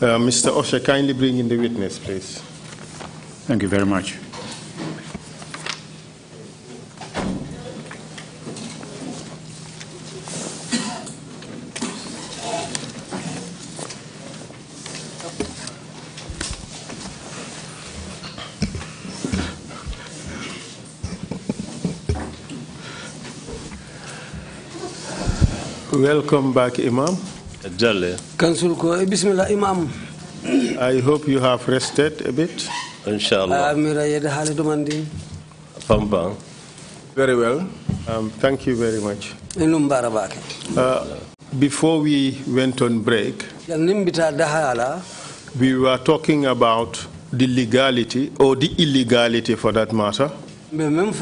Uh, Mr. Osher, kindly bring in the witness, please. Thank you very much. Welcome back, Imam. Jalle. Council eh, bismillah imam. I hope you have rested a bit. Inshallah. Amira ah, mandi. Very well. Um, thank you very much. Uh, before we went on break, we were talking about the legality or the illegality for that matter wolem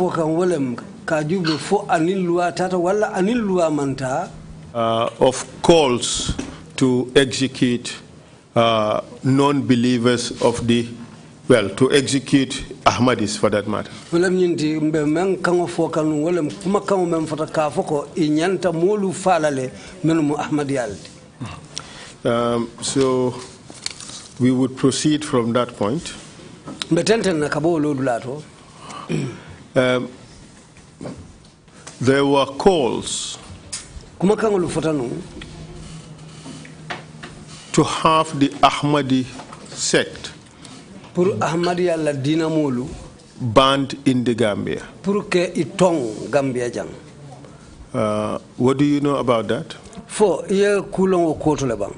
fo manta uh, of calls to execute uh, non-believers of the well, to execute Ahmadis for that matter. Um, so we would proceed from that point. Um, there were calls kumakangolu fotanu to have the ahmadi sect pour ahmadi yalla dina molu banned in the gambia pour que itong gambia jang uh, what do you know about that fo ye kulongo koto le bang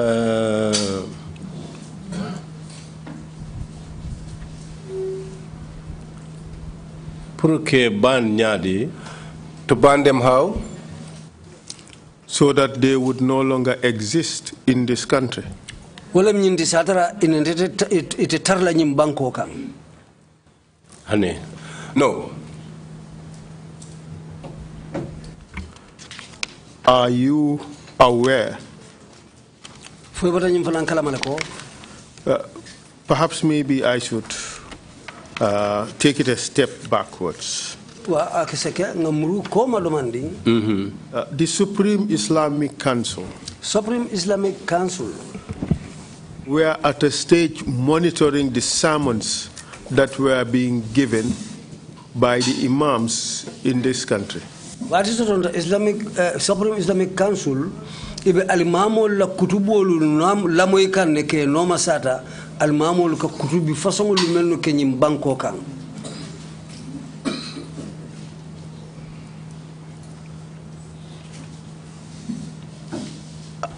uh, pour que ñaadi To ban them how? So that they would no longer exist in this country. Walam nyindi satara ite tarla nyim banko kan. Honey, no. Are you aware? Foi bata nyim falan kala malako. Uh, perhaps maybe I should uh, take it a step backwards. Mm -hmm. uh, the Supreme Islamic Council. Supreme Islamic Council. We are at a stage monitoring the sermons that were being given by the imams in this country. What is on the Islamic uh, Supreme Islamic Council? Ibe alimamo la kutubolu lamoy kan ne ke noma sata alimamo ka kutubi fasongolu melno ke nyim banko kan.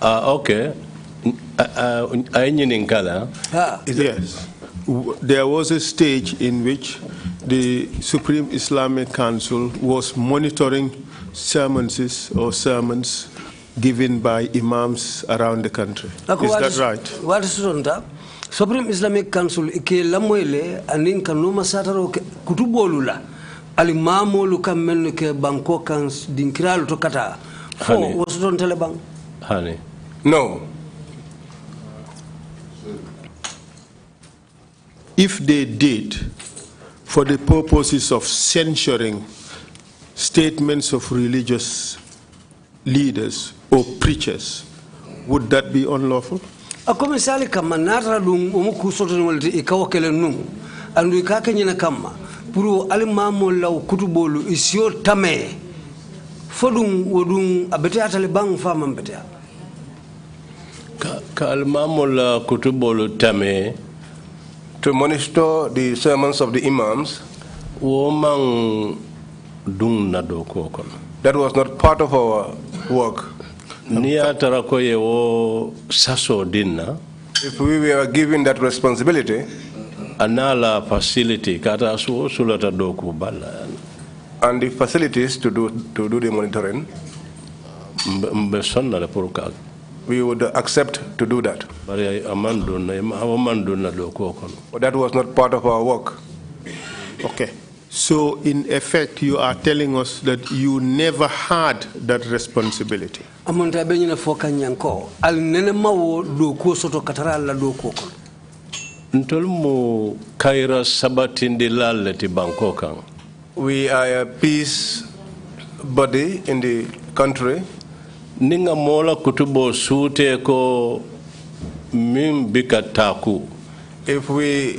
Uh, okay. Uh, uh, ah. yes. There was a stage in which the Supreme Islamic Council was monitoring sermons or sermons given by imams around the country. Okay, is that is, right? What is on that? Supreme Islamic Council ike lamwele anin kanuma sataro kutubolula alimamolu kammen ke banko kan dinkiralu to kata fo wasdon telebang hani no. If they did, for the purposes of censuring statements of religious leaders or preachers, would that be unlawful? A sali kamma naatata ɗum omo kusotonolde e kawo kelen nun andu ka keñina kamma pour alimamol law kutuɓolu e siyo tame fo ɗum wo ɗum a beteya tale ban faman to monitor the sermons of the imams that was not part of our work if we were given that responsibility anala facility kata sulata doku bala and the facilities to do to do the monitoring we would accept to do that. But that was not part of our work. Okay. So, in effect, you are telling us that you never had that responsibility. We are a peace body in the country ninga mola kutubo sute ko min bikataku if we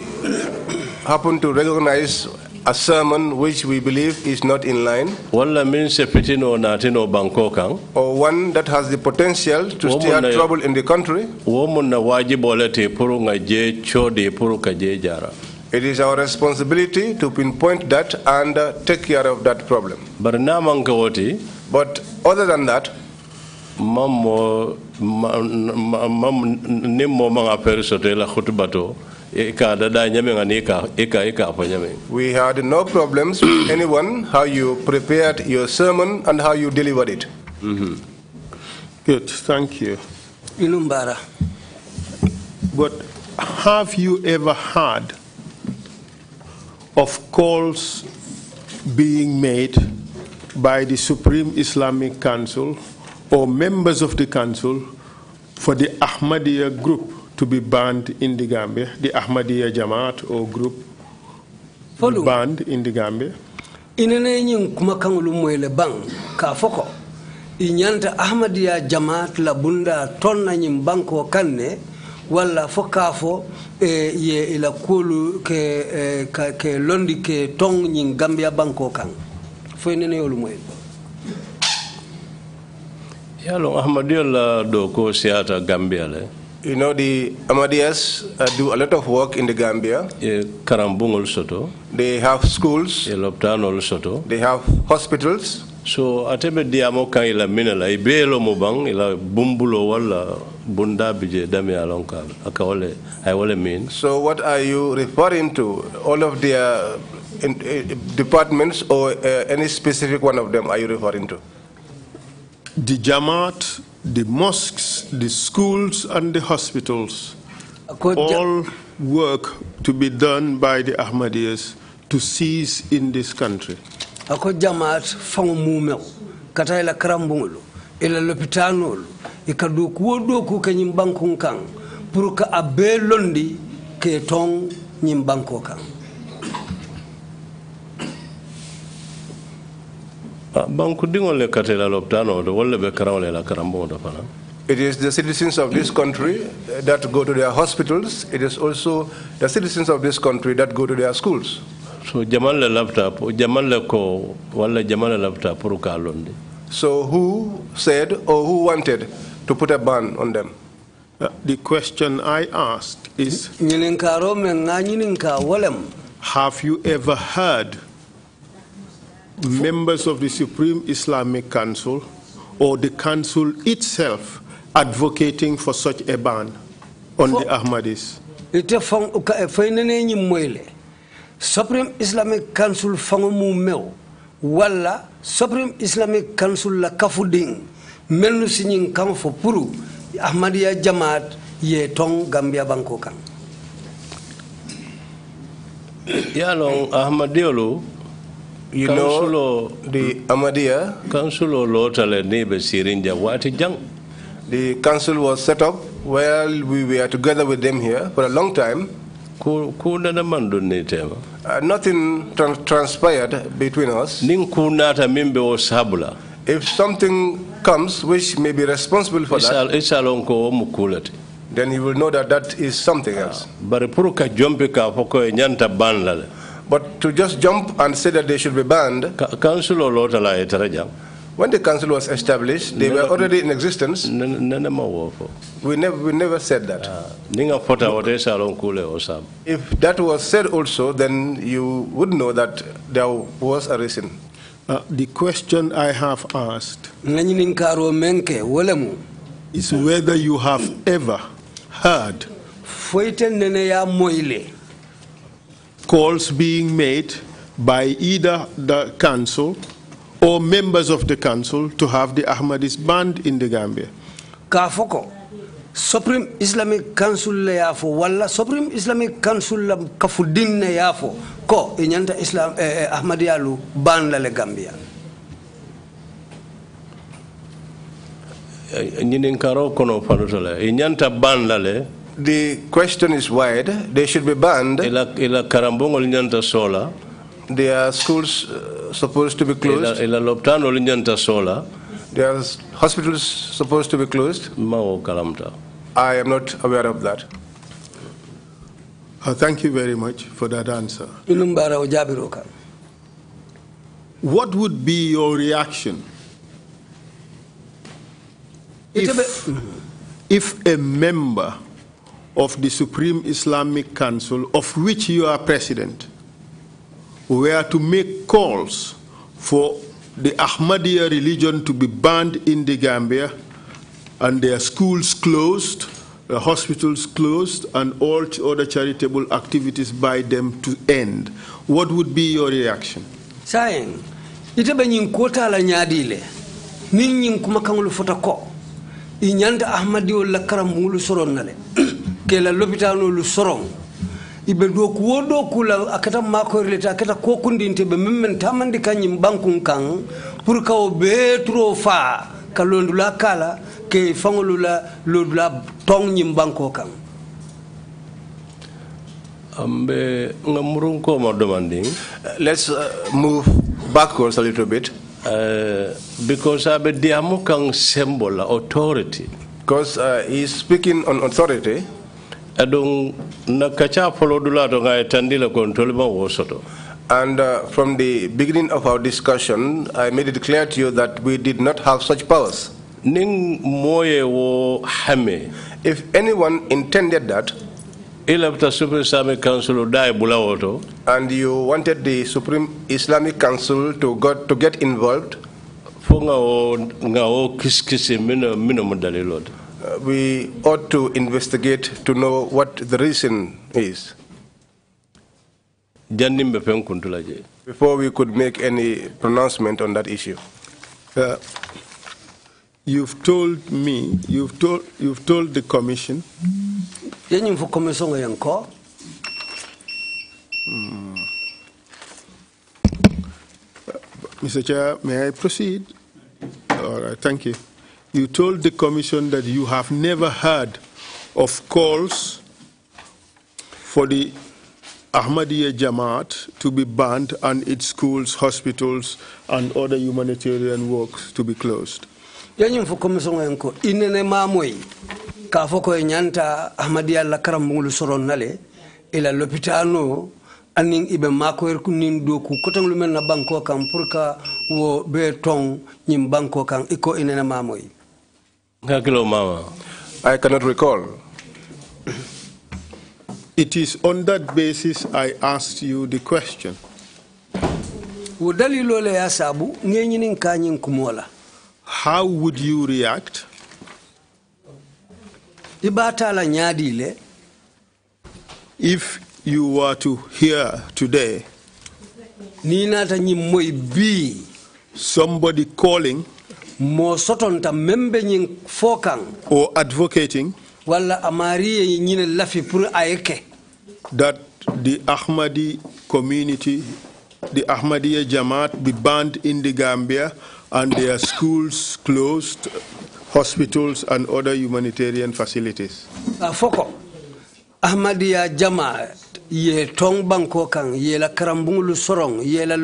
happen to recognize a sermon which we believe is not in line wala min sepitino natino banko kan or one that has the potential to stir trouble in the country womun na wajibo puru nga je chode puru ka je jara it is our responsibility to pinpoint that and uh, take care of that problem but other than that mam manga la ka da da nyame ngani ka nyame we had no problems with anyone how you prepared your sermon and how you delivered it mm -hmm. good thank you ilumbara but have you ever heard of calls being made by the Supreme Islamic Council or members of the council for the Ahmadiyya group to be banned in the Gambia, the Ahmadiyya Jamaat or group Follow. banned in the Gambia. inene ñin kuma kaŋolu moy le baŋ ka fo ko ahmadiya jamaat la bunda ton na ñin banko kaŋ ne walla fo e, ye ila kulu ke, e, ke londi ke toŋ ñin gambia banko kaŋ fo inene yolu moy le Yalo Ahmadiyya la doko siata Gambia le. You know the Ahmadiyyas uh, do a lot of work in the Gambia. Yeah, Karambung also. They have schools. Eloptan also. They have hospitals. So atebe diamo kan ila minela ibelo mo bang ila bumbulo wala bunda bije dami alonka akawole I wole mean. So what are you referring to? All of their in, uh, departments or uh, any specific one of them are you referring to? the Jamaat, the mosques, the schools, and the hospitals all work to be done by the Ahmadiyyas to cease in this country. Ako Jamaat fang mumeo, katay la karambungulu, ila lopitanulu, ikaduku wodoku ke nyimbankung kang, puruka abe londi ke tong nyimbanko kang. Ah, it is the citizens of this country that go to their hospitals. It is also the citizens of this country that go to their schools. So Jamal laptop, Jamal ko wala Jamal laptop purukalondi. So who said or who wanted to put a ban on them? Uh, the question I asked is Have you ever heard members of the Supreme Islamic Council or the council itself advocating for such a ban on for, the Ahmadis? Supreme Islamic Council fangumu meo wala Supreme Islamic Council la kafuding melnu sinyin kan fo puru Ahmadiyya Jamaat ye tong Gambia Banko kan. Yalong Ahmadiyolo you know the hmm. Amadiya Council Lotale Nebe Sirinja Wati Jang. The council was set up while we were together with them here for a long time. Uh, nothing transpired between us. If something comes which may be responsible for that, then he will know that that is something ah, else. But to just jump and say that they should be banned. Council or when the council was established, they were already in existence. We never, we never said that. Ah, if that was said also, then you would know that there was a reason. Uh, the question I have asked is whether you have ever heard calls being made by either the council or members of the council to have the Ahmadis banned in the Gambia. Kafoko, Supreme Islamic Council le yafo wala Supreme Islamic Council la kafudin ne yafo ko inyanta Islam eh, eh Ahmadiyalu ban la le Gambia. ñinin eh, eh, karo kono fanuto inyanta ban la le the question is wide. They should be banned. Ila ila sola. Their schools uh, supposed to be closed. Ila loptano sola. Their hospitals supposed to be closed. I am not aware of that. Uh, thank you very much for that answer. What would be your reaction if, if a member of the Supreme Islamic Council, of which you are president, were to make calls for the Ahmadiyya religion to be banned in the Gambia and their schools closed, the hospitals closed, and all other charitable activities by them to end, what would be your reaction? Saying, ite be kota la nyadile, min ñing ko la soron kela lopitano lu sorong iɓe do ko woɗo kula akata makoyrelete akata kokundinte ɓe memmen tamandi kañum bankun kan pour ka o ɓeeturo faa ka londula kala ke faŋolula londula toŋ ñim banko kan ambe nga ko ma demanding let's uh, move backwards a little bit uh, because abe diamu kan symbol authority because uh, he's speaking on authority nakacha follow dula ngai tandila control wosoto and uh, from the beginning of our discussion, I made it clear to you that we did not have such powers. If anyone intended that, Supreme Council and you wanted the Supreme Islamic Council to, got, to get involved, we ought to investigate to know what the reason is. Before we could make any pronouncement on that issue. Uh, you've told me, you've told, you've told the commission. Mm. Mr. Chair, may I proceed? All right, thank you. You told the Commission that you have never heard of calls for the Ahmadiyya Jamaat to be banned and its schools, hospitals, and other humanitarian works to be closed. Yanyin fu inene ka nyanta soron nale ila l'opitano anin ibe makoyer ku nin doku kotanglu men na banko kan pour ka wo be ton nyim banko kan iko inene I cannot recall. It is on that basis I asked you the question. How would you react? If you were to hear today somebody calling membe or advocating amari lafi pour ayeke that the Ahmadi community the Ahmadiyya Jamaat be banned in the Gambia and their schools closed, hospitals and other humanitarian facilities. Foko, Ahmadiyya Jamaat ye tong banko kan ye la sorong ye la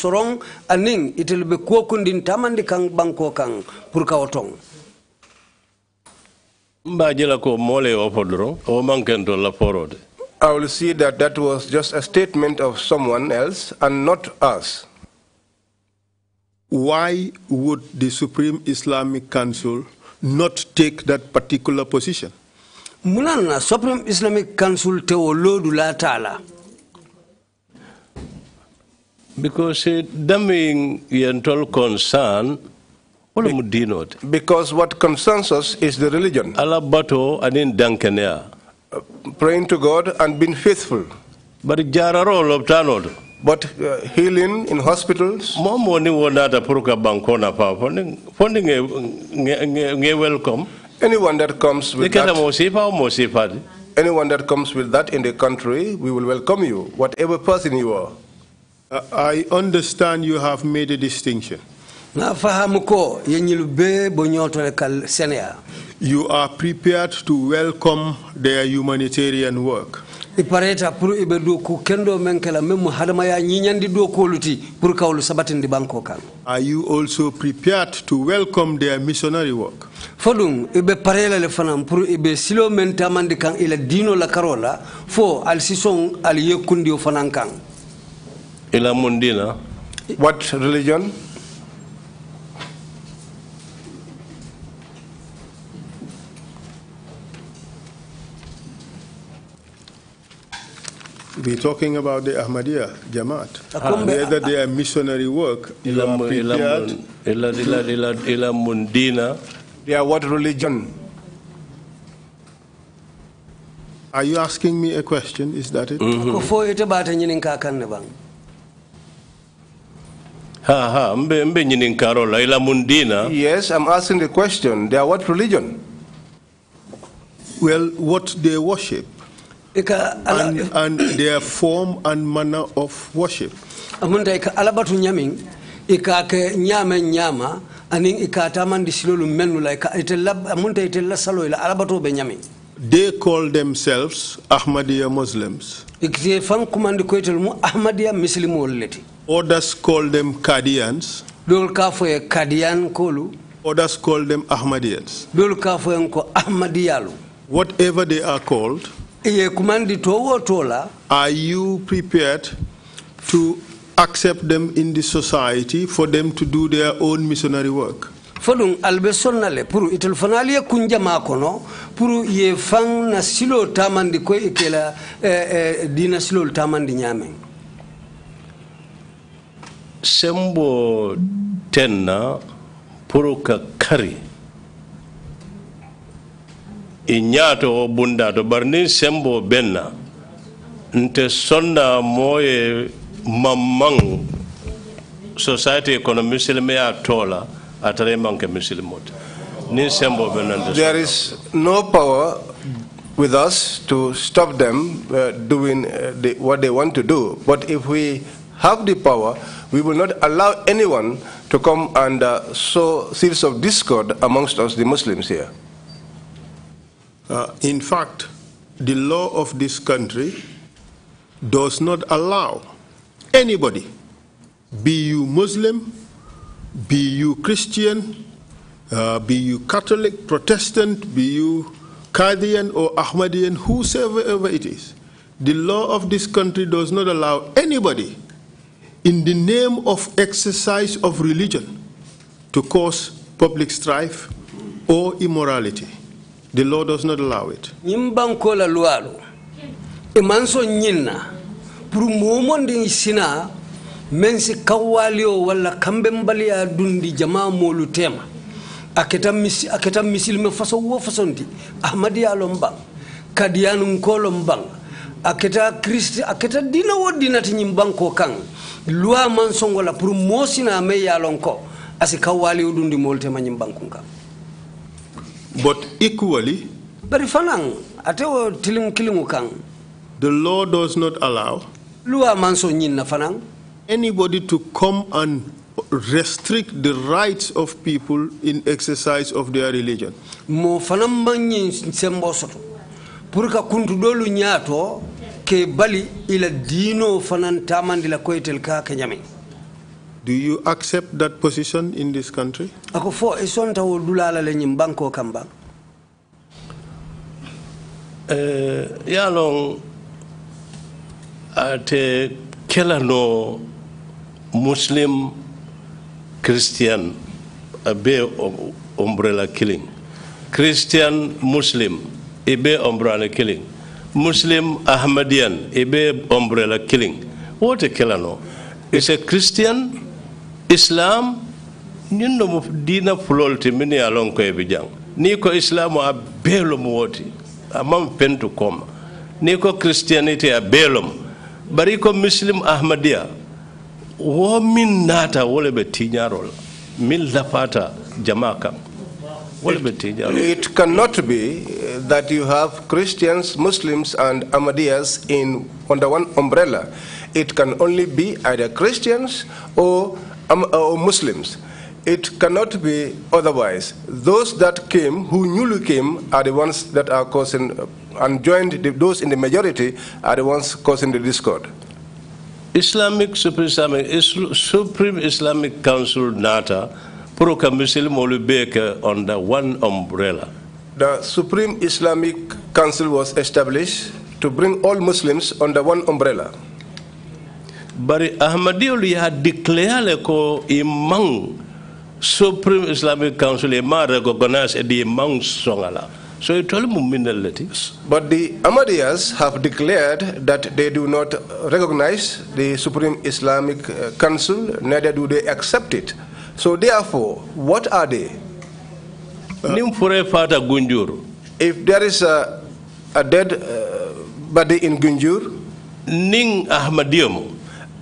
sorong aning itel be kokundin tamandi kan banko kan pour ka otong mba jela ko mole o o mankento la I will see that that was just a statement of someone else and not us. Why would the Supreme Islamic Council not take that particular position? Mulan na supreme islamic council tewo lodu la taala because uh, daming yentol concern because what concerns us is the religion. Allah bato anin dankenea. Uh, praying to God and being faithful. But jararo loptanod. But uh, healing in hospitals. Momo ni wonata puruka bankona pa. Fonding welcome. Anyone that comes with that, anyone that comes with that in the country, we will welcome you, whatever person you are. I understand you have made a distinction. You are prepared to welcome their humanitarian work. i pareta pour iɓe doku kendo men kala même hadamaya ñiñandi dokoluti pour kawlu sabatindi banko kan are you also prepared to welcome their missionary work fo ɗum iɓe parelale fanan pour iɓe silo men tamandi kan ila dino la karola fo al sison al yekkundi o fanan kan ila mondina what religion be talking about the Ahmadiyya Jamaat. Ah. Whether they are missionary work, you They are what religion? Are you asking me a question? Is that it? Mm-hmm. Ha, ha. Yes, I'm asking the question. They are what religion? Well, what they worship and, and their form and manner of worship. alabatu alabatu They call themselves Ahmadiyya Muslims. Ikite fan kumandi koitel mu Ahmadiyya Muslim Others call them Kadians. Dol kafo e Kadian Others call them Ahmadiyyas. Whatever they are called. Are you prepared to accept them in the society for them to do their own missionary work? fodum albe sonnale pour itel fanali ye kunja makono pour ye fang na silo tamandi ko ikela eh, eh, dina silo tamandi nyame sembo tenna pour ka kari inyato bundato barni sembo benna nte moye mamang society ya tola atare manke muslimot ni sembo benna there is no power with us to stop them uh, doing uh, the, what they want to do but if we have the power we will not allow anyone to come and uh, sow seeds of discord amongst us the muslims here uh, in fact, the law of this country does not allow anybody, be you Muslim, be you Christian, uh, be you Catholic, Protestant, be you Qadian or Ahmadian, whosoever it is, the law of this country does not allow anybody in the name of exercise of religion to cause public strife or immorality. The law does not allow it. Nyimbanko la Emanso nyina. sina mensi kawalio wala kambembali ya dundi jamaa molu tema. Aketa, misi, aketa misilime faso uwa faso ndi. Ahmadi ya lombang. Kadiyanu nkolo mbang. Aketa kristi, aketa dina wa dina ti nyimbanko kang. Lua mansongo la prumosi na ame ya lonko. Asi kawalio dundi molu tema nyimbanko kang. But equally, bari fanang atewo tilim kilimu kang. The law does not allow luwa manso nyin na fanang anybody to come and restrict the rights of people in exercise of their religion mo fanam manyin sembo soto pour ka kuntu dolu nyato ke bali ila dino fanan tamandila koytel ka kenyame Do you accept that position in this country? Ako fo isonta wo dulala le nyim banko kamba. Eh ya long ate kelano Muslim Christian abe umbrella killing. Christian Muslim ibe umbrella killing. Muslim Ahmadian ibe umbrella killing. What a killer no. It's a Christian islam ñun no mo dina fulolti min ya lon ko be jang ni ko islam a belo mo woti amam pentu koma ni ko christianity a belom bari ko muslim ahmadia wo min nata wole be tiñarol min lafata jama kam it cannot be eh, that you have Christians, Muslims, and Ahmadias in under one umbrella. It can only be either Christians or um, or uh, Muslims. It cannot be otherwise. Those that came, who newly came, are the ones that are causing, uh, and joined the, those in the majority are the ones causing the discord. Islamic Supreme Islamic, Supreme Islamic Council NATA prokambisil Muslim beke under one umbrella. The Supreme Islamic Council was established to bring all Muslims under one umbrella bari ahmadiyolu y'a déclaré ko i maŋ supreme islamic council i maŋ recognize edi i maŋ soŋa la so it all muminal latives. But the Ahmadiyas have declared that they do not recognize the Supreme Islamic uh, Council, neither do they accept it. So therefore, what are they? Uh, if there is a, a dead uh, body in Gunjur, Ning Ahmadiyam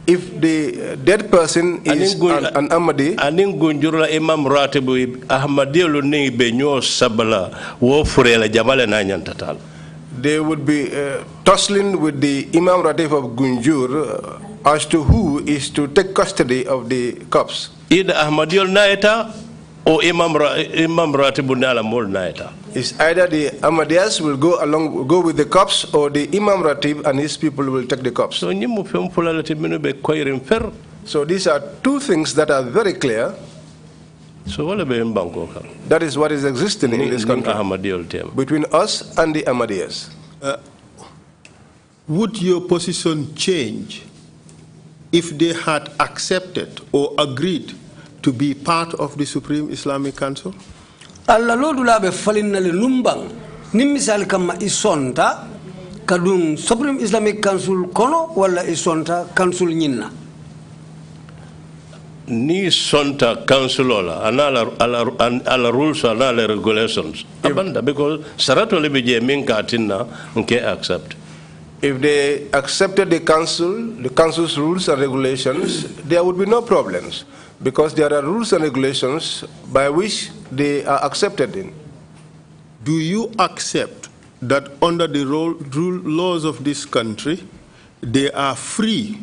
if the uh, dead person is an, an amadi anin gonjurla imam ratibu ahmadiyolu ni be nyo sabala wo furela jamala na nyantatal they would be uh, tussling with the imam ratib of gunjur uh, as to who is to take custody of the corpse ida ahmadiyol na eta or Imam, Ra, Imam Ratibu Mulnaita? It's either the Ahmadiyas will go along, go with the cops, or the Imam Ratib and his people will take the cops. So these are two things that are very clear. So That is what is existing in this country between us and the Ahmadiyas. Uh, would your position change if they had accepted or agreed to be part of the Supreme Islamic Council? Allah lodu labe falinna le lumbang nim misal kam isonta kadum Supreme Islamic Council kono wala isonta council nyinna ni sonta council ola anala ala ala rules anala regulations abanda because sarato le bije min katinna nke accept if they accepted the council the council's rules and regulations there would be no problems because there are rules and regulations by which they are accepted in. Do you accept that under the rule laws of this country, they are free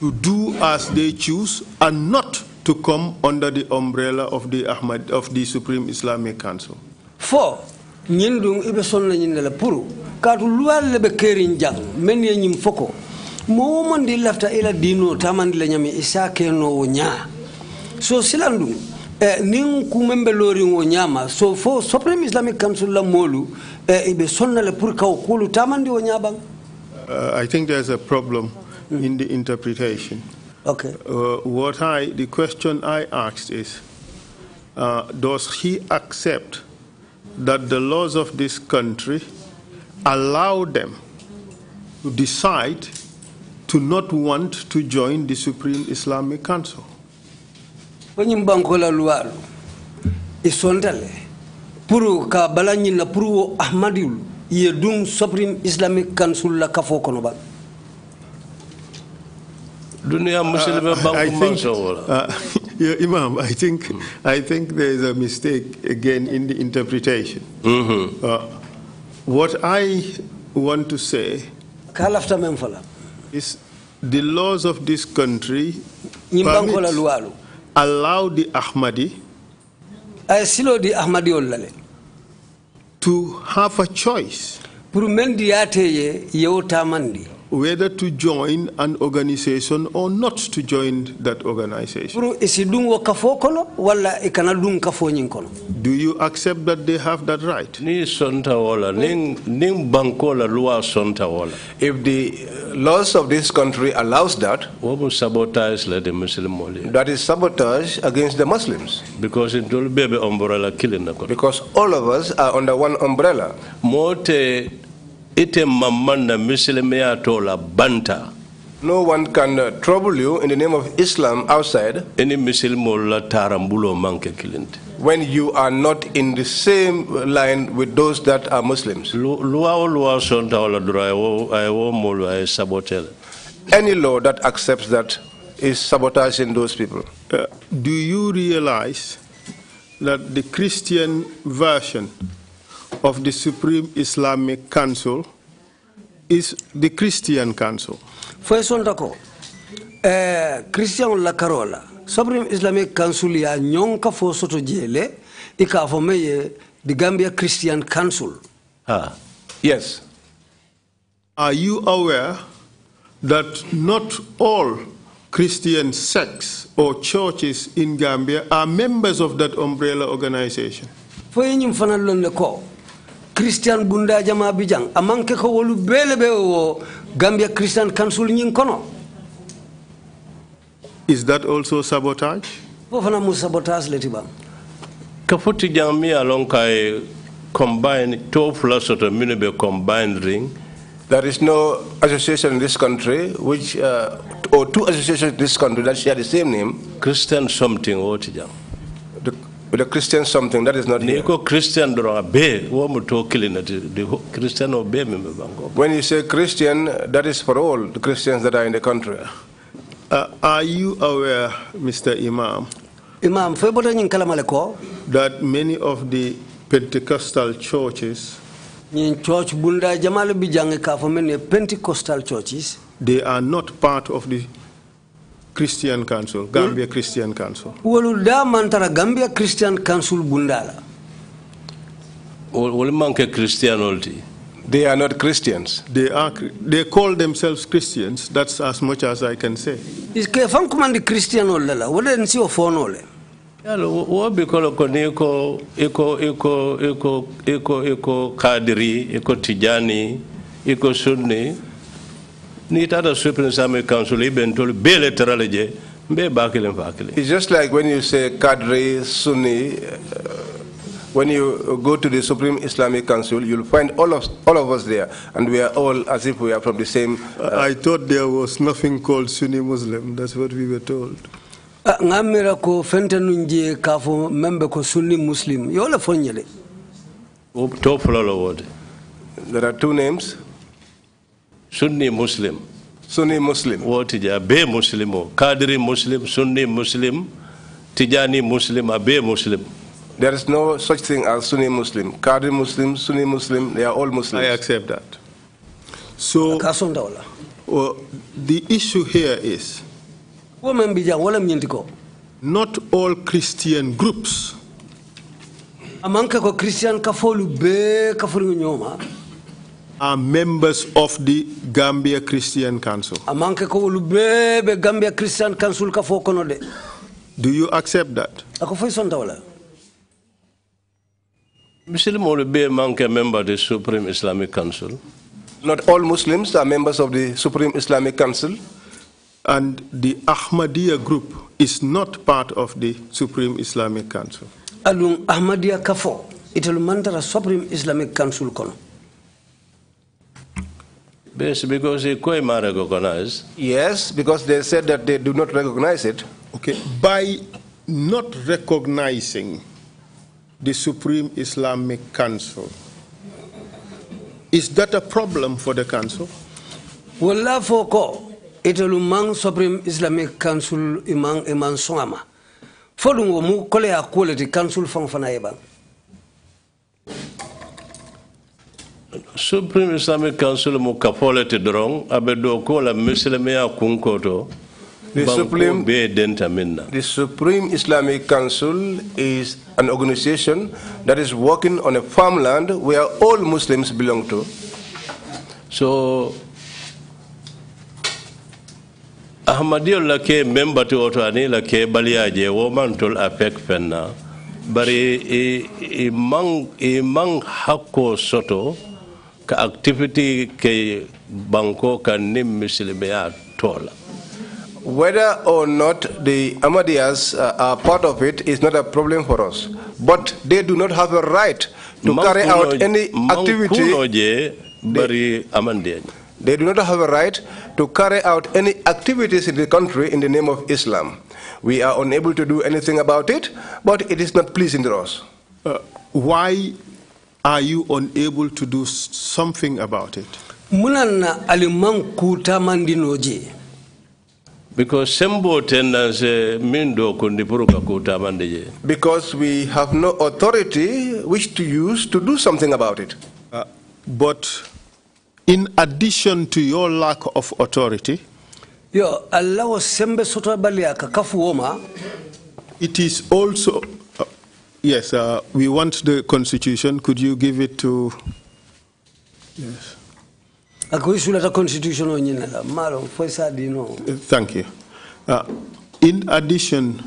to do as they choose and not to come under the umbrella of the Ahmad of the Supreme Islamic Council? Four. ñin dum ibe sol nañu ne la pour kaatu luwal le be kerin jang men ñim foko momo ndi lafta ila dino tamandi la nyami isa kenowo ña so silan ɗum e eh, nin kumen ɓe loringo ñama so fo supreme islamic council la molu e eh, ɓe sonnale pour kaw kulu tamandi o ñaɓan uh, i think there's a problem mm. in the interpretation okay uh, what i the question i asked is uh, does he accept that the laws of this country allow them to decide to not want to join the Supreme Islamic Council. isontale pour ka balanyi na puru ahmadul ye dum supreme islamic council la kafo kono ba dunia muslima bangu manso yeah, Imam, I think hmm. I think there is a mistake again in the interpretation. Mm -hmm. uh, what I want to say. Kalafta memfala is the laws of this country permit, allow the Ahmadi eh, to have a choice whether to join an organization or not to join that organization. Do you accept that they have that right? If the uh, laws of this country allows that, that is sabotage against the Muslims. Because it will be umbrella killing. Because all of us are under one umbrella ite banta no one can uh, trouble you in the name of Islam outside. Any When you are not in the same uh, line with those that are Muslims. Any law that accepts that is sabotaging those people. Uh, do you realize that the Christian version of the Supreme Islamic Council is the Christian Council. Foi sondako eh Christian la Carola Supreme Islamic Council ya nyonka fo soto jele ikafo meye the Gambia Christian Council. Ah, yes. Are you aware that not all Christian sects or churches in Gambia are members of that umbrella organization? Foi nyim fanalon le ko christian gundaja ma bijang amanke ko wolu bele wo gambia christian council nyin kono is that also sabotage fofana mu sabotage leti bang ka foti jammi alon kay combine to flasoto minu be combined ring there is no association in this country which uh, or two associations in this country that share the same name christian something what jam with a Christian something that is not here. Christian Christian When you say Christian, that is for all the Christians that are in the country. Uh, are you aware, Mr. Imam? Imam, that many of the Pentecostal churches church Pentecostal churches they are not part of the Christian Council, Gambia Christian Council. Wolu da mantara Gambia Christian Council bundala. Wolu manke christian Christianolti. They are not Christians. They are they call themselves Christians. That's as much as I can say. Iske fan kumandi Christian olala. Wole nsi ofonole. Yalo wo bikolo koni iko iko iko iko iko iko kadiri iko tijani iko sunni ni tata supreme assembly council i tolu bele tarale je mbe bakile fakile it's just like when you say kadri sunni uh, when you go to the Supreme Islamic Council, you'll find all of, all of us there, and we are all as if we are from the same. Uh, I thought there was nothing called Sunni Muslim. That's what we were told. Ah, ngamira ko fente nun je kafo membe ko sunni muslim yo la fonyele to fulalo wode there are two names sunni muslim sunni muslim wotija be Muslim, muslimo kadri muslim sunni muslim tijani muslim a be muslim there is no such thing as sunni muslim kadri muslim sunni muslim they are all Muslim. i accept that so well, the issue here is not all christian groups amanka christian ka folu be ka are members of the Gambia Christian Council. Amanke ko ulubebe Gambia Christian Council ka Do you accept that? Ako fay sonda wala. Muslim ulubebe manke member of the Supreme Islamic Council. Not all Muslims are members of the Supreme Islamic Council. And the Ahmadiyya group is not part of the Supreme Islamic Council. Alung Ahmadiyya kafo itel mandara Supreme Islamic Council kono. Yes, because Ikoi might recognize. Yes, because they said that they do not recognize it. Okay, by not recognizing the Supreme Islamic Council, is that a problem for the council? Well, foko itelu mang Supreme Islamic Council imang imang songama. Folungo mu kole akule di council fang fana ebang. supreme islamic council mu kafolete doron abe do ko la muslimeya kunkoto the supreme be denta minna the supreme islamic council is an organization that is working on a farmland where all muslims belong to so ahmadiyo la ke memba ti woto ani la ke baliyaje wo man tol apek fenna bari i man hakko soto ka activity ke banko kan nim mislimeya tola whether or not the Ahmadiyas uh, are part of it is not a problem for us. But they do not have a right to man carry out any activity. They, they do not have a right to carry out any activities in the country in the name of Islam. We are unable to do anything about it, but it is not pleasing to us. Uh, why are you unable to do something about it? Munana Because sembo Because we have no authority which to use to do something about it. Uh, but in addition to your lack of authority, yo Allah sembe soto ka kafu woma. It is also Yes, uh, we want the constitution. Could you give it to? Yes. Akuisulata constitution onyenela malo pesa dino. Thank you. Uh, in addition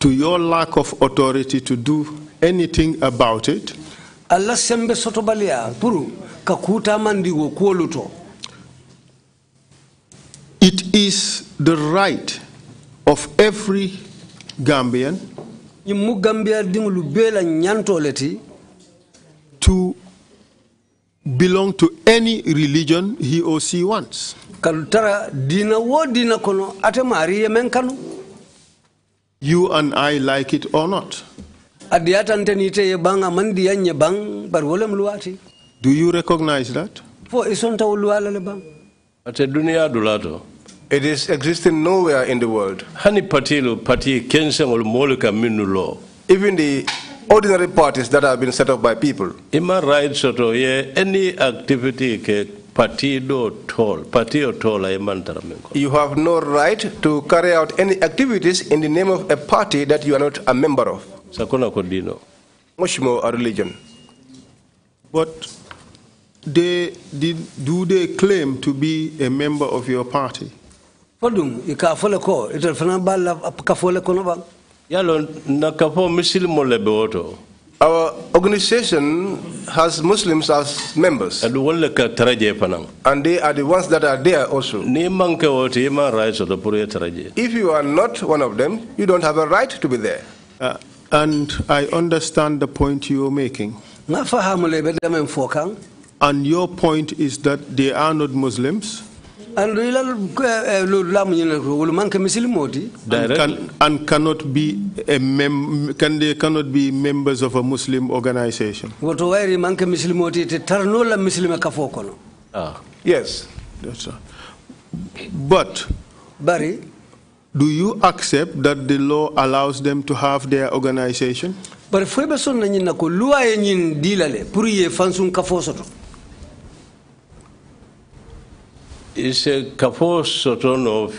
to your lack of authority to do anything about it. Allah sembe sotobalia puru kakuta mandigo kuoluto. It is the right of every Gambian lu bee la bela ti to belong to any religion he or she wants kadu tara dina wo dina kono ate mari yemen kanu you and i like it or not adiyatantenite ye bang amandiyan ye bang bar wolem luwaati do you recognize that fo isontawo le bang ate duniya dulato It is existing nowhere in the world. Even the ordinary parties that have been set up by people. any activity You have no right to carry out any activities in the name of a party that you are not a member of. Much more a religion. But they did, do they claim to be a member of your party? ko itel fana balla ba yalo na misil mo lebe our organization has Muslims as members. And they are the ones that are there also. If you are not one of them, you don't have a right to be there. Uh, and I understand the point you're making. And your point is that they are not Muslims. Eh, eh, and, cannot be a mem can they cannot be members of a Muslim organization. Ah. Yes, that's right. But Barry, do you accept that the law allows them to have their organization? But if we are not going to be to do that, we ise kafo sotono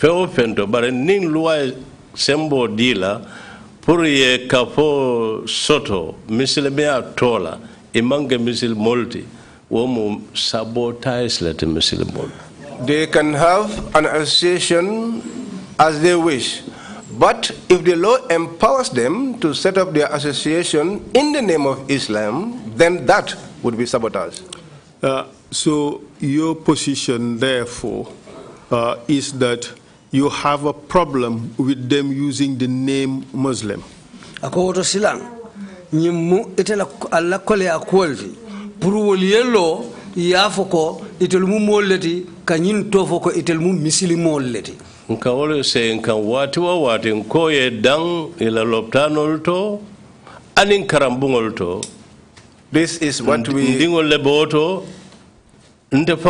fɛn o fɛn tɔ bari ni luwa sɛnbɔ di la pour ye kafo soto misilimɛya tɔ la i man kɛ misilimɔli sabotage la ti misilimɔli. they can have an association as they wish. But if the law empowers them to set up their association in the name of Islam, then that would be sabotage. Uh, so your position, therefore, uh, is that you have a problem with them using the name Muslim. Akoto silang nyimu itela alla kole akwolvi purwol yello yafoko itelmu molleti kanyin tofoko itelmu misilimulleti nka wole se nka wati wa wati nko ye dang ila loptanol to anin karambungol to this is what we ndingol le boto this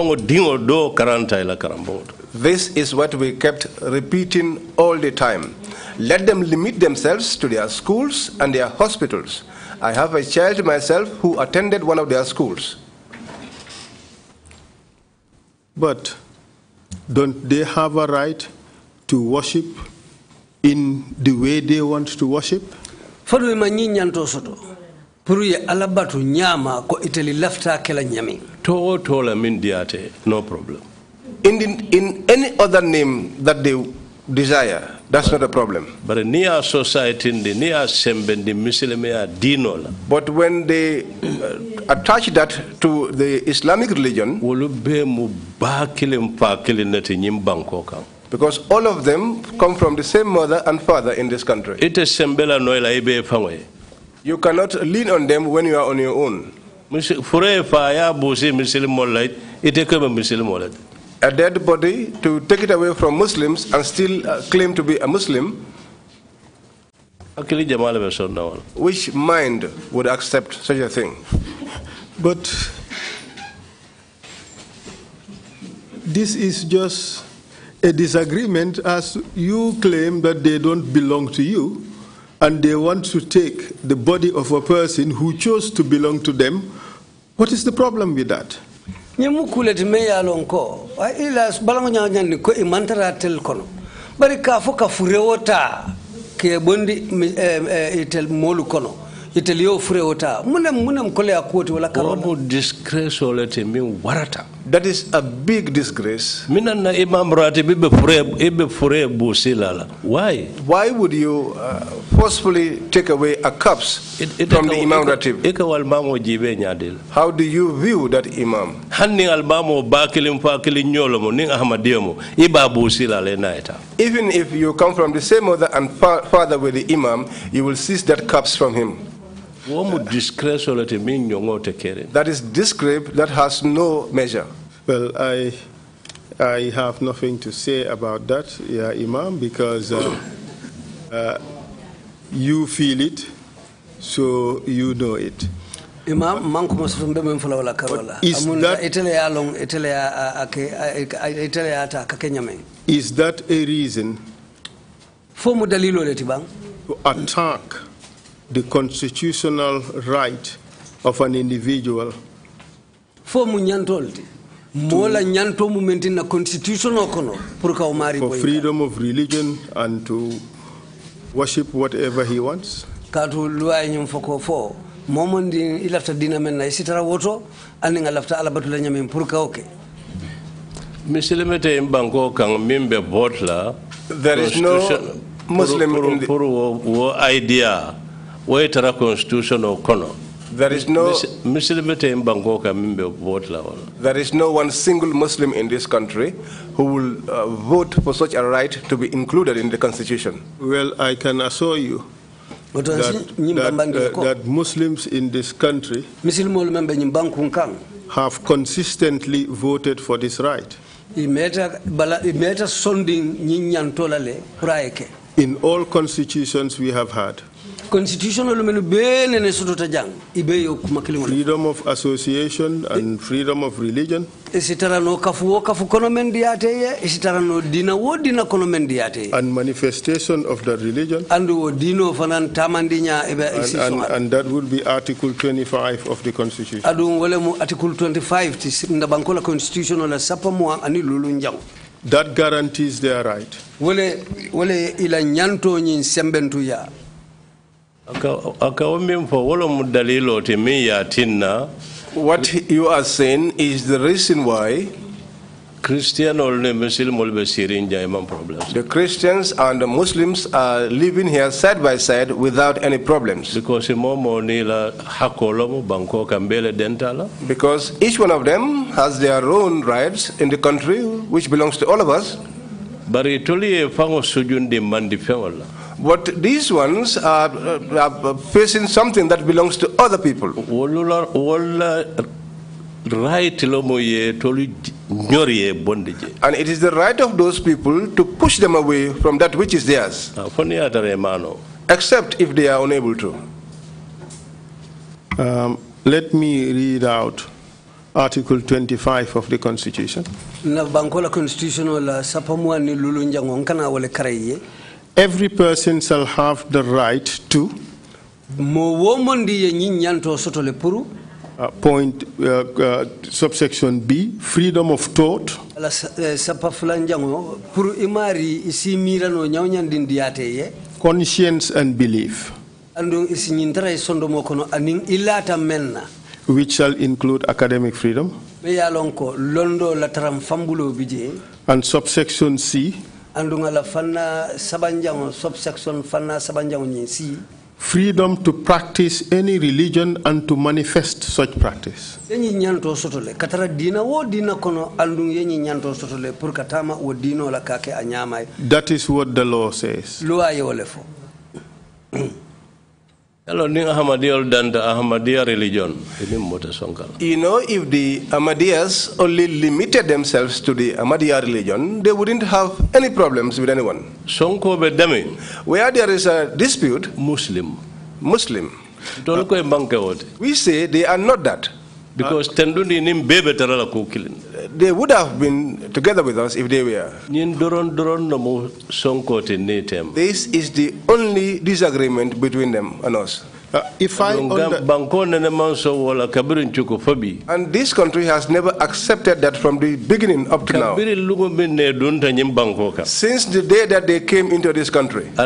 is what we kept repeating all the time. Let them limit themselves to their schools and their hospitals. I have a child myself who attended one of their schools. But don't they have a right to worship in the way they want to worship? pour ye alabatu ñaama ko itali lafta kela ñami to tola min diate no problem in, in, in any other name that they desire that's but, not a problem but near society ndi near sembe ndi misilemea dino la but when they uh, attach that to the islamic religion wolu be mu bakilim pakilim nati ñim banko kan because all of them come from the same mother and father in this country ite sembela noyla ibe fangoye you cannot lean on them when you are on your own. A dead body, to take it away from Muslims and still uh, claim to be a Muslim, which mind would accept such a thing? But this is just a disagreement as you claim that they don't belong to you. and they want to take the body of a person who chose to belong to them, what is the problem with that? ñemu kuleti me yalon ko ay ila balango ñaw ko e tel kono bari ka fo ka ke bondi eh, eh, itel molu kono itel yo furewota munem munem kole akoti wala ka warata That is a big disgrace. Why? Why would you uh, forcefully take away a cups it, it, from it, the Imam Ratib? How do you view that Imam? Even if you come from the same mother and father with the Imam, you will seize that cups from him that is discrep that has no measure. Well, I, I have nothing to say about that, yeah, Imam, because uh, uh, you feel it, so you know it. Imam manko mosufumbe mfula wala karola. Amunda itele ya ya ake ya Is that a reason? for dalilo leti bang. To attack the constitutional right of an individual fo mu ñantolde moola ñanto mu mentin na constitution o kono pour ka o maari for freedom of religion and to worship whatever he wants kaatu luwaye ñum foko fo momondi ilafta dina men na sitara woto ani nga lafta alabatula ñamin e pour ka oke misilimete e banko kan min be bot la there is no muslim pour, pour, idea woyitara constitution o kono there is no There is no one single Muslim in this country who will uh, vote for such a right to be included in the constitution. Well, I can assure you that, that, uh, that Muslims in this country have consistently voted for this right. In all constitutions we have had. constitution lo menu be nene ta jang ibe yo kuma kilimo freedom of association and freedom of religion isitarano kafu wo kafu kono men diate ye isitarano dina wo dina kono men diate and manifestation of the religion and wo dino fanan tamandinya nya ibe and, and, and that would be article 25 of the constitution adu wole mu article 25 ti ndabankola constitution la sapa mo ani lulu njaw that guarantees their right wole wole ila nyanto nyin sembentu ya What you are saying is the reason why Christian problems. The Christians and the Muslims are living here side by side without any problems. Because each one of them has their own rights in the country which belongs to all of us. But these ones are, uh, are facing something that belongs to other people. And it is the right of those people to push them away from that which is theirs. Ah, Except if they are unable to. Um, let me read out Article 25 of the Constitution every person shall have the right to uh, point uh, uh, subsection B freedom of thought eh, conscience and belief which shall include academic freedom and subsection C andunga la fanna sabanjango sub section fanna sabanjango si freedom to practice any religion and to manifest such practice deni nyanto sotole katara dina wo dina kono andung yeni nyanto sotole pour katama wo dino la kake anyama that is what the law says lo ayo lefo Kalau ni Ahmadiyah dan the Ahmadiyah religion, ini mudah songkal. You know, if the Ahmadiyas only limited themselves to the Ahmadiyah religion, they wouldn't have any problems with anyone. Songko bedami. Where there is a dispute, Muslim, Muslim. We say they are not that. Because Tendundi nim bebe terala ko kilin. They would have been together with us if they were. Nyin doron doron no mo sonkote netem. This is the only disagreement between them and us. Uh, if I and this country has never accepted that from the beginning up to now. Since the day that they came into this country, the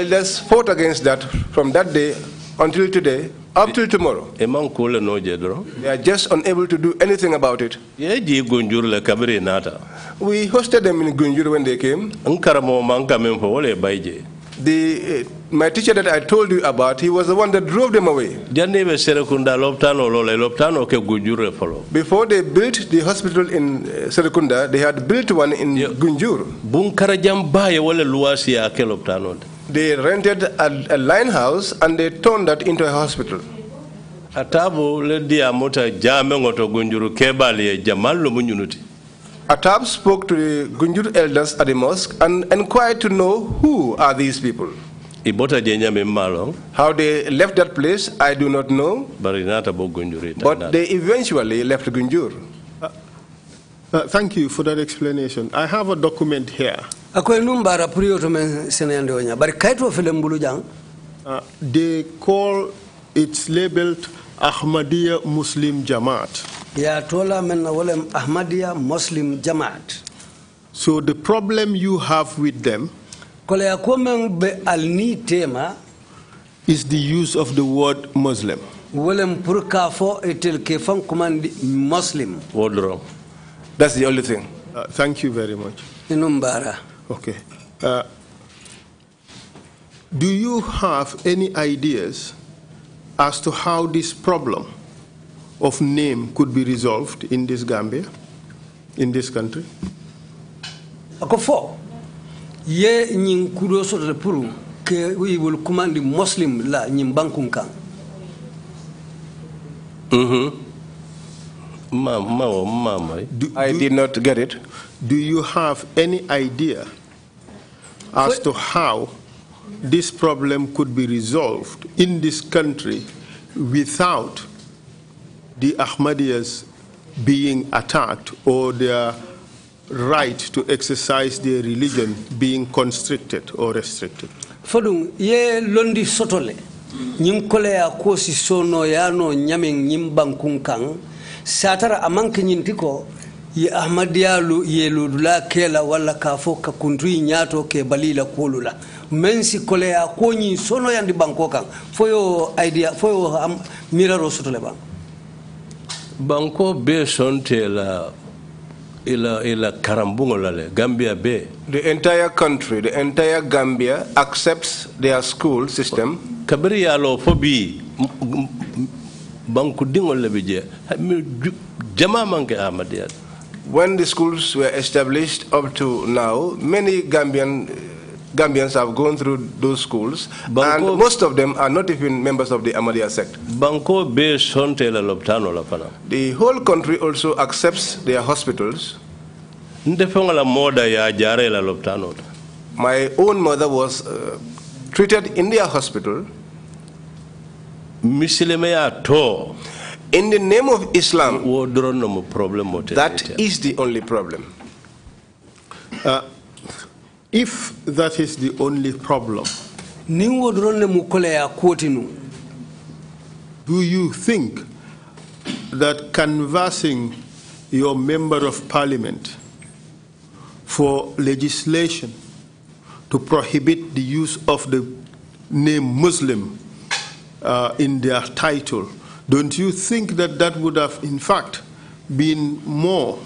elders fought against that from that day until today. Up to tomorrow. They are just unable to do anything about it. We hosted them in Gunjur when they came. The, uh, my teacher that I told you about, he was the one that drove them away. Before they built the hospital in uh, Serekunda, they had built one in Gunjur they rented a, a line house and they turned that into a hospital. Atabu ledi amota jame ngoto gunjuru kebali jamalu munyunuti. Atab spoke to the Gunjur elders at the mosque and inquired to know who are these people. How they left that place, I do not know. But they eventually left Gunjur. Uh, thank you for that explanation. I have a document here. Akoy numbara priyo to men senende onya. Bar kaito fele mbulu jang. Uh, they call it's labeled Ahmadiyya Muslim Jamaat. Ya tola men na wolem Ahmadiyya Muslim Jamaat. So the problem you have with them kole akomen be alni tema is the use of the word Muslim. Wolem purka fo etel kefan kumandi Muslim. Wodro. That's the only thing. Uh, thank you very much. Inumbara. Okay. Uh, do you have any ideas as to how this problem of name could be resolved in this Gambia, in this country? Akofo, ye nying kudo so de puru ke we will command the Muslim la nyimbankunkan. Mm-hmm do, I did not get it. Do you have any idea as what? to how this problem could be resolved in this country without the Ahmadiyas being attacked or their right to exercise their religion being constricted or restricted? Fodung, ye londi sotole. Nyim ya kosi sono yano nyamen nyimbankun satara amanka ñinti ko ye ahmadiyalu yelodula kela walla kafo ka kundri nyato ke balila kuolu mensi kole ya konyi sono yandi bankoka foyo idea foyo am, um, miraro soto le ban banko be sonte la ila ila karambungo la le gambia be the entire country the entire gambia accepts their school system kabiri yalo fo bi banku dingol je jama manke when the schools were established up to now many gambian Gambians have gone through those schools, Banco, and most of them are not even members of the Amadia sect. Banco The whole country also accepts their hospitals. My own mother was uh, treated in their hospital misilemeya to in the name of islam wo no problem mo that is the only problem uh, if that is the only problem nin wo le kotinu do you think that canvassing your member of parliament for legislation to prohibit the use of the name muslim uh, in their title. Don't you think that that would have, in fact, been more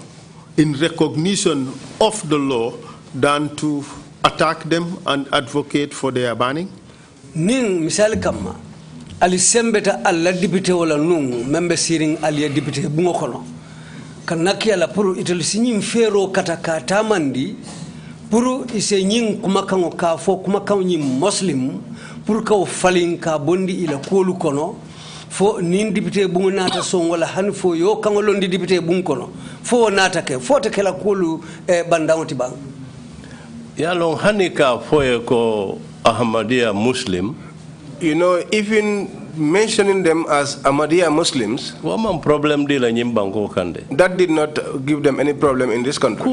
in recognition of the law than to attack them and advocate for their banning? Ning misal kama ali sembeta alla dibite wala nung membe siring ali dibite bungokono kanaki ala puru itol sinyin fero kataka tamandi puru ise nyin kumakaŋo ka fo kumakaŋo ñiŋ muslim pour que o eh, ka bondi ila koolu kono fo nin député bumu naata songola han fo yo kaŋo londi député bum kono fo wo naata ke fo te kela koolu e bandaŋo ti baŋ ye loŋ hani ka fo ye ko ahmadiya muslim you know even mentioning them as Ahmadiyya Muslims, problem di la nyimbango kande. That did not give them any problem in this country.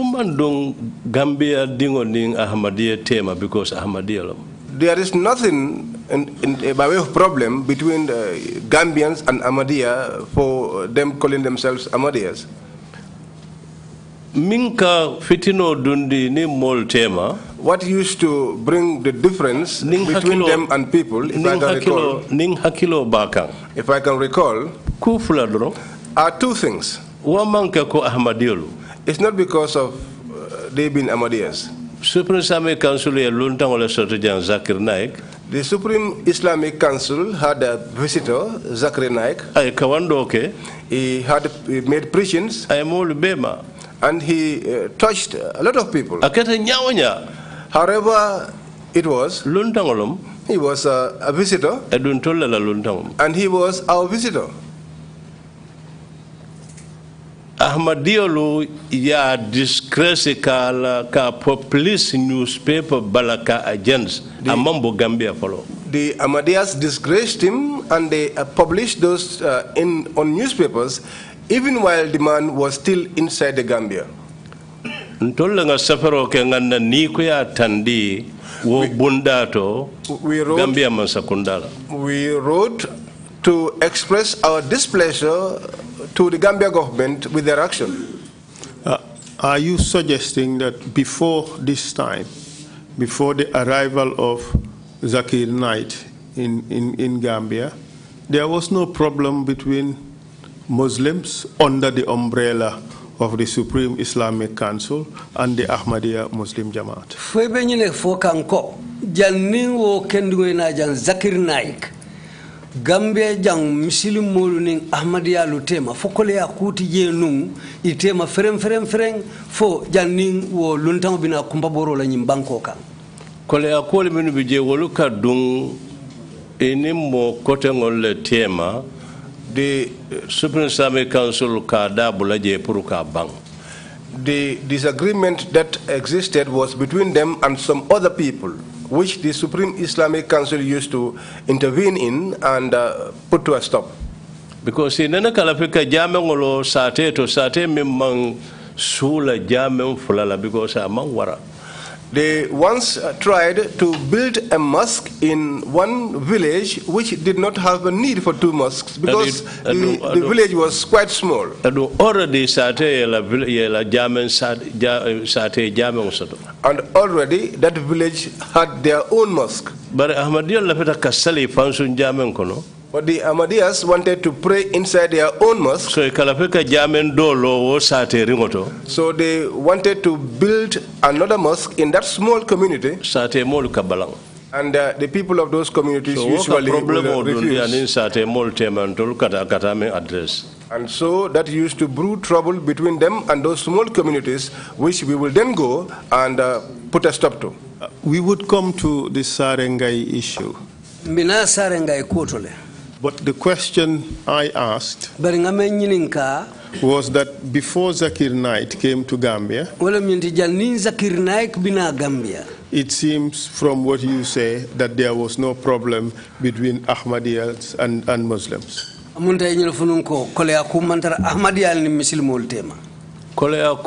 Gambia dingo ding Ahmadiyya tema because Ahmadiyya lo. there is nothing in, in, by way of problem between uh, Gambians and Ahmadiyya for them calling themselves Ahmadiyyas. Minka fitino dundi ni mol What used to bring the difference ning between hakilo, them and people, if I can recall, ning hakilo bakang. If I can recall, kufula dro are two things. Wamanka ko Ahmadiyolu. It's not because of uh, they being Ahmadiyas. Supreme Islamic Council ye luntan wala soto jang Zakir Naik. The Supreme Islamic Council had a visitor, Zakir Naik. Ay kawando ke. He had he made preachings. Ay mulu bema. And he uh, touched a lot of people. Akete nyawanya. However, it was. Luntan olom. He was a, a visitor. Edun tolla la luntan. And he was our visitor. Ahmadiyolu ya disgrace kala ka populist newspaper balaka agents amambo Gambia follow. The Ahmadiyas disgraced him and they uh, published those uh, in on newspapers even while the man was still inside the Gambia. Ntolla nga safaro ke nganda ni ko ya tandi wo bundato Gambia man sakundala. We wrote to express our displeasure to the Gambia government with their action. Uh, are you suggesting that before this time, before the arrival of Zakir Knight in, in, in Gambia, there was no problem between Muslims under the umbrella of the Supreme Islamic Council and the Ahmadiyya Muslim Jamaat? Zakir Naik, gambia jang misilim molu ning ahmadiya lu tema fokole ya kuti je nung itema frem frem frem fo janning wo luntang bina kumba boro la nyim banko kan kole ya kole minu bije wolu ka dung mo kote ngol le tema de supreme islamic council ka dabu la je pour ka bang the disagreement that existed was between them and some other people which the Supreme Islamic Council used to intervene in and uh, put to a stop. Because in nana kalafika jamen sate to sate mimang sula jamen fulala because amang wara. They once tried to build a mosque in one village which did not have a need for two mosques because the, village was quite small. And already that village had their own mosque. But Ahmadiyya lafita kasali pansun jamen kono. But the Ahmadiyas wanted to pray inside their own mosque. So they wanted to build another mosque in that small community. And uh, the people of those communities so usually problem uh, refuse. address. And so that used to brew trouble between them and those small communities, which we will then go and uh, put a stop to. We would come to the Sarengai issue. But the question I asked was that before Zakir Naik came to Gambia, it seems from what you say that there was no problem between Ahmadiyas and, and Muslims. There was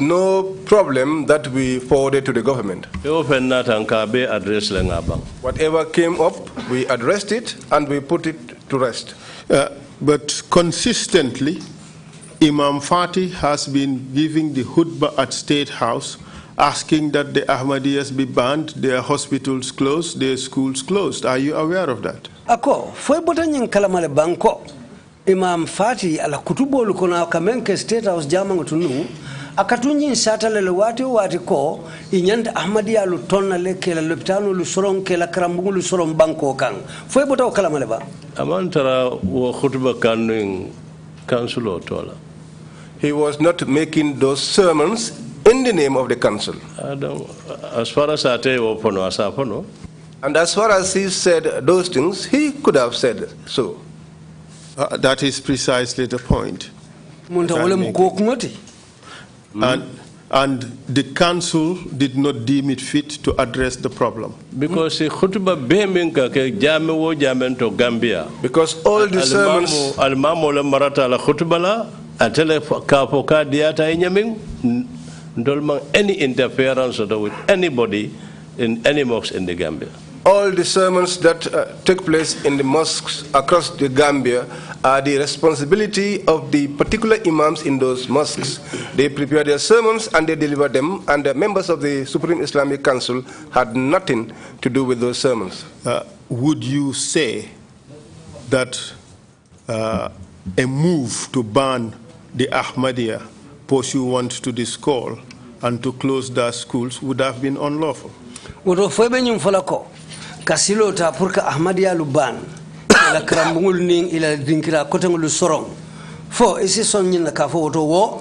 no problem that we forwarded to the government. Whatever came up, we addressed it and we put it to rest. Uh, but consistently, Imam Fati has been giving the khutbah at State House asking that the Ahmadiyyas be banned, their hospitals closed, their schools closed. Are you aware of that? Ako, foi botan kalamale bangko. imam fati ala kutubol kono kamen state house jamango to nu akatunyin satale le wati wati ko inyanda ahmadi lu tonna le kela lopitano lu soron kela karambungu lu soron banko kan foy botaw kala male ba amantara wo khutba kanin council tola he was not making those sermons in the name of the council as far as ate opono asapono and as far as he said those things he could have said so Uh, that is precisely the point. And, hmm? and the council did not deem it fit to address the problem. Because Because all the sermons. Any interference with anybody in any mosque in the Gambia all the sermons that uh, take place in the mosques across the Gambia are the responsibility of the particular imams in those mosques. They prepare their sermons and they deliver them, and the members of the Supreme Islamic Council had nothing to do with those sermons. Uh, would you say that uh, a move to ban the Ahmadiyya want to this call and to close their schools would have been unlawful? pour que ban ila dinkira sorong fo isi son ka fo woto wo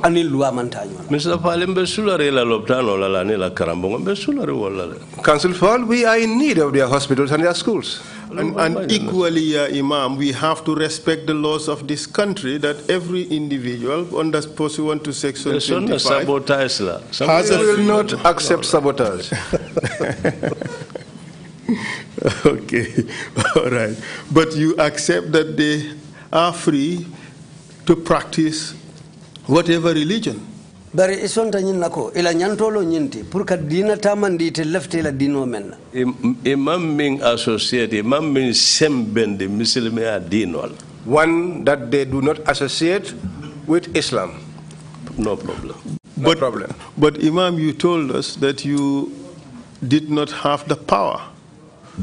mr falem be sulare la la la ni la be sulare wala council fall we are in need of their hospitals and their schools and, and equally uh, imam we have to respect the laws of this country that every individual under pursuant to section There's 25 sabotage has will not accept sabotage okay, all right. But you accept that they are free to practice whatever religion. bari i sonta ñin na ko ila ñantolo ñinti pour que dina tamandi te lefte la dino men imam min associate imam min sembende muslimi a dinol one that they do not associate with islam no problem no but, problem but imam you told us that you did not have the power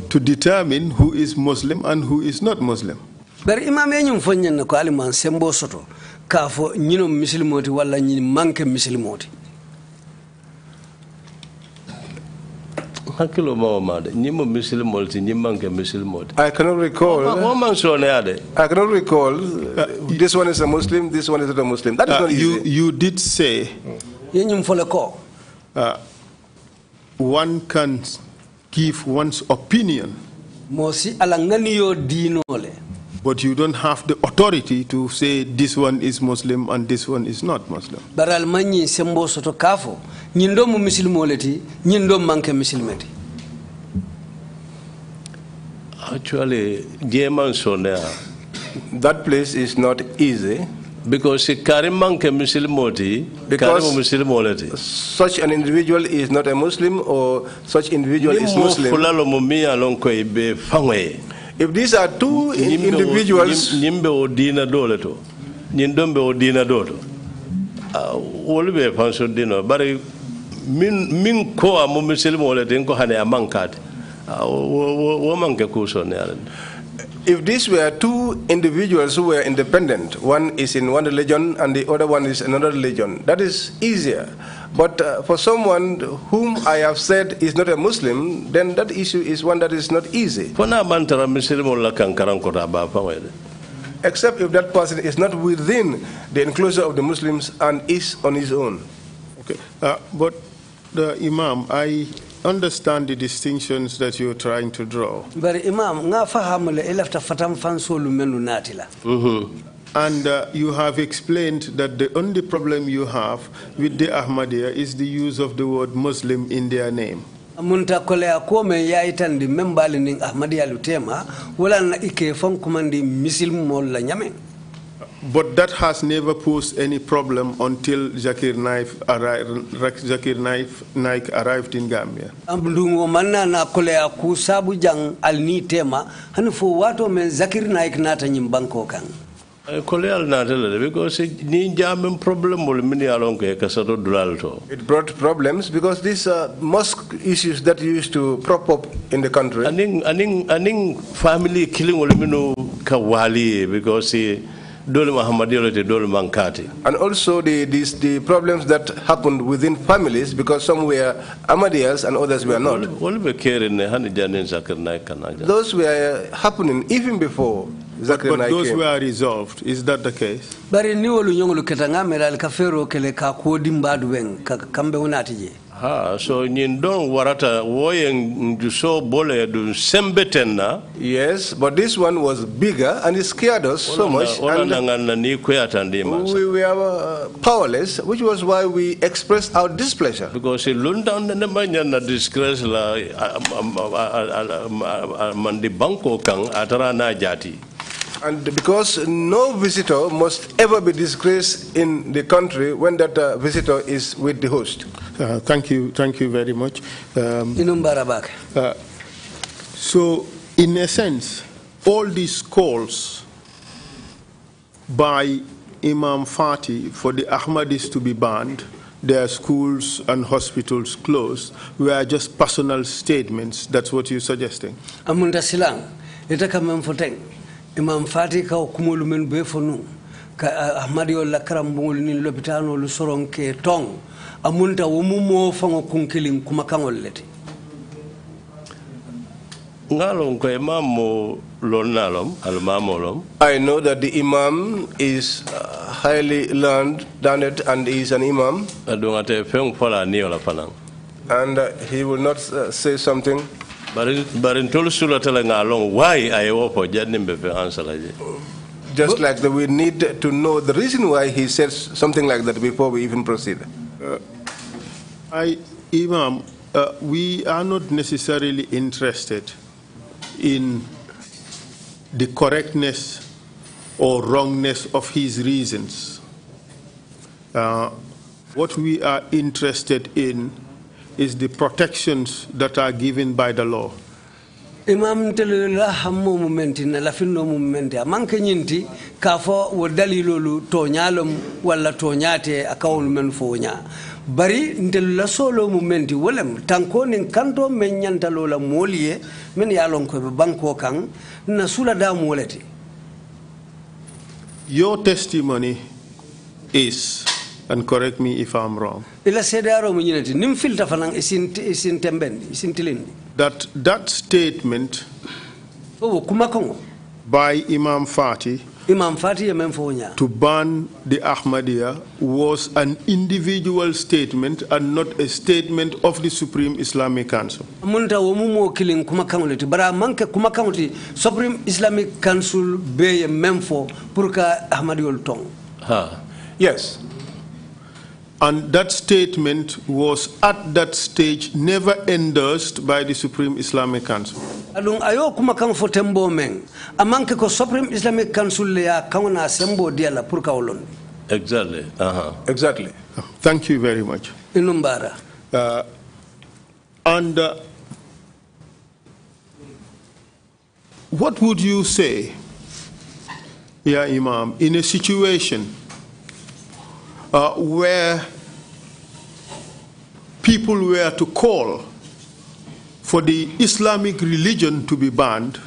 to determine who is Muslim and who is not Muslim. bari imame ñum foññen ne ko aliman sembo soto ka fo ñinom misilmoti walla ñin manque misilmoti hakkilo mawama de ñimo misilmol ti ñi manque misilmoti i cannot recall woman soneya de i cannot recall uh, this one is a muslim this one is not a muslim that is uh, not easy. you you did say ye ñum fole ko uh, one can give one's opinion. But you don't have the authority to say this one is Muslim and this one is not Muslim. Baral manyi sembo soto kafo, mu muslimoleti, manke muslimeti. Actually, That place is not easy. because ke karim such an individual is not a muslim or such individual is muslim if these are two individuals nyimbe odina dole to nyindombe odina dole ah, wolbe fanso dino bari min min ko a muslim wala den ko hane amankat ah, wo manke kusone ala if these were two individuals who were independent, one is in one religion and the other one is another religion, that is easier. But uh, for someone whom I have said is not a Muslim, then that issue is one that is not easy. Except if that person is not within the enclosure of the Muslims and is on his own. Okay, uh, but the Imam, I understand the distinctions that you're trying to draw. But Imam, nga fahamu le ilafta fatam fanso lumenu natila. Mm-hmm. And uh, you have explained that the only problem you have with the Ahmadiyya is the use of the word Muslim in their name. muntakolea kome yaitandi membali ni ahmadiyya lutema wala na ike fon kumandi misil mol la nyame. But that has never posed any problem until Zakir Naik, Zakir Naik arrived in Gambia. Ambulungo manna na kule akusabu jang alni tema men Zakir Naik nata nyimbanko kang. Eh, it brought problems because these uh, mosque issues that used to prop up in the country aning aning aning family killing because and also the, the problems that happened within families because some were Ahmadiyas and others were not. Those were happening even before Zakir but, but those were resolved. Is that the case? Bari ni wolu nyongolu ketanga kafero kele ka kambe so ñin warata woyen so bole du sembetenna yes but this one was bigger and it scared us so much and we were powerless which was why we expressed our displeasure because the man manyana disgrace la mandi banko kang atara na jati and because no visitor must ever be disgraced in the country when that uh, visitor is with the host. Uh, thank you, thank you very much. Um, uh, so, in a sense, all these calls by Imam Fati for the Ahmadis to be banned, their schools and hospitals closed, were just personal statements. That's what you're suggesting. silang, imam fati kaw kumolu men be fonu ka ahmad yo ahmadiyol la karambugol nin lu soronke tong amunta mo faŋo kunkelin kuma ngalon ko imam mo kaŋol al mamolom I know that the Imam is uh, highly learned, done it and is an Imam. adonga te ni fanang And uh, he will not uh, say something but in ntolu sulatala nga why ay wopo jadni mbe fe ansala just like that we need to know the reason why he says something like that before we even proceed uh, i imam uh, we are not necessarily interested in the correctness or wrongness of his reasons uh, what we are interested in is the protections that are given by the law. imam telula hammo mumenti na lafinno mumenti amanke nyinti kafo wo dalilolu toñalom wala toñate a kawol men foña bari ntelula solo mumenti wolem tanko nin kanto men ñantalola mooliye min yalon koɓe banko kan na sula damolete your testimony is and correct me if I'm wrong. That that statement by Imam Fati Imam Fati to ban the Ahmadiyya was an individual statement and not a statement of the Supreme Islamic Council. Supreme Islamic Council purka tong. Yes. And that statement was at that stage never endorsed by the Supreme Islamic Council. Alun ayo kuma kan foten bo men amanke ko Supreme Islamic Council le ya kan na sembo dia la pour wolon. Exactly. Uh -huh. Exactly. Thank you very much. Inumbara. Uh, and uh, what would you say, yeah, Imam, in a situation uh, where people were to call for the Islamic religion to be banned,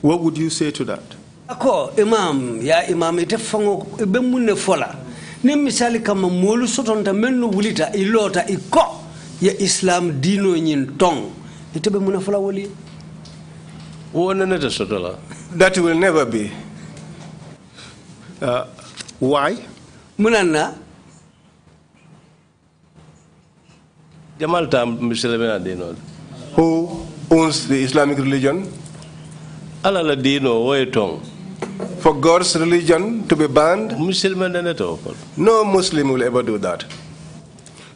what would you say to that? Ako imam ya imam ite fango ibe munne fola ne misali kama molu sotonta menno wulita ilota iko ya islam dino nyin tong ite be munne fola woli wona ne sotola that will never be uh, why Munana. Jamal Tam, Mr. Lebenadino. Who owns the Islamic religion? Allah Ladino, Oetong. For God's religion to be banned? No Muslim will ever do that.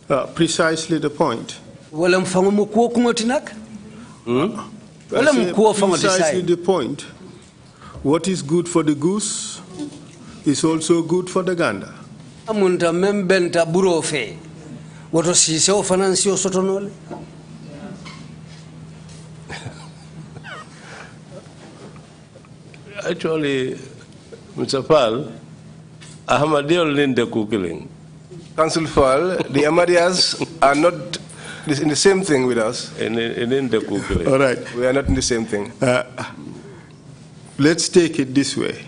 Uh, precisely the point. Hmm? Precisely the point. What is good for the goose is also good for the gander amunta men benta ɓuro fee woto siise o fanan si o sotonole actually mr pal ahmadiyol nin de kukiling council fall the ahmadiyas are not in the same thing with us in, in the kukiling all right we are not in the same thing uh, let's take it this way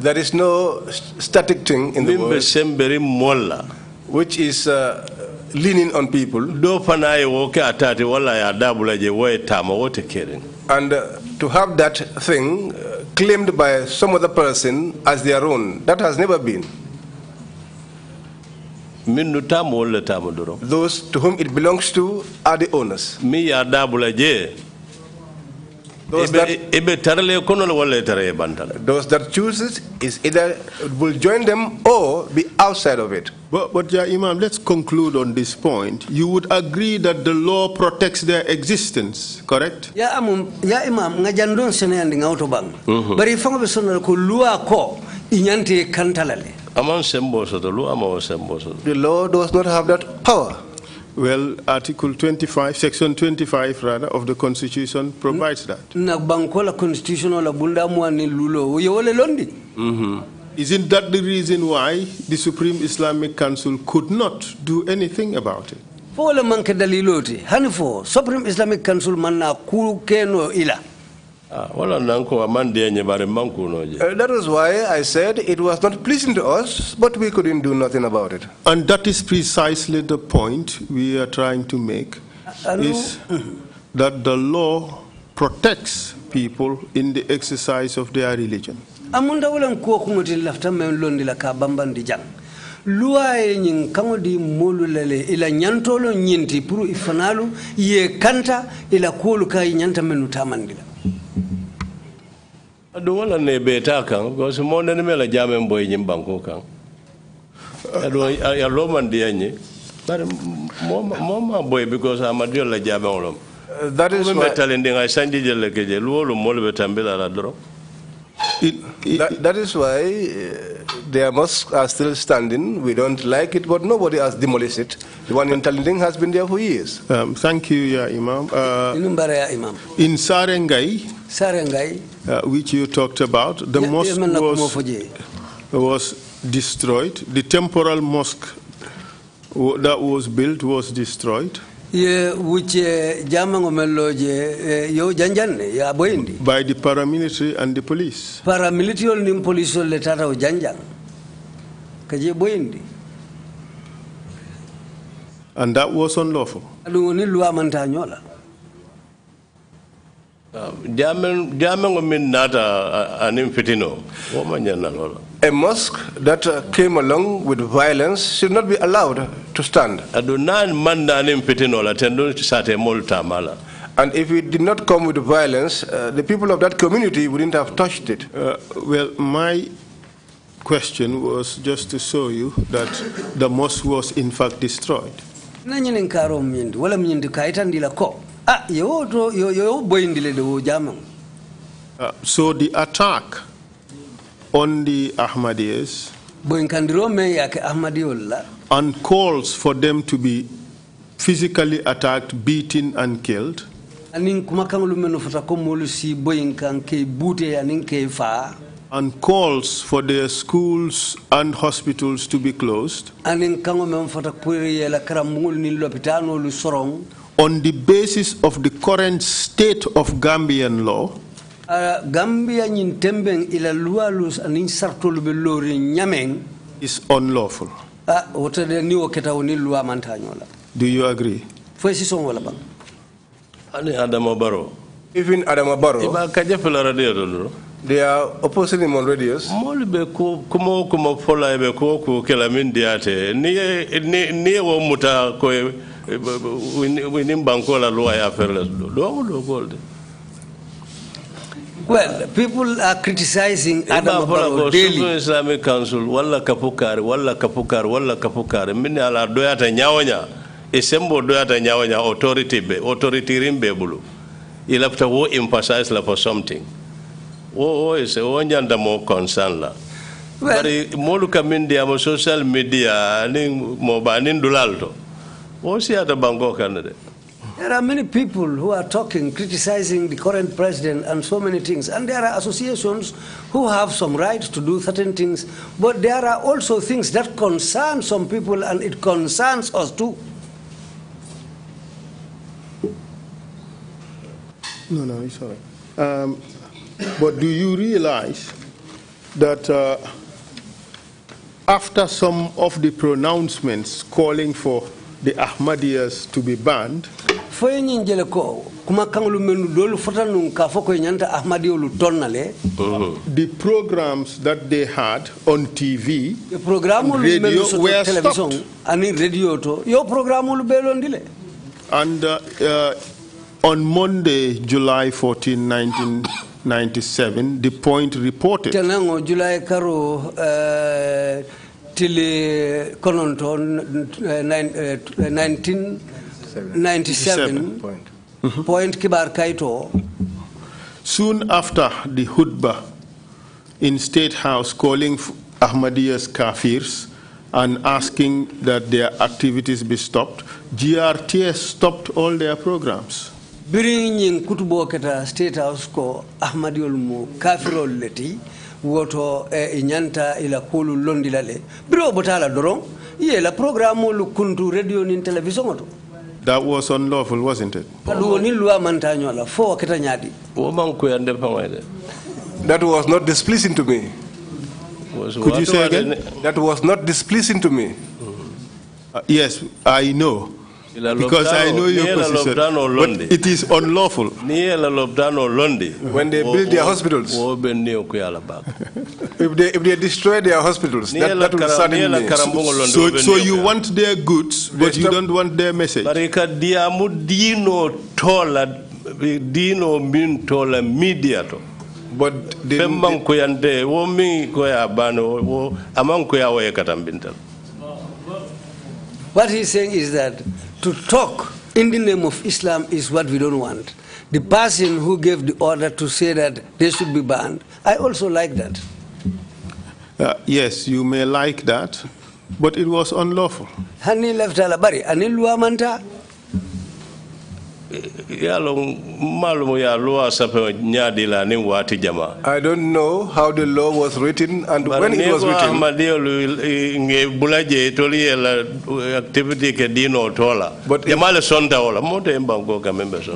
There is no static thing in the world which is uh, leaning on people. And uh, to have that thing uh, claimed by some other person as their own, that has never been. Those to whom it belongs to are the owners. Those that, those that chooses is either will join them or be outside of it. But, but yeah, Imam, let's conclude on this point. You would agree that the law protects their existence, correct? Yeah, Imam, yeah, Imam, nga jandun sene andi nga autobang. Mhm. Bari fanga besona ko lua ko inyante kantalale. Amam sembo soto, lua The law does not have that power. Well, Article 25, Section 25 rather, of the Constitution provides that. Nagbankola constitutional abunda mwani lulo uyole londi. Mm-hmm. Isn't that the reason why the Supreme Islamic Council could not do anything about it? Fo le manke daliloti hanifo Supreme Islamic Council manna kukeno ila. Ah, uh, that is why I said it was not pleasing to us, but we couldn't do nothing about it. And that is precisely the point we are trying to make, Hello? is that the law protects people in the exercise of their religion. amunda wulan ko kuma di lafta men londi la ka bamban di jang luwa e nyin kango di molu lele ila nyantolo nyinti puru ifanalu ye kanta ila kolu ka nyanta menu tamandila ɗum wala ne kang kan parce que mondani mela jamen boye ñim banko kang aɗum ya lomandiya ñi bare moma boye because amadiol la jamen olom that is why tale ndi ngai sanji jelle keje luwo lo molbe tambela la doro that is why uh, Their mosques are still standing. We don't like it, but nobody has demolished it. The one in Talinding has been there for years. Um, thank you, Ya Imam. Uh, in Sarengai, Sarengai uh, which you talked about, the yeah, mosque was, was destroyed. The temporal mosque that was built was destroyed ye wucce jamango ya eh, eh, by the paramilitary and the police paramilitary and police ol le and that was unlawful ah, ah, fitino A mosque that uh, came along with violence should not be allowed to stand. And if it did not come with violence, uh, the people of that community wouldn't have touched it. Uh, well, my question was just to show you that the mosque was in fact destroyed. mnyindi, wala mnyindi ko. Ah, uh, So the attack on the Ahmadiyas and calls for them to be physically attacked, beaten, and killed and calls for their schools and hospitals to be closed on the basis of the current state of Gambian law Gambia is unlawful do you agree even They are opposing him on radios. Mole be ko kumo kumo fola be ko ko kela min diate. Ni ni ni wo muta ko we e, ni banko la loi ya faire le do do gold. Well, people are criticizing Adam Barrow daily. Supreme Islamic Council wala kapukar, wala kapukar, wala kapukar. Mini ala doyata nyawanya. Isembo doyata nyawanya authority be authority rimbe bulu. Ilafta wo emphasize la for something. Oh, oh, oh, la social media ni There are many people who are talking, criticizing the current president and so many things. And there are associations who have some rights to do certain things. But there are also things that concern some people and it concerns us too. No, no, it's all right. Um, but do you realize that uh, after some of the pronouncements calling for the Ahmadiyas to be banned, foyeñin jele ko kuma kanlu menu dolu fota nun ka foko ñanta ahmadiyolu tonnale uh-huh. the programs that they had on tv the program radio were television ani radio to yo program lu belondile and uh, uh, on monday july 14 19 1997, the point reported. Tenango July karo eh, 1997 eh, mm-hmm. point kibar kaito. Soon after the Hudba in State House calling Ahmadiyya's kafirs and asking that their activities be stopped, GRTS stopped all their programs. birin kutubo keta state house ko ahmad yol mu kafirol leti woto e eh, ñanta ila kulu londila le biro botala doron ye la programme lu kuntu radio nin television to That was unlawful, wasn't it? kadu woni lu amanta fo keta man ko yande That was not displeasing to me. Was Could you say again? That was not displeasing to me. Mm. Uh, yes, I know. because I know your position. But it is unlawful. When they build their hospitals, if they if they destroy their hospitals, that, that will suddenly so, so you want their goods, but you don't want their message. Dino min tola media to but the pemman ko yande wo min ko ya bano wo aman ko what he's saying is that to talk in the name of Islam is what we don't want. The person who gave the order to say that they should be banned, I also like that. Uh, yes, you may like that, but it was unlawful. Hani left alabari, anil manta. I don't know how the law was written and but when it was written. But,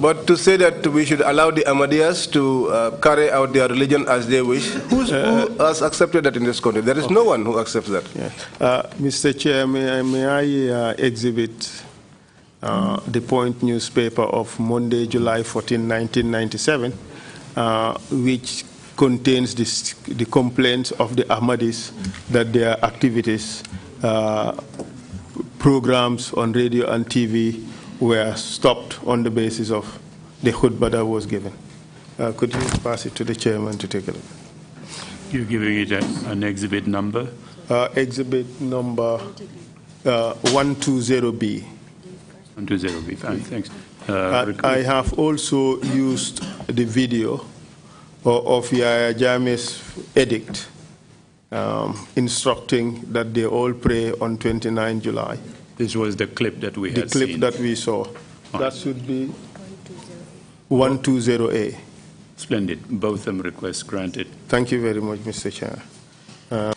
but to say that we should allow the Ahmadiyas to uh, carry out their religion as they wish, uh, who has accepted that in this country? There is okay. no one who accepts that. Yeah. Uh, Mr. Chair, may I, may I uh, exhibit uh, the Point newspaper of Monday, July 14, 1997, uh, which contains this, the complaints of the Ahmadis that their activities, uh, programs on radio and TV were stopped on the basis of the khutbah that was given. could you pass it to the chairman to take a look? You're giving it a, an exhibit number? Uh, exhibit number uh, 120B thanks. Uh, I, have also used the video of Yahya Jame's edict um, instructing that they all pray on 29 July. This was the clip that we The clip seen. that we saw. That should be 120A. Splendid. Both them requests granted. Thank you very much, Mr. Chair. Uh,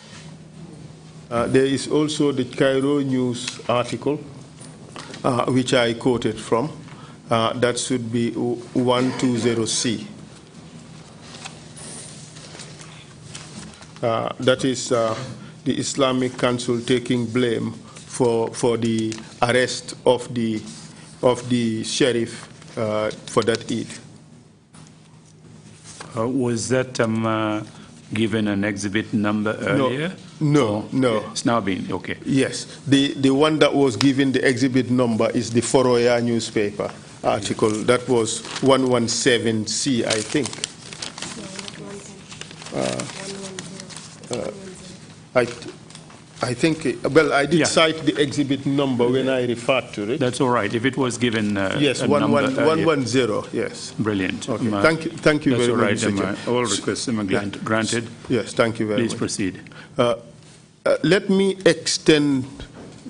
uh, there is also the Cairo News article uh, which I quoted from. Uh, that should be 120C. Uh, that is uh, the Islamic Council taking blame for for the arrest of the of the sheriff uh, for that Eid. Uh, was that um, given an exhibit number earlier? No. No, no. It's now been, okay. Yes. The, the one that was given the exhibit number is the Foroya newspaper article. That was 117C, I think. Uh, uh, I, I think, it, well, I did Yeah. cite the exhibit number when I referred to it. That's all right, if it was given uh, Yes, 110, one uh, one one zero. yes. Brilliant. Okay, Um, thank you, thank you very all much. Mr. all requests are granted. Yes, thank you very Please much. proceed. Uh, uh, let me extend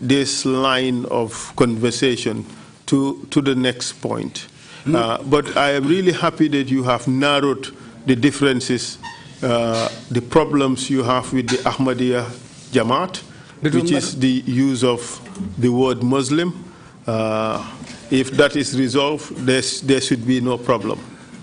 this line of conversation to, to the next point. Uh, but I am really happy that you have narrowed the differences, uh, the problems you have with the Ahmadiyya Jamaat, which is the use of the word Muslim. Uh, if that is resolved, there should be no problem.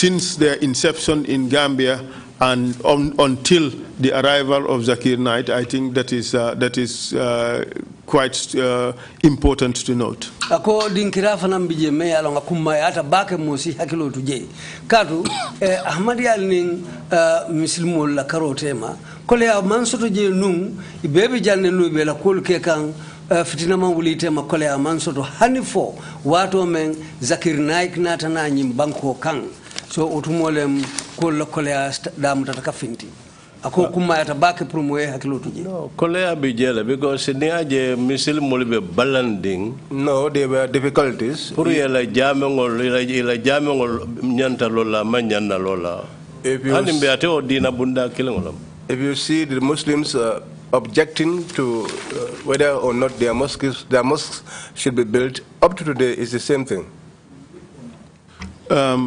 since their inception in Gambia and on, until the arrival of Zakir Knight, I think that is, uh, that is uh, quite uh, important to note. Ako dinkira fana mbije me ya longa kumma ya hata bake musi hakilo tuje. Katu eh, Ahmadi alning uh, eh, mislimu la karo tema. Kole ya mansoto je nung ibebe jane nube la kulu kekang Uh, fitina manguli tema kole ya mansoto hanifo watu omen Zakir Naik natana nyimbanko kang so otumolem kolla koleya damutata ka finti ako kummayata bake pour moye hakkilotu je no koleya bi jele because ni aje misil molu be ballanding no they were difficulties pour yela jamengol ila jamengol nyanta lola manyanna lola hani mbe ate o dina bunda kilengolam if you see the muslims uh, objecting to uh, whether or not their mosques, their mosques should be built, up to today is the same thing. Um,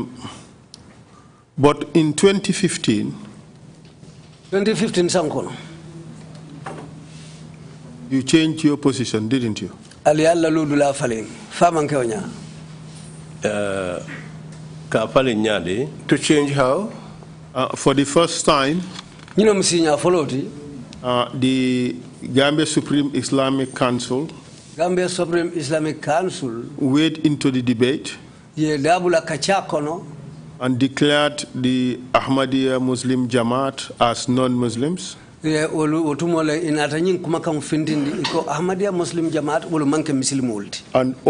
But in 2015, 2015 sankono. You changed your position, didn't you? Ali alla ludu la faleng. Faman ke eh, Ka faleng nyade. To change how? Uh, for the first time. Nino msinya foloti. Uh, the Gambia Supreme Islamic Council. Gambia Supreme Islamic Council. Wade into the debate. Ye dabula kachakono and declared the Ahmadiyya Muslim Jamaat as non-Muslims? And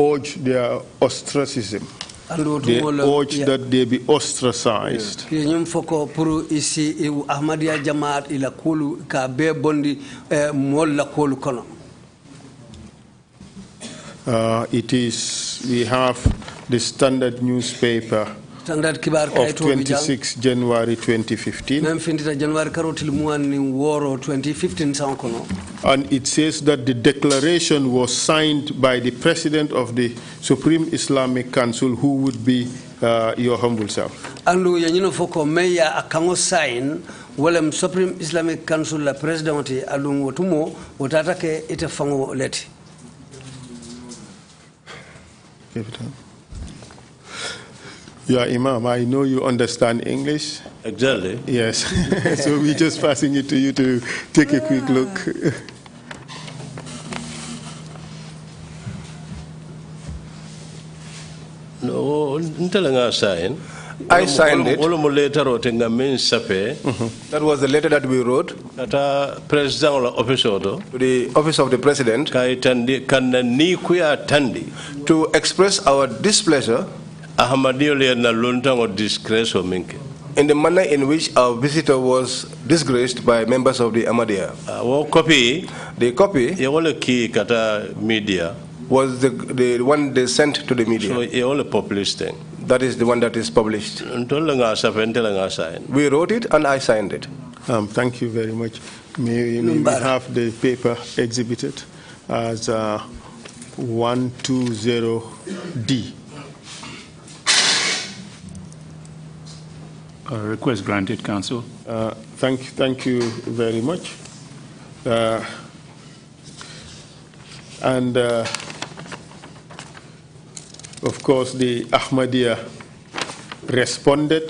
urge their ostracism. They urge that they be ostracized. Uh, it is, we have the standard newspaper standard kibar of 26 January 2015. January til 2015 And it says that the declaration was signed by the president of the Supreme Islamic Council, who would be uh, your humble self. Andu yanyino foko meya akango sign walem Supreme Islamic Council la president alum watumo watatake ite fango leti. You are Imam. I know you understand English. Exactly. Yes. so we're just passing it to you to take a quick look. no, I signed it. Mm-hmm. That was the letter that we wrote to the office of the president to express our displeasure in the manner in which our visitor was disgraced by members of the Ahmadiyya. Uh, copy, the copy media was the, the one they sent to the media. So published thing. That is the one that is published. We wrote it and I signed it. Um, thank you very much. May, may we have the paper exhibited as uh, 120D. Uh, request granted, Council. Uh, thank, thank you very much. Uh, and uh, of course, the Ahmadiyya responded.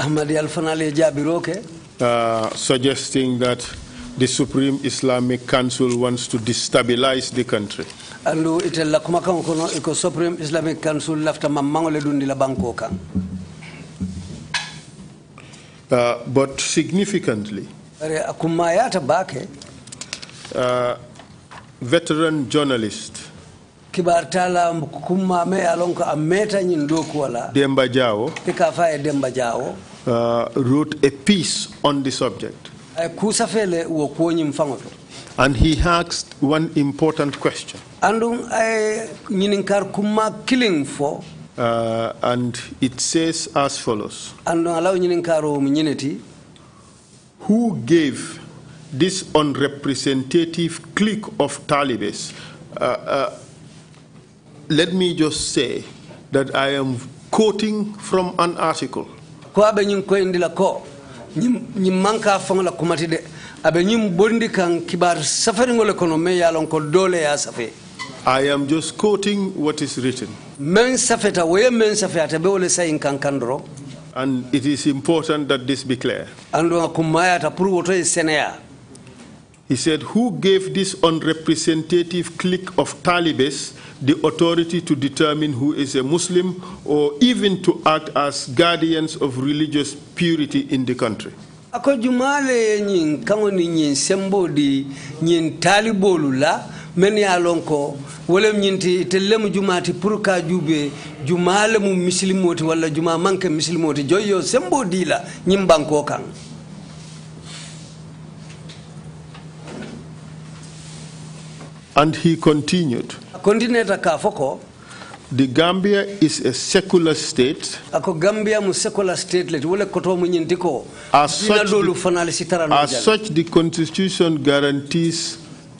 Ahmadiyya Al-Fanali Jabiroke. Uh, suggesting that the Supreme Islamic Council wants to destabilize the country. Andu itella kumakaŋo iko Supreme Islamic Council lafta mammaŋo le dundi la bankoo uh, but significantly, uh, veteran journalist Demba Jao uh, wrote a piece on the subject. And he asked one important question. Uh, and it says as follows Who gave this unrepresentative clique of Talibans? Uh, uh, let me just say that I am quoting from an article. manka fangla kumati de abe ñim bondi kan kibar safari me yalon ko dole ya safe i am just quoting what is written and it is important that this be clear. He said, Who gave this unrepresentative clique of talibes the authority to determine who is a Muslim or even to act as guardians of religious purity in the country? ako jumale nyin kango ni nyin sembo di nyin talibolu la men ya lon ko wolem ñinti te lem jumaati pour ka juube juma le muslimoti wala juma manke muslimoti joyo sembo dila ñim banko kan And he continued. Continued ka foko. The Gambia is a secular state. Ako Gambia mu secular state le wala koto mu nyindiko. As as such the constitution guarantees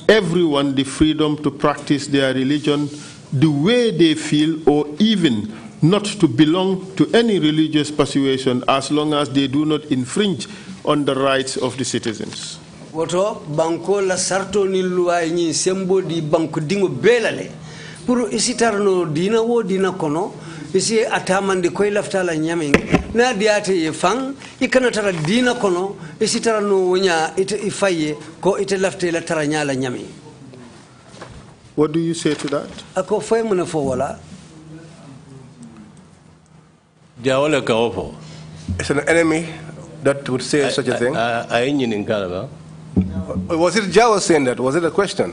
everyone the freedom to practice their religion the way they feel or even not to belong to any religious persuasion as long as they do not infringe on the rights of the citizens. woto banko la sarto ni luwa ñi sembo di banko dingo belale pour isitarno dina wo dina kono bisi atamandi koy laftala ñaming na diate ye fang ikana tara dina kono isi tara no nya ite ifaye ko ite lafte la tara nyala ñami what do you say to that ako fay muna fo wala diawale ka ofo it's an enemy that would say I, such a I, thing I, I, was it Jawa saying that was it a question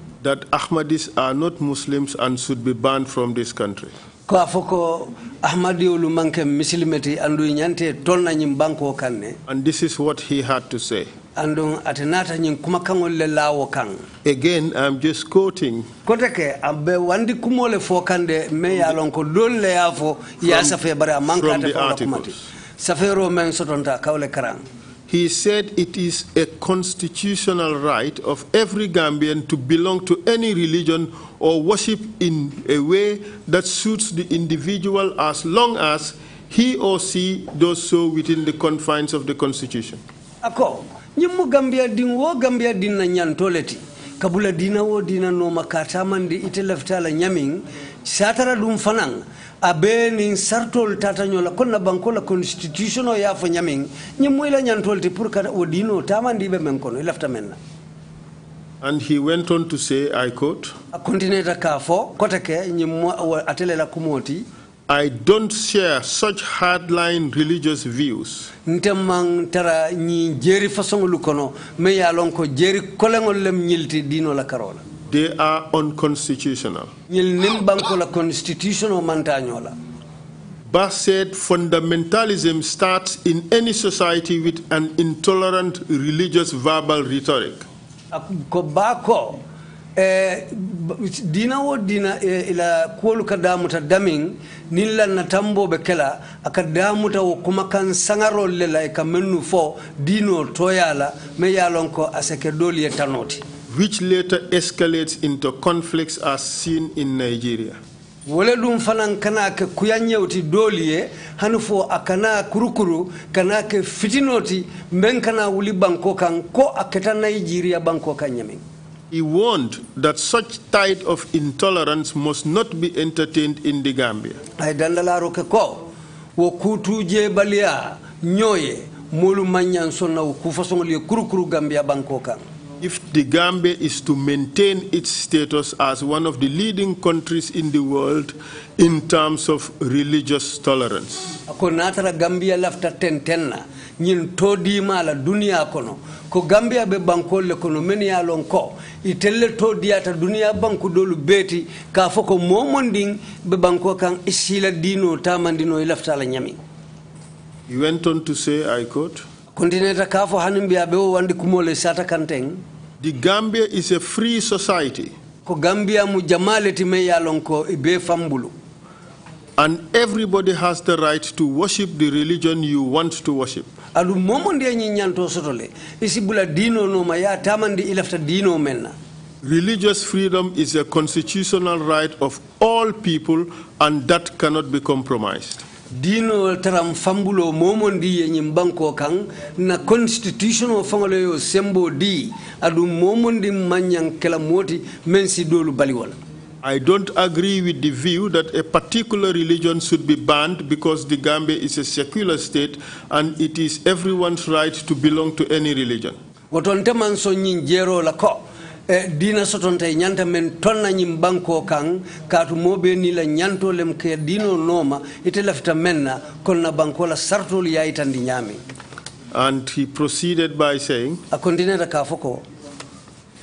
that Ahmadis are not Muslims and should be banned from this country? ko a fo ko ahmadiyolu manke misilimeti andu ñante tolna ñin banko kanne and this is what he had to say Andu ate nata ñin kuma kaŋol le again i'm just quoting kote ke am wandi kumole fo kande me ya lon ko doolu le ya fo ya safe bare a mankata fo kumati safeero men sotonta kawle he said it is a constitutional right of every Gambian to belong to any religion or worship in a way that suits the individual as long as he or she does so within the confines of the Constitution. Ako, nyimu Gambia din wo Gambia din na nyantoleti. Kabula dina wo dina no makata mandi ite leftala nyaming. satara dum fanan abe nin sartol na konna la constitution o yaafo ñamin nyantol te pour kada o tamandi tamandiɓe men kono i lafta men na And he went on to say, I quote, I don't share such hardline religious views. tara ñi jeri façon kono me ya lon ko jeri kolengol lem ñilti dino la karola they are unconstitutional. Bas said fundamentalism starts in any society with an intolerant religious verbal rhetoric. Kobako eh, dina wo dina eh, ila kuolu ka damuta damin nin la natambo be kela aka damuta wo kan sangarol le la e ka mennu fo diinol toyala me yalon ko aseke doli tanoti which later escalates into conflicts as seen in Nigeria. ɗum fanan kana ke kuyanñewti hani fo a kana kurukuru kana ke fitinoti kana wuli banko kan ko a keta nigeria banko kan ñamen He warned that such tide of intolerance must not be entertained in the Gambia. Ay dandalaro ke ko wo kutuje baliya ñoye molu sonna wo kurukuru Gambia banko kan if the Gambia is to maintain its status as one of the leading countries in the world in terms of religious tolerance. Ko natara Gambia lafta tentenna nyin todi mala dunia kono ko Gambia be banko le kono men ya lon ko itelle todi ata dunia banko dolu beti ka foko momonding be banko kan isila dino tamandino lafta la nyami. He went on to say I quote kafo biya be wandi kumole sata kanteng. The Gambia is a free society. Ko Gambia mu fambulu. And everybody has the right to worship the religion you want to worship. Alu momo ndiye nyanto sotole. Isibula dino no maya tamandi ilafta dino Religious freedom is a constitutional right of all people and that cannot be compromised. diinol taram fambulo momondi e ñim banko kan na constitution o faŋole yo sembo di aɗum momondi mañan kela moti men si dolu baliwola I don't agree with the view that a particular religion should be banned because the Gambia is a secular state and it is everyone's right to belong to any religion. Woton teman so nyin jero la ko e eh, dina soton tay men banko kan ni la ke dino ite kon na banko la sartol and he proceeded by saying a ka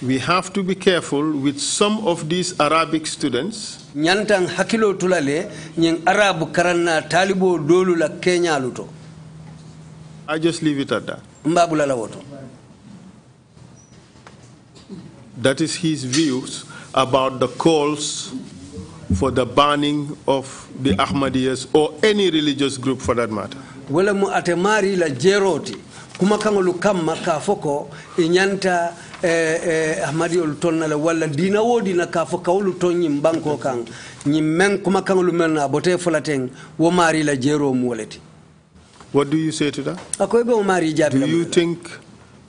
we have to be careful with some of these Arabic students. Nyantan hakilo tulale nyeng Arabu karana talibo dolu la Kenya luto. I just leave it at that. Mbabula la woto. that is his views about the calls for the banning of the Ahmadiyyas or any religious group for that matter. Wala mu atemari la jeroti kuma kangolu lukam makafoko inyanta eh, eh, ahmadiyolu tonna la wala dina wo dina kafoka fo kawolu ton ñim banko kan ñim men kuma kangolu men na bote folaten la jero mu What do you say to that? Akoy be o Do you think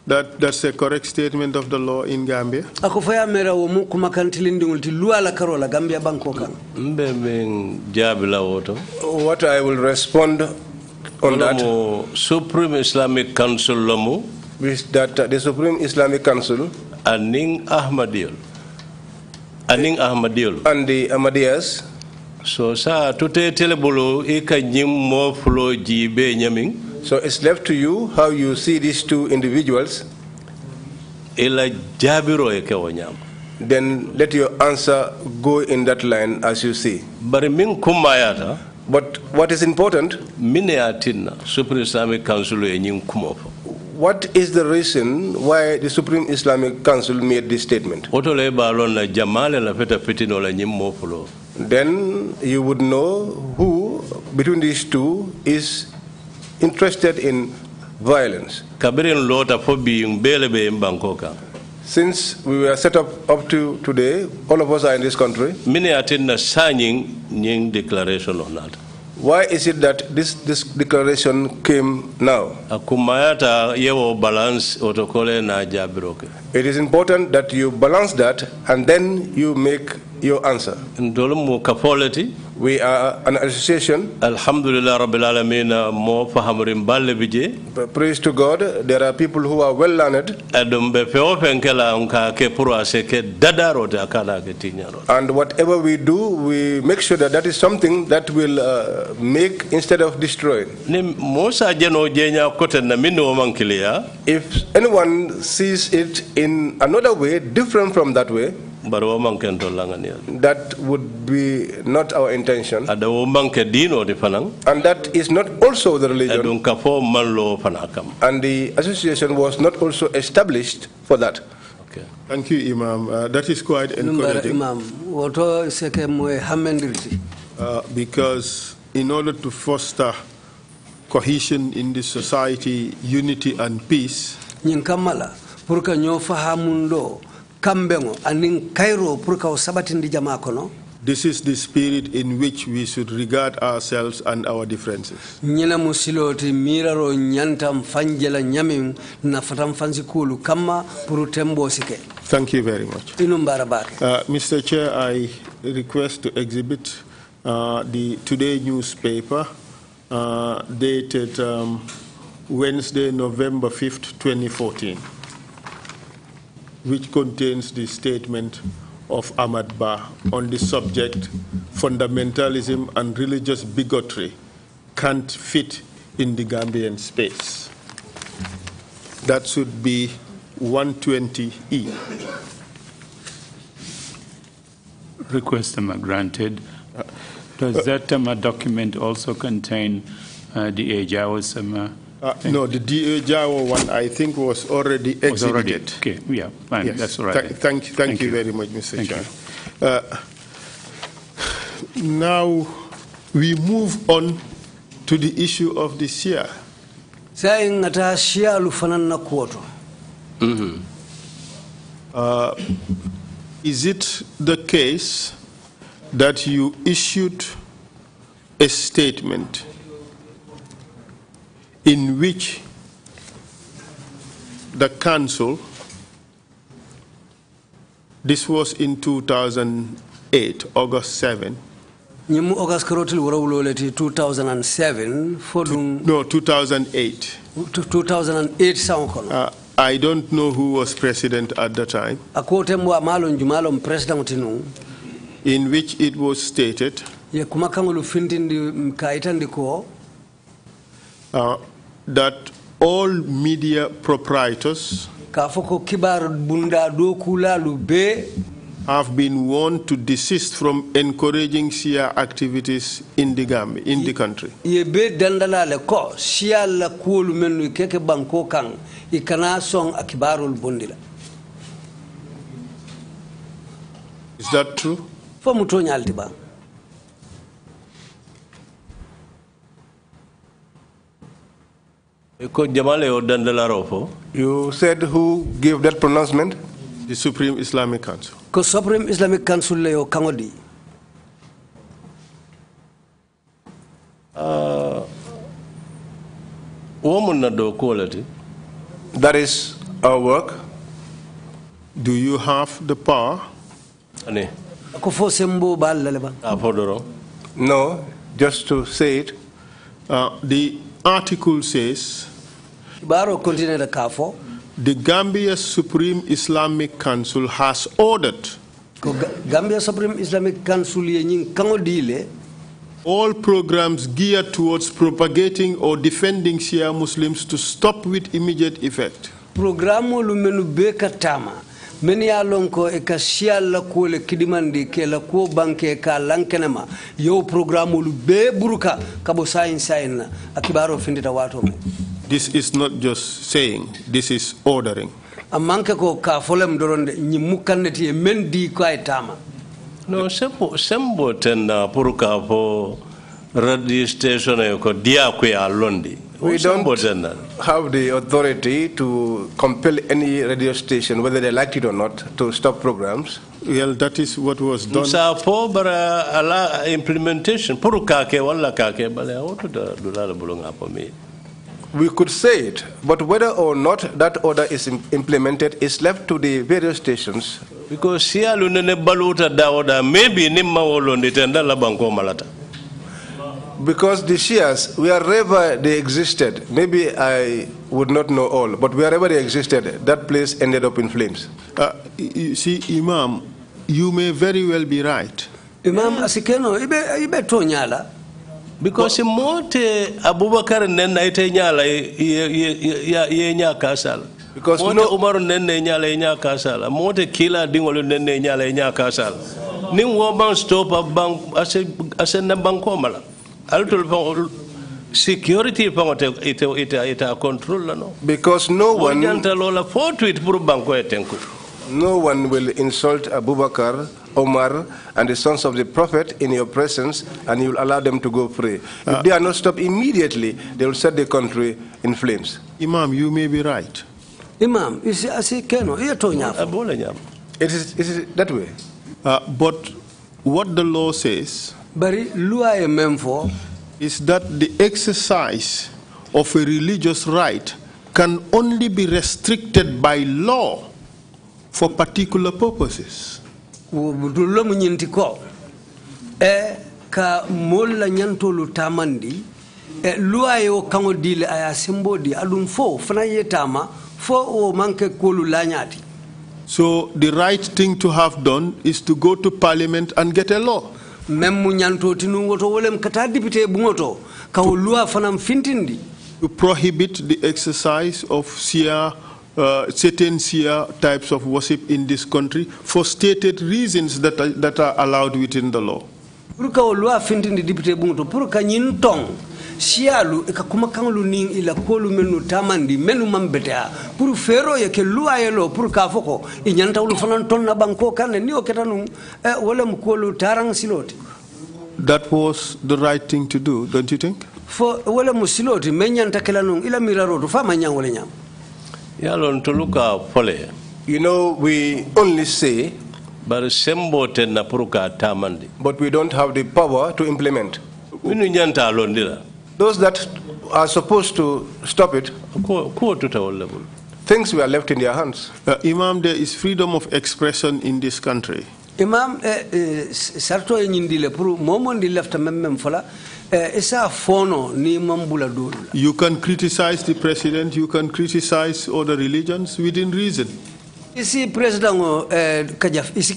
That, that's a correct statement of the law in Gambia. Ako faya mera wo mu kuma kan tilindingul ti luwa la karola Gambia banko kan. Mbe men jabi la woto. What I will respond on that. Supreme Islamic Council lomu. With that uh, the Supreme Islamic Council. Aning Ahmadiyol. Aning Ahmadiyol. And the Ahmadiyas. So sa tute telebolo ika nyim mo flo jibe nyaming. So it's left to you how you see these two individuals. Then let your answer go in that line as you see. But what is important? What is the reason why the Supreme Islamic Council made this statement? Then you would know who between these two is interested in violence. Kabirin lota fobi mbelebe mbankoka. Since we were set up up to today, all of us are in this country. Mine atinna sanying nying declaration of that. Why is it that this, this declaration came now? Akumayata otokole na It is important that you balance that and then you make your answer. We are an association. Alhamdulillah Rabbil Alameen mo fahamrim balle Praise to God, there are people who are well learned. penkela unka dada akala And whatever we do, we make sure that that is something that will uh, make instead of destroying. Ni mosa jeno jenya kote minu omankilia. If anyone sees it in another way, different from that way, that would be not our intention. And that is not also the religion. And the association was not also established for that. Okay. Thank you, Imam. Uh, that is quite uh, encouraging. Uh, because in order to foster cohesion in the society, unity and peace, This is the spirit in which we should regard ourselves and our differences. Nyina musiloti miraro nyantam fanjela Thank you very much. Uh, Mr. Chair, I request to exhibit uh, the Today newspaper uh, dated um, Wednesday, November 5th, 2014. which contains the statement of Ahmad Ba on the subject fundamentalism and religious bigotry can't fit in the Gambian space. That should be 120E. Request am granted. Does that um, document also contain uh, the Ejawa uh, no, the DA Jawa one, I think, was already exhibited. Was already, okay, yeah, fine, yes. that's all right. Th thank, thank, thank, you, you very much, Mr. Chair. Uh, now we move on to the issue of the year. Saying that share lufanan kuoto. Mm-hmm. Uh, is it the case that you issued a statement in which the council, this was in 2008, August 7. August 2007, No, 2008. 2008 Sankon. Uh, I don't know who was president at the time. Akotemwa Malon Jumalon President In which it was stated. fintindi Uh, that all media proprietors have been warned to desist from encouraging Shia activities in the Gambia, in the country. dandalale ko Shia la menu keke banko kang ikana song akibarul bundila. Is that true? You said who gave that pronouncement? The Supreme Islamic Council. The Supreme Islamic Council leo kangodi. Uh, Woman na do quality. That is our work. Do you have the power? Ane. Ako sembo bal laleba. Apodoro. No, just to say it. Uh, the article says the Gambia Supreme Islamic Council has ordered Gambia Supreme Islamic Council all programs geared towards propagating or defending Shia Muslims to stop with immediate effect. min ye a lon ko e ka siya la kuwo le kidimandi ke la kuwo banke e ka lankenema yow programmolu bee buruka ka bo sayin sayin na a kibaro findita waato me this is not just saying this is ordering a manke ko ka folem doronde ñi mukkanneti e men di ko ay e tama no sembo sembo tenna pour ka fo radio station e ko diya kuya londi we don't have the authority to compel any radio station, whether they like it or not, to stop programs. Well, that is what was done. Msapo bara la implementation puru kake wala kake bale auto da dulala bulunga po We could say it, but whether or not that order is implemented is left to the various stations. Because siya lunene baluta da order maybe nimma wolonde tenda la bangko malata because the Shias, wherever they existed, maybe I would not know all, but wherever they existed, that place ended up in flames. Uh, you see, Imam, you may very well be right. Imam asikeno ibe ibe to nyala because mote Abubakar nenna ite nyala ye nya kasala because mote no, Umar nene nyala ye nya kasala mote kila dingolo nenna nyala ye nya kasala ni wo stop abang ase ase komala security control Because no one. No one will insult Abubakar Omar and the sons of the Prophet in your presence, and you will allow them to go free. If uh, they are not stopped immediately, they will set the country in flames. Imam, you may be right. Imam, is about. Ah, it is it is that way. Uh, but what the law says bari loi ye min fɔ is that the exercise of a religious right can only be restricted by law for particular purposes dullo mu ñinti ko e ka moolu la ñantolu tamandi e loi yo o diile a ye sembo di aɗum fo fana ye fo o manke koolu lañaati so the right thing to have done is to go to parliament and get a law même mu ñanto tinum woto wolem kata député buŋoto kawo loi fanam fintindi to prohibit the exercise of sia uh, certain sia types of worship in this country for stated reasons that are, that are allowed within the law pour kawo loi fintindi député buŋoto pour ñin tong sialu e ka kuma kumakaŋolu niŋ i la kuolu mennu tamandi mennu maŋ beteya pour fero ye ke lu ayelo pour ka foko e nyanta ñantawolu fanan ton na banko kan ni o ketanu e nuŋ eh, wo tarang silote That was the right thing to do, don't you think? fo wo lemu siloo ti meŋ ñanta kela nuŋ i la miraroo tu fo a maŋ ñaŋ wo le ñaam ka fo You know, we only say bari sembo na pour ka tamandi but we don't have the power to implement minu ñanta londi la those that are supposed to stop it things were left in their hands uh, imam there is freedom of expression in this country imam eh, eh, sarto e nyindile momondi lefta mem fola eh, ni you can criticize the president you can criticize other religions within reason isi eh, kajaf isi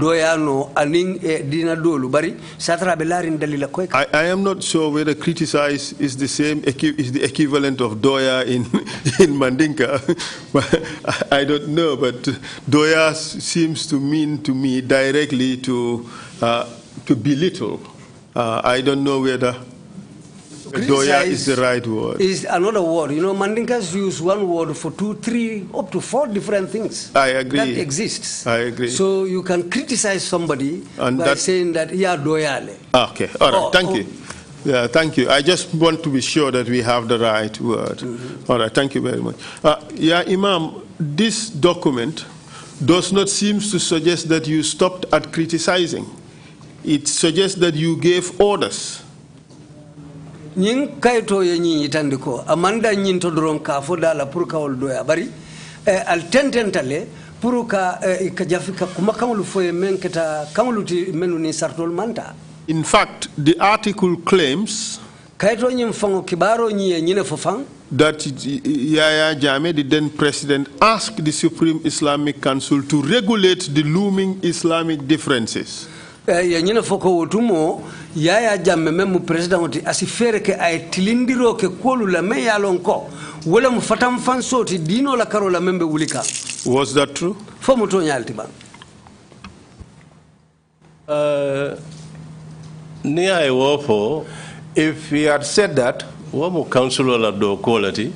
doyano eh, dina dolu bari satrabe larin dalila koy I, I am not sure whether criticize is the same is the equivalent of doya in in mandinka I don't know but doya seems to mean to me directly to uh, to belittle uh, I don't know whether Doya is, the right word. Is another word. You know, Mandinkas use one word for two, three, up to four different things. I agree. That exists. I agree. So you can criticize somebody and by that, saying that, are Doyale. Ah, okay, all right, or, oh, thank or, you. Oh. Yeah, thank you. I just want to be sure that we have the right word. Mm -hmm. All right, thank you very much. Uh, yeah, Imam, this document does not seem to suggest that you stopped at criticizing. It suggests that you gave orders ñin kayto ye ñin yitandi ko amanda ñin to doron ka fo la pour kawol doya bari eh, al tententale pour ka eh, ka jafi ka kuma kawlu foye men keta kawlu ti menu ni sartol manta in fact the article claims kayto ñin fango kibaro ñi ye ñine fo fang that Yaya Jame, the then president, asked the Supreme Islamic Council to regulate the looming Islamic differences. Eh, ya fof foko wo tumo yaya jamme men mo président ti asi feere ke ay tilindiro ke kolu la me yalon ko wala mu fatam fan soti dino la karo la membe wulika was that true fo mo to ñalti ba uh, eh, ni ay wofo if he had said that wo mu council la do kolati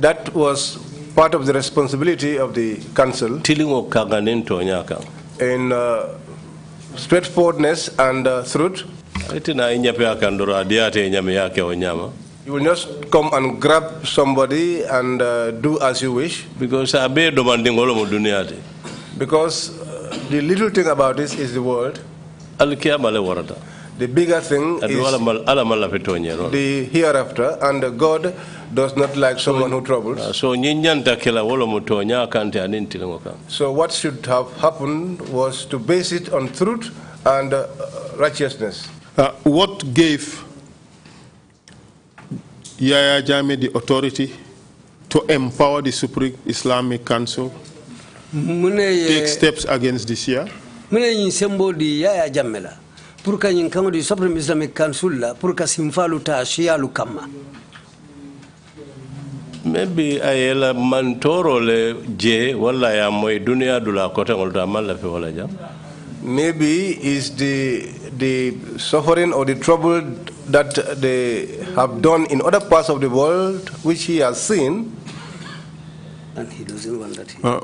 that was part of the responsibility of the council tilingo kanganen to ñaka in uh, straightforwardness and uh, truth. Ya, kan, ya, oh, oh. You will just come and grab somebody and uh, do as you wish. Because Because uh, the little thing about this is the world. The bigger thing is the hereafter, and God does not like someone who troubles. So, what should have happened was to base it on truth and uh, righteousness. Uh, what gave Yahya Jame the authority to empower the Supreme Islamic Council to take steps against this year? pour que di islamique la pour que maybe a mantoro le je walla ye a moyi duniya dula kota to a maŋ jam maybe is the the suffering or the trouble that they have done in other parts of the world which he has seen and he doesn't want that uh,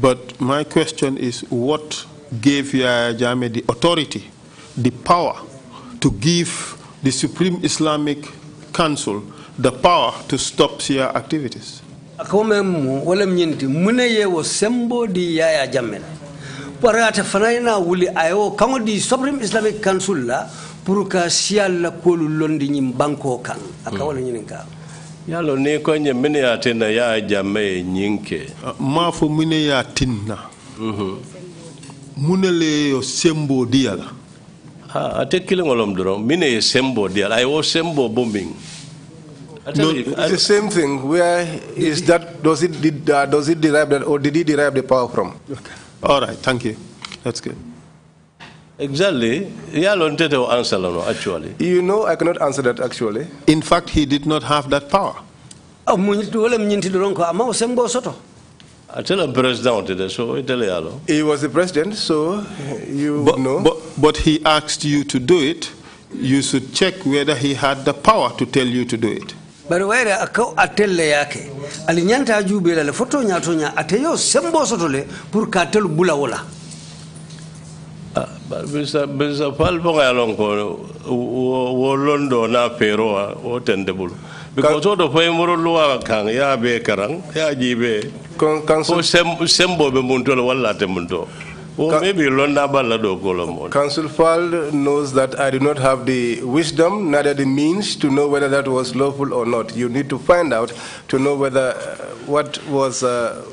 but my question is what gave Yaya Jame the authority the power to give the Supreme Islamic Council the power to stop Shia activities. akome mu wala mune ye wo sembo di yaya jammela parata fanayna wuli ayo kango di Supreme Islamic Council la pour ka si'al la kolu londi nyim banko kan aka wala hmm. nyinka yalo ne ko nye mine ya tinna ya jamme nyinke uh, mafo mine ya tinna mm-hmm. yo sembo di yala ate kilingolam duron mine ye sembo dial ay wo sembo bombing no, it's the same thing where is that does it did, uh, does it derive that or did he derive the power from okay all right thank you that's good Exactly. Yeah, Lontete answer no, actually. You know, I cannot answer that actually. In fact, he did not have that power. Oh, Atela president did so italiano. He was the president, so you but, know. But, but he asked you to do it. You should check whether he had the power to tell you to do it. bari waire akau atelle yake alinyanta ajubela le foto nyato nyatonya ateyo sembo sotole pour katel bula wala ah, bisa bisa pal boka yalon ko wo londo na pero wo tende bulu because odo fay moro luwa kan ya be karang ya jibe council. Well, oh, Council Fall knows that I do not have the wisdom, neither the means to know whether that was lawful or not. You need to find out to know whether uh, what was. Uh,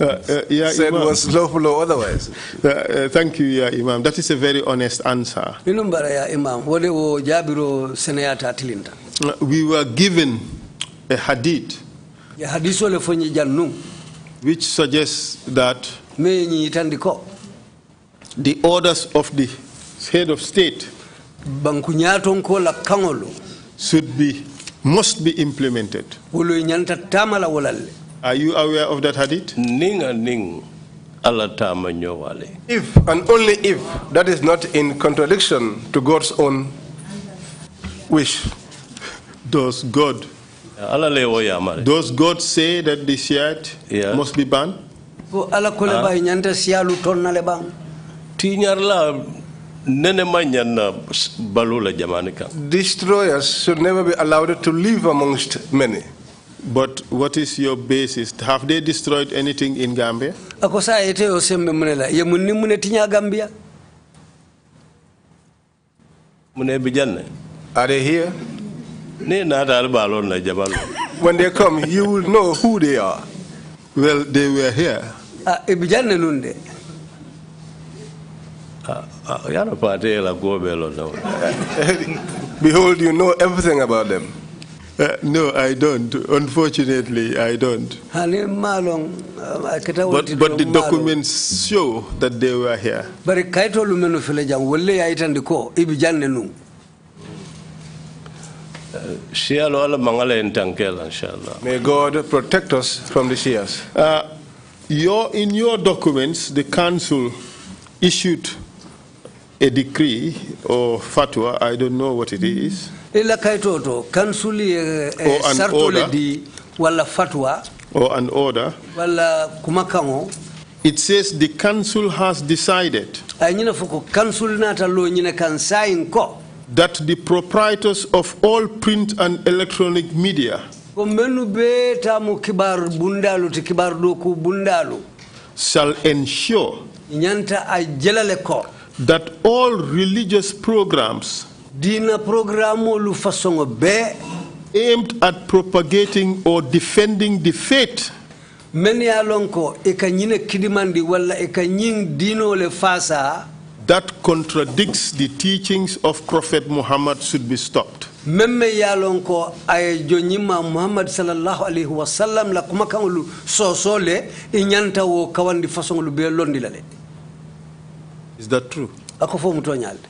uh, uh yeah, said Imam. was lawful or otherwise. Uh, uh, thank you, yeah, Imam. That is a very honest answer. We were given a hadith which suggests that the orders of the head of state should be must be implemented. Are you aware of that hadith? If and only if that is not in contradiction to God's own wish, does God those gods say that the Shiite yeah. must be banned. Ah. Destroyers should never be allowed to live amongst many. But what is your basis? Have they destroyed anything in Gambia? Are they here? when they come, you will know who they are. Well, they were here. Ah, ah, ah, Behold, you know everything about them. Uh, no, I don't. Unfortunately, I don't. But, but the documents show that they were here. But Shia wala mangala entankela inshallah. May God protect us from the Shias. Uh, your, in your documents, the council issued a decree or fatwa, I don't know what it is. Ila kaitoto, council eh, eh, sartole di wala fatwa. Or an order. Wala kumakango. It says the council has decided. Ay nina fuko council nata lo nina kansain ko that the proprietors of all print and electronic media shall ensure that all religious programs aimed at propagating or defending the faith e kidimandi e that contradicts the teachings of Prophet Muhammad should be stopped. ay jonyima Muhammad sallallahu alaihi wasallam la kuma kangulu sosole inyanta wo kawandi fasongulu lale. Is that true? mutonyalde.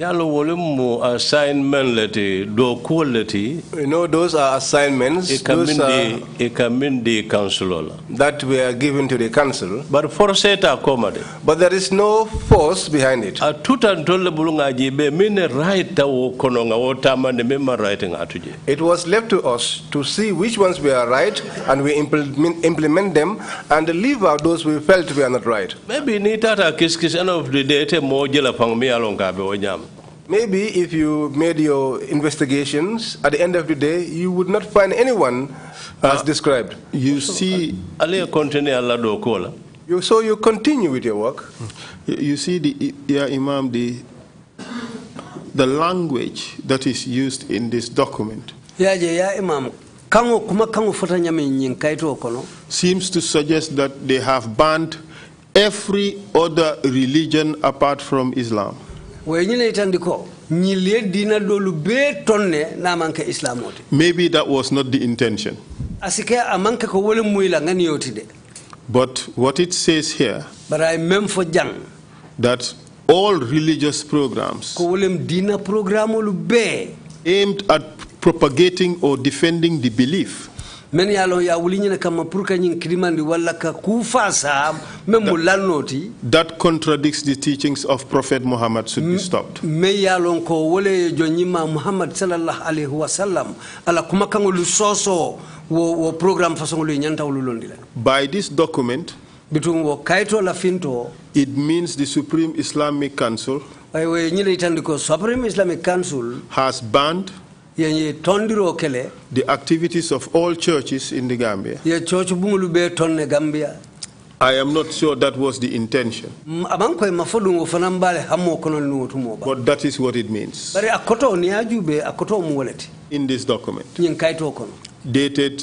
Yalo wolimu assignment leti do quality. You know those are assignments. Ikamindi ikamindi that That are given to the council. But for eta komade. But there is no force behind it. mine right kononga It was left to us to see which ones we are right and we implement, implement them and leave out those we felt we are not right. Maybe ni tata end of the day te be Maybe if you made your investigations, at the end of the day, you would not find anyone uh, as uh, described. You see... You, so you continue with your work. You see, the, yeah, Imam, the, the language that is used in this document... Seems to suggest that they have banned every other religion apart from Islam. Maybe that was not the intention. But what it says here But I that all religious programs aimed at propagating or defending the belief men ya lon ya wuliñina kamma pour kañin kidimandi walla ka ku fasa men mo lannoti that contradicts the teachings of prophet muhammad should be stopped men ya lon ko wole joñima muhammad sallallahu alayhi wa sallam ala kuma kaŋolu soso wo wo programme façonlu ñantawlu londi la by this document bitum wo kayto la finto it means the supreme islamic council ay wo ñina itandi ko supreme islamic council has banned The activities of all churches in the Gambia. I am not sure that was the intention. But that is what it means. In this document, dated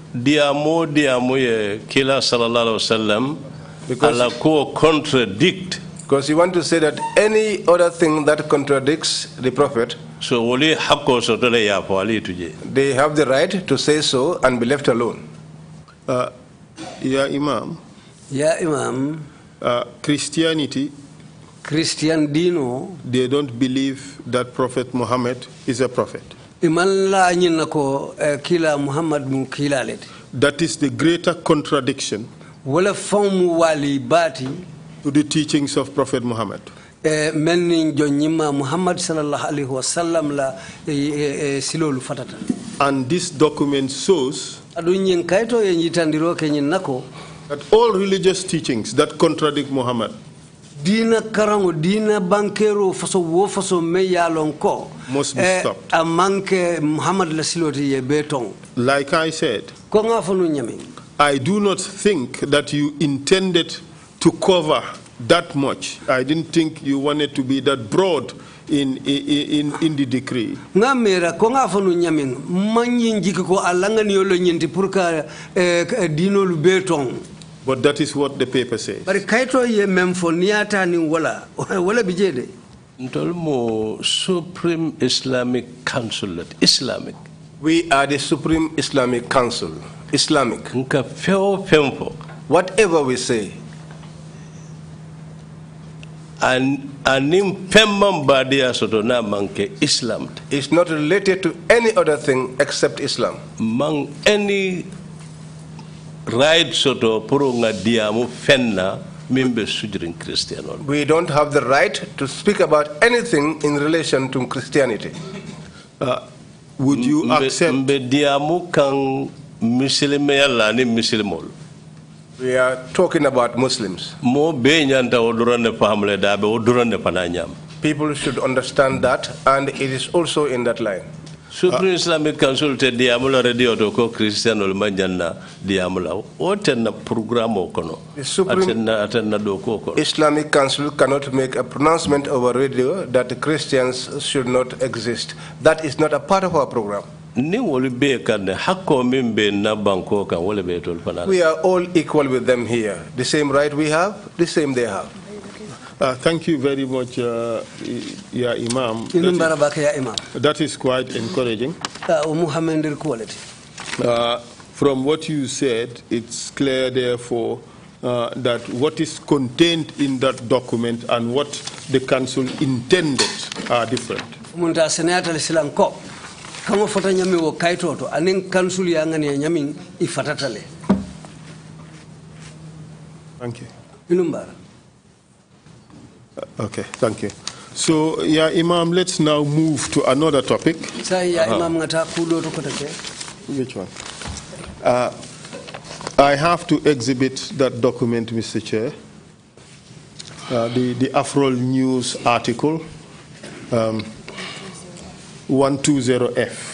diamo diamo ye kila sallallahu alaihi wasallam ala ko contradict because you want to say that any other thing that contradicts the prophet so wali hakko so tole ya fo ali tuje they have the right to say so and be left alone uh, ya imam ya imam uh, christianity christian dino they don't believe that prophet muhammad is a prophet that is the greater contradiction to the teachings of Prophet Muhammad. And this document shows that all religious teachings that contradict Muhammad diina karaŋo diina bankero faso wo faso me ye lon ko must be eh, stopped a manke muhammad la siloti ye bee toŋ like i said ko ŋa fo nu ñami i do not think that you intended to cover that much i didn't think you wanted to be that broad in, in, in the decree. Nga mera ko nga nu nyamin man yin jiki ko alanga ni yolo nyinti pour ka eh, dino lu beton But that is what the paper says. But kaito ye memfoniata ni wala wala bijede. Ntolmo Supreme Islamic Council Islamic. We are the Supreme Islamic Council. Islamic. Nka feo femfo. Whatever we say. And anim pemman badia na manke Islam. It's not related to any other thing except Islam. Mang any right soto diamu fenna mimbe we don't have the right to speak about anything in relation to christianity uh, would you mbe, accept mbe diamu kan muslime yalla ni muslimol we are talking about muslims mo be nyanta famle dabe pananyam people should understand that and it is also in that line sukri islamic council te diyamula radio to ko christianol ma janna diyamula o tenna programme o kono atenna atenna do ko kono islamic council cannot make a pronouncement over radio that christians should not exist that is not a part of our program we are all equal with them here the same right we have the same they have uh, thank you very much, uh, Ya Imam. That is, Imam. that is quite encouraging. Uh, uh, from what you said, it's clear, therefore, uh, that what is contained in that document and what the council intended are different. fota nyami wo ya ngani nyami ifatatale thank you ilumbara Okay, thank you. So, yeah, Imam, let's now move to another topic. Uh-huh. Which one? Uh, I have to exhibit that document, Mr. Chair, uh, the, the Afrol News article um, 120F.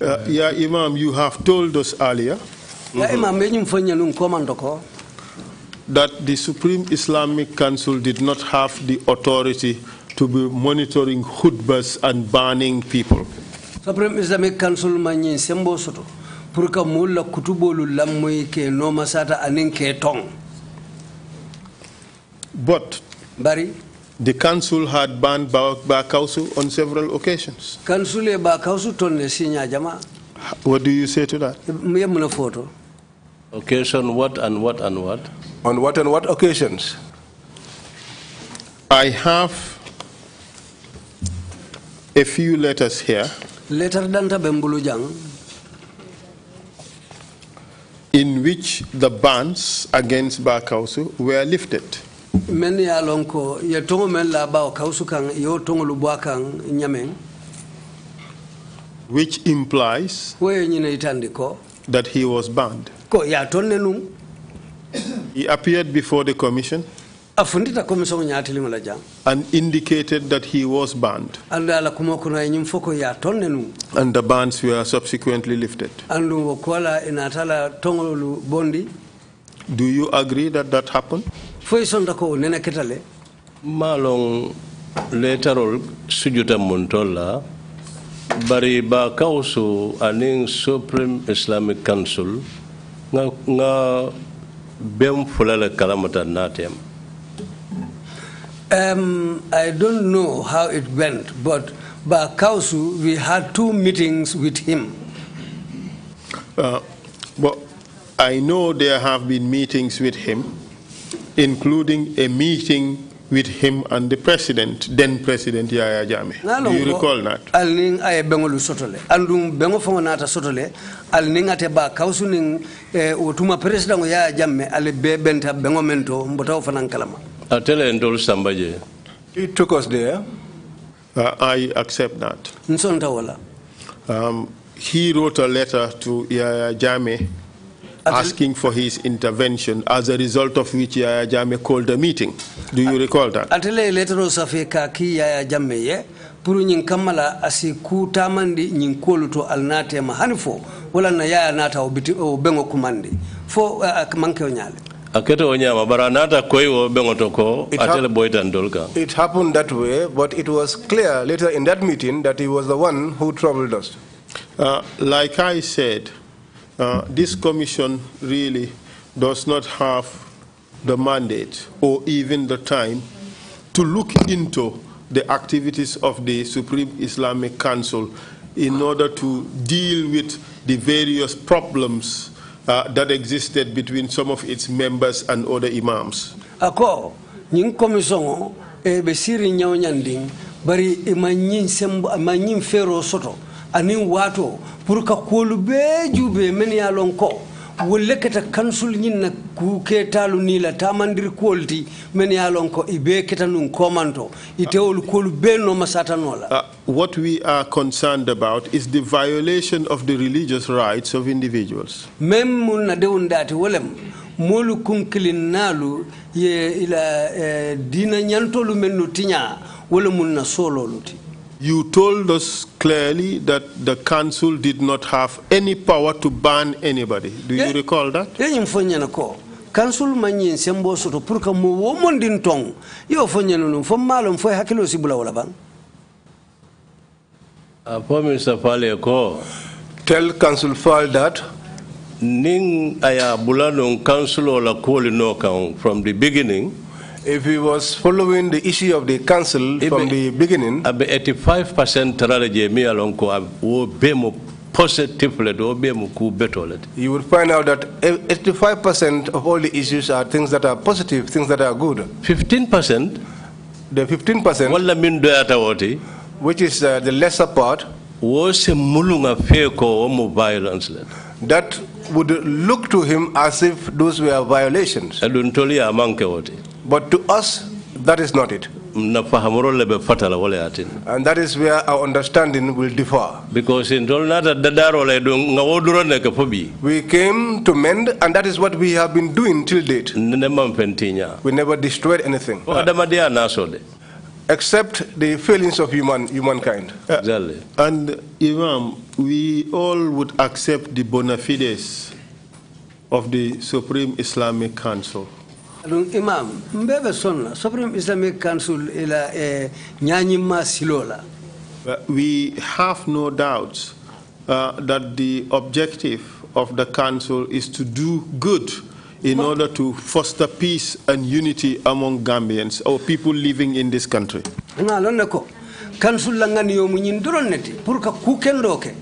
Uh, yeah, Imam, you have told us earlier Imam, mm -hmm. that the Supreme Islamic Council did not have the authority to be monitoring khutbas and banning people. Supreme Islamic Council many sembo soto pour que mulla kutubolu lamoy ke no masata anen ke tong. But Bari the council had banned Bakausu on several occasions. Council Bakausu tonne signa jama. What do you say to that? Muna photo. Occasion what and what and what? On what and what occasions? I have a few letters here. Letter danta bembulu jang. In which the bans against Bakausu were lifted men ye a lon ko ye toŋo men la bawo kawusu kaŋ toŋolu bo a kaŋ ñameŋ which implies wo ye ñine yitandi ko that he was banned ko ye a toŋ ne nuŋ he appeared before the commission a fundita commission ñaatiliŋo la jaŋ and indicated that he was banned andu kumo kono ye ñiŋ fo ko ye a toŋ ne nuŋ and the bans were subsequently lifted andu wo la i naata la toŋolu bondi do you agree that that happened foy sonda ko nene ketale malong letarol sujuta montola bari ba kausu aning supreme islamic council nga nga bem fulala kalamata natem um i don't know how it went but ba kausu we had two meetings with him uh, but i know there have been meetings with him including a meeting with him and the president, then President Yaya Jame. Do you recall that? Alning ay bengolu sotole. Alung bengo fongonata sotole. Alning ateba kausuning eh, utuma president Yaya Jame ale bebenta bengo mento mbotao fanankalama. Atele ndol sambaje. He took us there. Uh, I accept that. Nsonta wala. Um, he wrote a letter to Yaya Jame asking for his intervention, as a result of which Yaya Jame called a meeting. Do you recall that? Atele letero safika ki Yaya Jame ye, puru nyin kamala asiku tamandi nyin kolu to alnate mahanifo, wala na Yaya nata obengo kumandi. Fo manke onyale. aketo onyama bara nata koiwo bengoto ko atele boytan dolka it happened that way but it was clear later in that meeting that he was the one who troubled us uh, like i said Uh, this commission really does not have the mandate or even the time to look into the activities of the Supreme Islamic Council in order to deal with the various problems uh, that existed between some of its members and other imams. Ako, eh, siri nyanding bari imanyin sembu imanyin fero soto. anin wato pour ka kolu be jube men ya lon ko wolle keta kansul ñin na ku ketalu ni la tamandir kolti men ya lon ko ibe keta nun komanto itewol kolu be no masatano la uh, what we are concerned about is the violation of the religious rights of individuals mem mun na dewun dati wolem molu kunkilin nalu ye ila eh, dina ñantolu men no tiña wolemun mun na solo ti you told us clearly that the council did not have any power to ban anybody. Do you eh, recall that? Eh, council manyen sembo soto pour que mo wo mondin tong yo fo no fo malum fo hakilo sibula wala ban a uh, pomi safale ko tell council fal that ning aya bulanong council ola koli no from the beginning if he was following the issue of the council from the beginning, abe 85% taraje mi alonko wo bemo positively ku betolet. You will find out that 85% of all the issues are things that are positive, things that are good. 15% the 15% wala min doyata woti which is uh, the lesser part wo se mulunga feko wo violence let that would look to him as if those were violations. Adun toli amanke wote. But to us, that is not it. And that is where our understanding will differ. Because we came to mend, and that is what we have been doing till date. We never destroyed anything. Uh, except the failings of human, humankind. Exactly. Uh, and Imam, we all would accept the bona fides of the Supreme Islamic Council. Islamic Council uh, We have no doubt uh, that the objective of the Council is to do good in order to foster peace and unity among Gambians or people living in this country. Council yomu nyinduron neti purka kukendoke.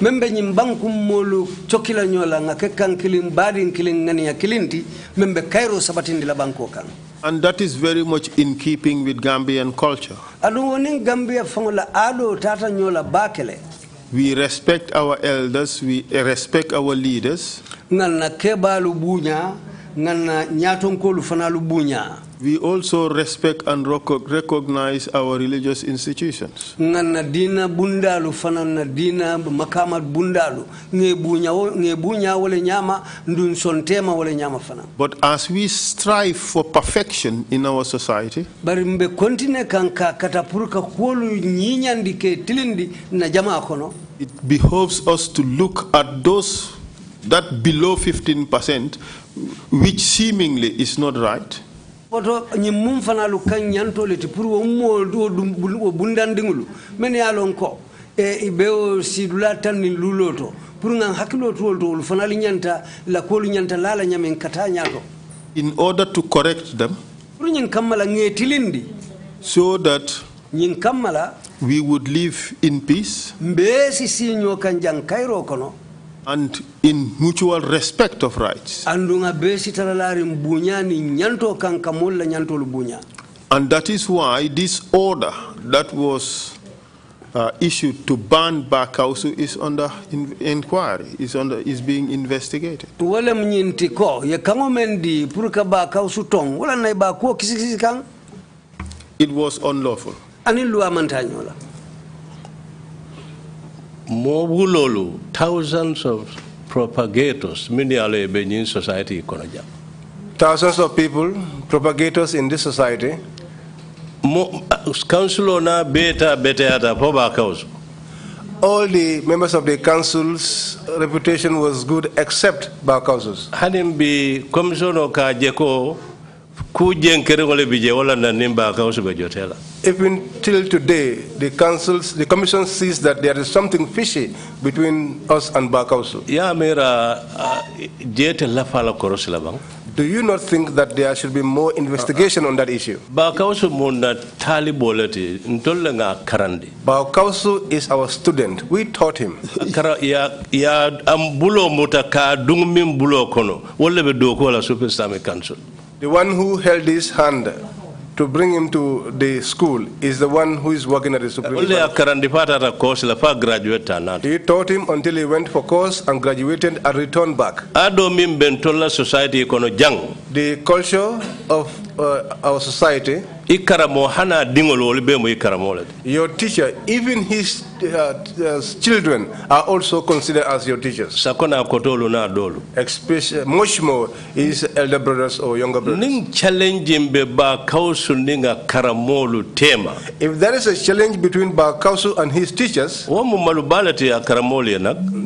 membe ñim bankum molu cokila ñola nga ke kan kilin badin kilin ngani kilindi membe kairo sabatindi la banko kan and that is very much in keeping with gambian culture adu woni gambia fangola ado tata ñola bakele we respect our elders we respect our leaders ngal na kebalu buña ngal na ñatonkolu fanalu buña we also respect and recognize our religious institutions. But as we strive for perfection in our society, It behoves us to look at those that below 15% which seemingly is not right. woto ñin mum fanalu kan ñantole ti pour wo mool wo bundandiŋolu men ye lon ko e be o sidula tan nin luloo to pour ŋan hakkilo tuwol to wolu fanalu ñanta lakuwolu ñanta laala ñamen kata ñaato in order to correct them pour ñin kammala tilindi so that ñin kammala we would live in peace mbe si siñoo kan jaŋ kayro kono and in mutual respect of rights. And that is why this order that was uh, issued to ban Bakausu is under in inquiry, is, under, is being investigated. It was unlawful mobulolu thousands of propagators mini ale benin society konoja thousands of people propagators in this society Mo, uh, council na beta beta ata poba council all the members of the council's reputation was good except Bakausus. Hadimbi commissioner ka jeko even till today, the councils, the commission sees that there is something fishy between us and Bakausu. Ya mera jete lafala koros labang. Do you not think that there should be more investigation on that issue? Bakausu munda tali boleti ntolle karandi. Bakausu is our student. We taught him. Kara ya ya ambulo muta ka dungmin bulo kono. Wolle be doko la Super Islamic Council. The one who held his hand to bring him to the school is the one who is working at the Supreme Court. He taught him until he went for course and graduated and returned back. The culture of uh, our society, your teacher, even his uh, uh, children are also considered as your teachers. Especially, much more his elder brothers or younger brothers. If there is a challenge between Bakausu and his teachers,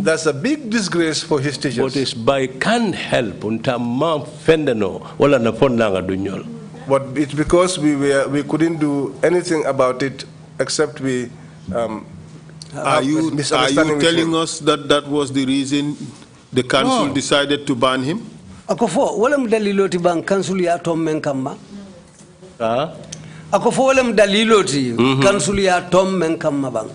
that's a big disgrace for his teachers. But it's by can't help untamam fendeno wala na fondanga dunyol. But it's because we, were, we couldn't do anything about it except we. Um, are you, are you telling us that that was the reason the council no. decided to ban him? Akofo, walem daliloti ban kansul ya tom men kamma ah Akofo, walem daliloti kansul mhm. ya tom men kamma bang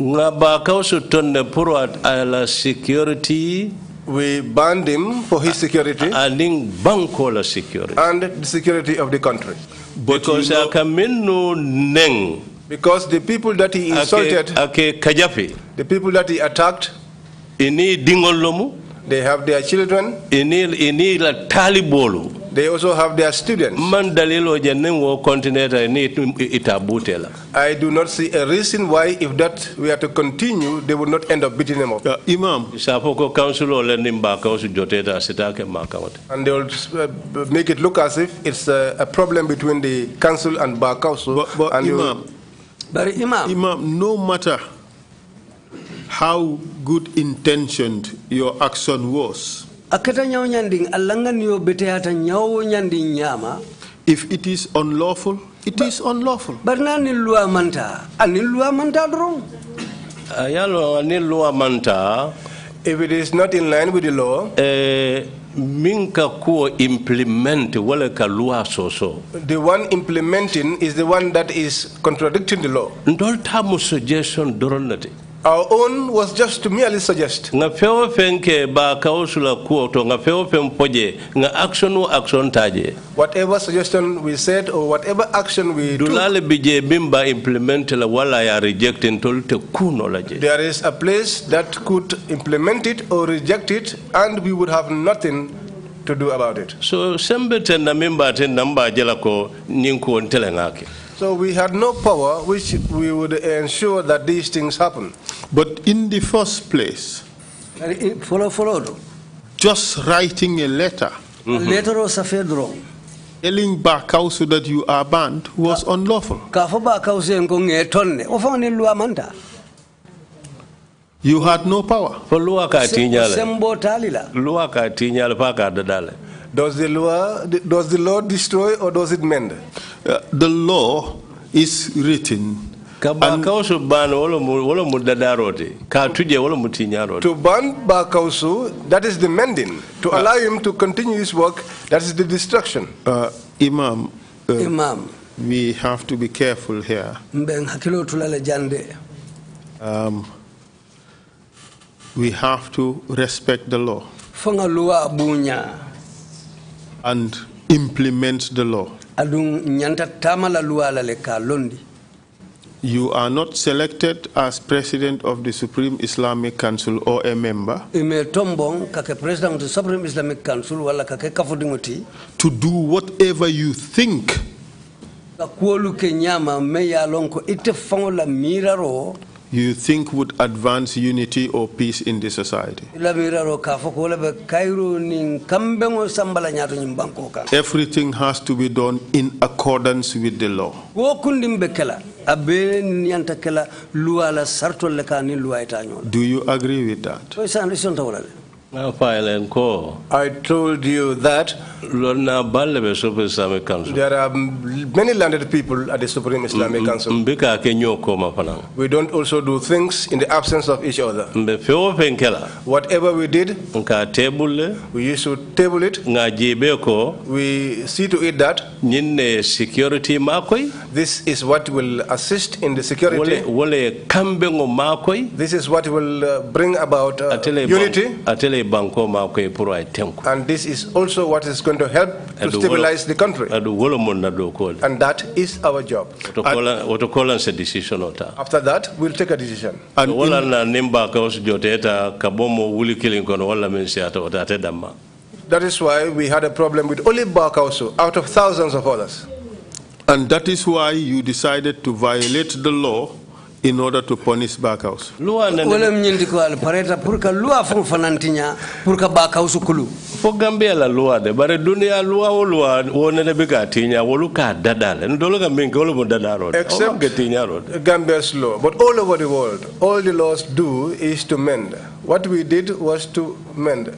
Ngaba ba kawsu tonne pour la security. We banned him for his security. in bankola security. And the security of the country. But because you know, neng. Because the people that he insulted. Ake, ake Kajafi. The people that he attacked. Ini dingolomu. They have their children. Ini ini la talibolu. They also have their students. Man dalilo jenen wo continue ni itabute la. I do not see a reason why if that were to continue, they would not end up beating them up. Uh, Imam. Isapoko council or ole nimba council joteta sitake makaote. And they will uh, make it look as if it's a, a problem between the council and bar council. But, but and Imam. But Imam. Imam, no matter how good intentioned your action was, akata nyaw nyanding alanga niyo beteata nyawo nyanding nyama if it is unlawful it ba is unlawful na ni luwa manta ani luwa manta drong ayalo ah, ni luwa manta if it is not in line with the law eh min ka kuo implement wala ka luwa soso the one implementing is the one that is contradicting the law ndol ta mo suggestion doronate Our own was just to merely suggest. ba kuoto wo action taje. Whatever suggestion we said or whatever action we do. Dulale bije bimba la wala ya kuno laje. There is a place that could implement it or reject it and we would have nothing to do about it. So sembe tena mimba tena jela ko nyinku ntele so we had no power which we would ensure that these things happen. But in the first place, follow, follow. just writing a letter, mm -hmm. letter was a federal. Telling also that you are banned was unlawful. You had no power. Does the law does the law destroy or does it mend? Uh, the law is written to ban Bakausu, that is the mending. To uh, allow him to continue his work, that is the destruction. Uh, Imam, uh, Imam, we have to be careful here. Um, we have to respect the law and implement the law luwala le ka londi you are not selected as president of the Supreme Islamic Council or a member to do whatever you think you think would advance unity or peace in this society? Everything has to be done in accordance with the law. Do you agree with that? I told you that there are many landed people at the Supreme Islamic Council. We don't also do things in the absence of each other. Whatever we did, we used to table it. We see to it that security this is what will assist in the security. This is what will uh, bring about uh, unity. And this is also what is going to help to stabilize the country. And that is our job. And after that, we'll take a decision. And that is why we had a problem with only also out of thousands of others. And that is why you decided to violate the law in order to punish Backhouse. Wolem ñindi ko al pareta pour que loi Gambia la loi de bare dunia loi o loi wona ne bika tiña wolu dadale. Ndolo ga min wolu mo Except ga tiña Gambia's law, but all over the world, all the laws do is to mend. What we did was to mend.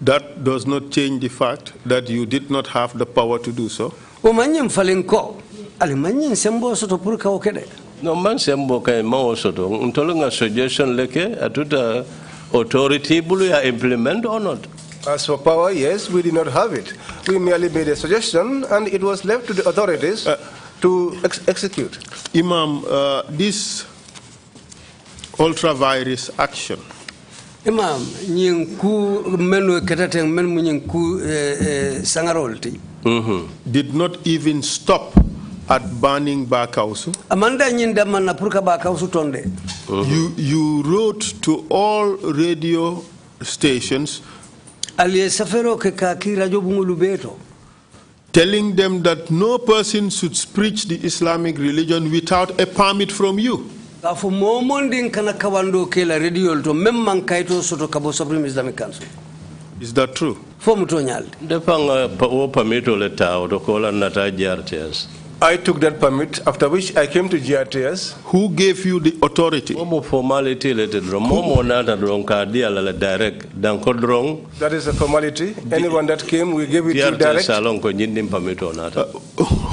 That does not change the fact that you did not have the power to do so. O manyim falen ali manyin sembo soto pour kawo kede no man sembo kay mawo soto ntolo nga suggestion leke atuta authority bulu ya implement or not as for power, yes, we did not have it. We merely made a suggestion and it was left to the authorities uh, to ex execute. Imam, uh, this ultra-virus action. Imam, nyinku menu ketateng men mu nyinku eh, eh, sangarolti. Mm-hmm. Did not even stop at burning Bakausu. Amanda nyinda mana purka Bakausu tonde. Uh-huh. You you wrote to all radio stations. Aliyesafero kekaki radio bungulubeto. Telling them that no person should preach the Islamic religion without a permit from you. Kafu momondin kana kawando kela radio to memman kaito soto kabo Supreme Islamic Council. Is that true? Fomu wo permit to kola I took that permit, after which I came to GRTS. Who gave you the authority? formality related. wrong direct? That is a formality. Anyone that came, we gave it to direct. GRTS alone or not.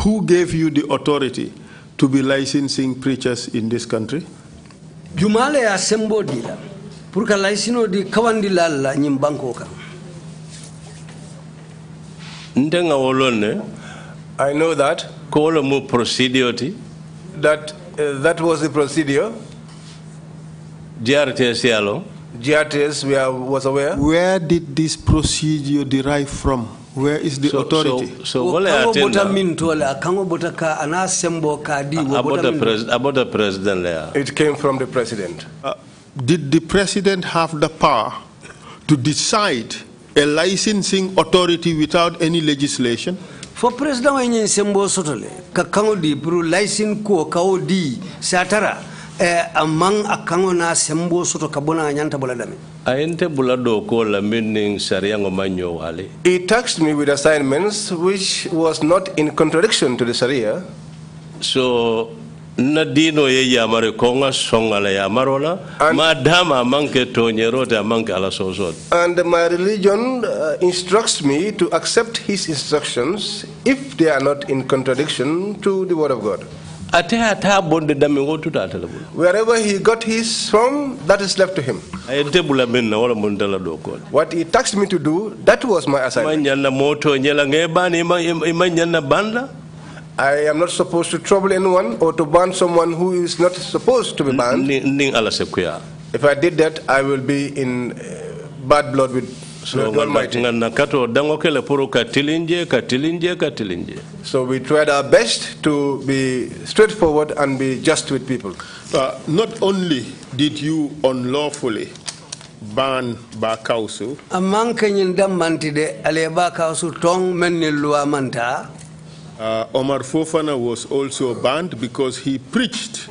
who gave you the authority to be licensing preachers in this country? Jumale ya sembo dila. Purka licensing di kawandi lalla nyimbanko ka. Ndenga wolone. I know that kolo mu procedure ti that uh, that was the procedure GRTS yalo GRTS we are, was aware where did this procedure derive from where is the so, authority so, so wala What tenda min tola kango bota ka ana sembo ka di about the president about the president there it came from the president uh, did the president have the power to decide a licensing authority without any legislation fo president e ñin sembo sotole ka kaŋo di pour laisin kuwo kawo di satara eh, amman a kaŋo na sembo soto ka bona a ñanta bula dame a yente bula do ko la min nin sariyaŋo ma ñowale he taxed me with assignments which was not in contradiction to the sharia so na dino ye yamare songala manke manke ala and my religion uh, instructs me to accept his instructions if they are not in contradiction to the word of god Wherever he got his from, that is left to him. What he taxed me to do, that was my assignment. I am not supposed to trouble anyone or to ban someone who is not supposed to be banned. If I did that, I will be in uh, bad blood with so we tried our best to be straightforward and be just with people. Uh, not only did you unlawfully ban Bakausu. Among Kenyan Damantide, Ale Bakausu Tong uh, Omar Fofana was also banned because he preached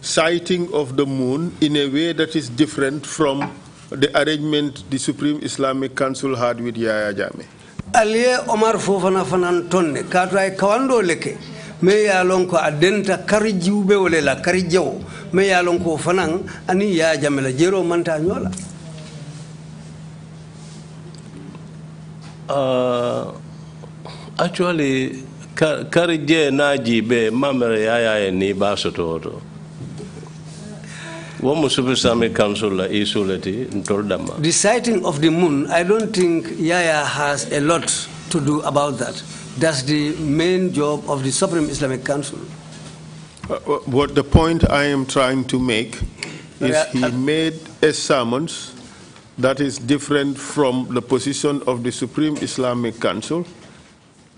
sighting of the moon in a way that is different from the arrangement the Supreme Islamic Council had with Yahya Jammeh. aliye omar fofana fanan tonne kaatu ay kawando leke me ya lon adenta kari jiwbe wala la kari me ya lon fanan ani ya jamela jero manta nyola uh, actually naji be mamere ni to wo sami council la the sighting of the moon i don't think yaya has a lot to do about that that's the main job of the supreme islamic council uh, uh what the point i am trying to make uh, is uh, he made a summons that is different from the position of the supreme islamic council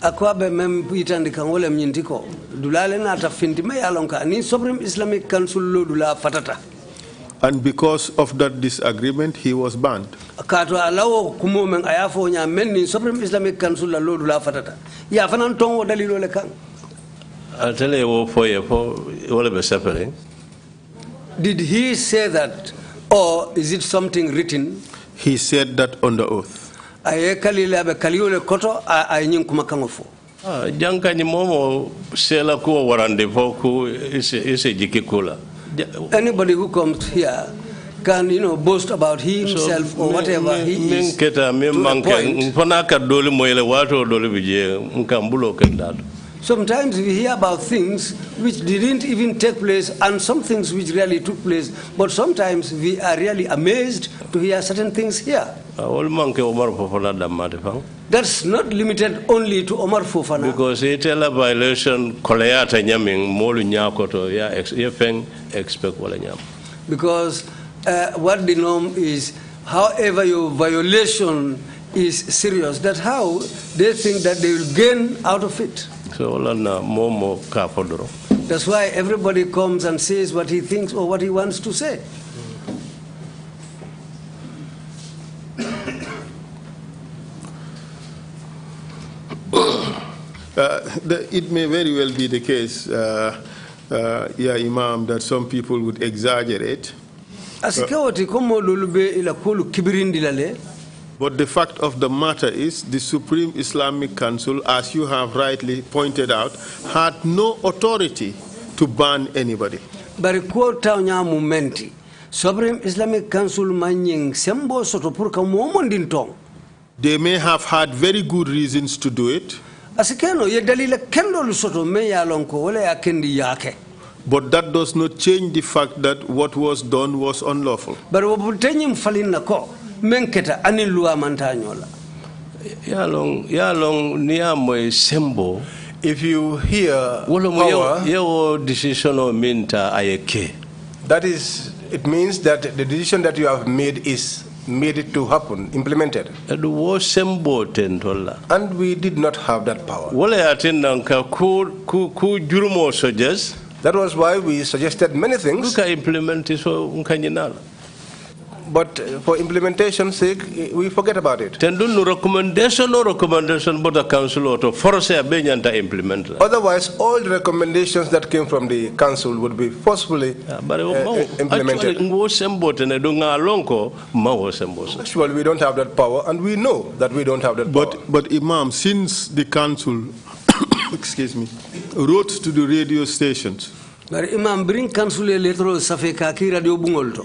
akwabe mem itandi kan wala nyindi ko dulale na ta findime yalonka ni sobrem islamic council lo dula fatata and because of that disagreement he was banned kato alawo kumo men ayafo nya men ni sobrem islamic council la lo dula fatata ya fanan ton wo dalilo le kan atele wo foye fo wala be separe did he say that or is it something written he said that on the oath aye kalile aɓe kaliyole koto ay ñin kuma kaŋo fo ah, jankañi momo sela kuwo warande fo ku ise jiki kula anybody who comes here can you know boast about himself so, or whatever he is min keta min manke fana ka doli moyle wato doli bi je nkan bulo dato Sometimes we hear about things which didn't even take place and some things which really took place, but sometimes we are really amazed to hear certain things here. Ah, That's not limited only to Omar Fofana. Because itela violation koleata nyaming molu nyakoto ya yefeng expect wala nyam. Because uh, what the norm is, however your violation is serious, that how they think that they will gain out of it so momo that's why everybody comes and says what he thinks or what he wants to say Uh, the, it may very well be the case, uh, uh, yeah, Imam, that some people would exaggerate. Asikawati komo be ila kulu kibirindilale. But the fact of the matter is, the Supreme Islamic Council, as you have rightly pointed out, had no authority to ban anybody. But quota mumenti. Supreme Islamic Council manying sembo soto purka momondin tong. They may have had very good reasons to do it. Asikeno ye dalila kendo lusoto me ya lonko wala ya kendi yake. But that does not change the fact that what was done was unlawful. But wabutenyim falin na ko. menketa anin luwa mantañola yalong yalong niya moy sembo if you hear wala mo yewo decision o minta ayeke that is it means that the decision that you have made is made it to happen, implemented. And we did not have that power. That was why we suggested many things. but for implementation sake, we forget about it. Tendun no recommendation no recommendation but the council auto force a to implement. Otherwise, all the recommendations that came from the council would be forcefully but, uh, uh, implemented. Actually, we don't have that power, and we know that we don't have that but, power. But, Imam, since the council, excuse me, wrote to the radio stations. But Imam, bring council a letter of kaki radio bungolto.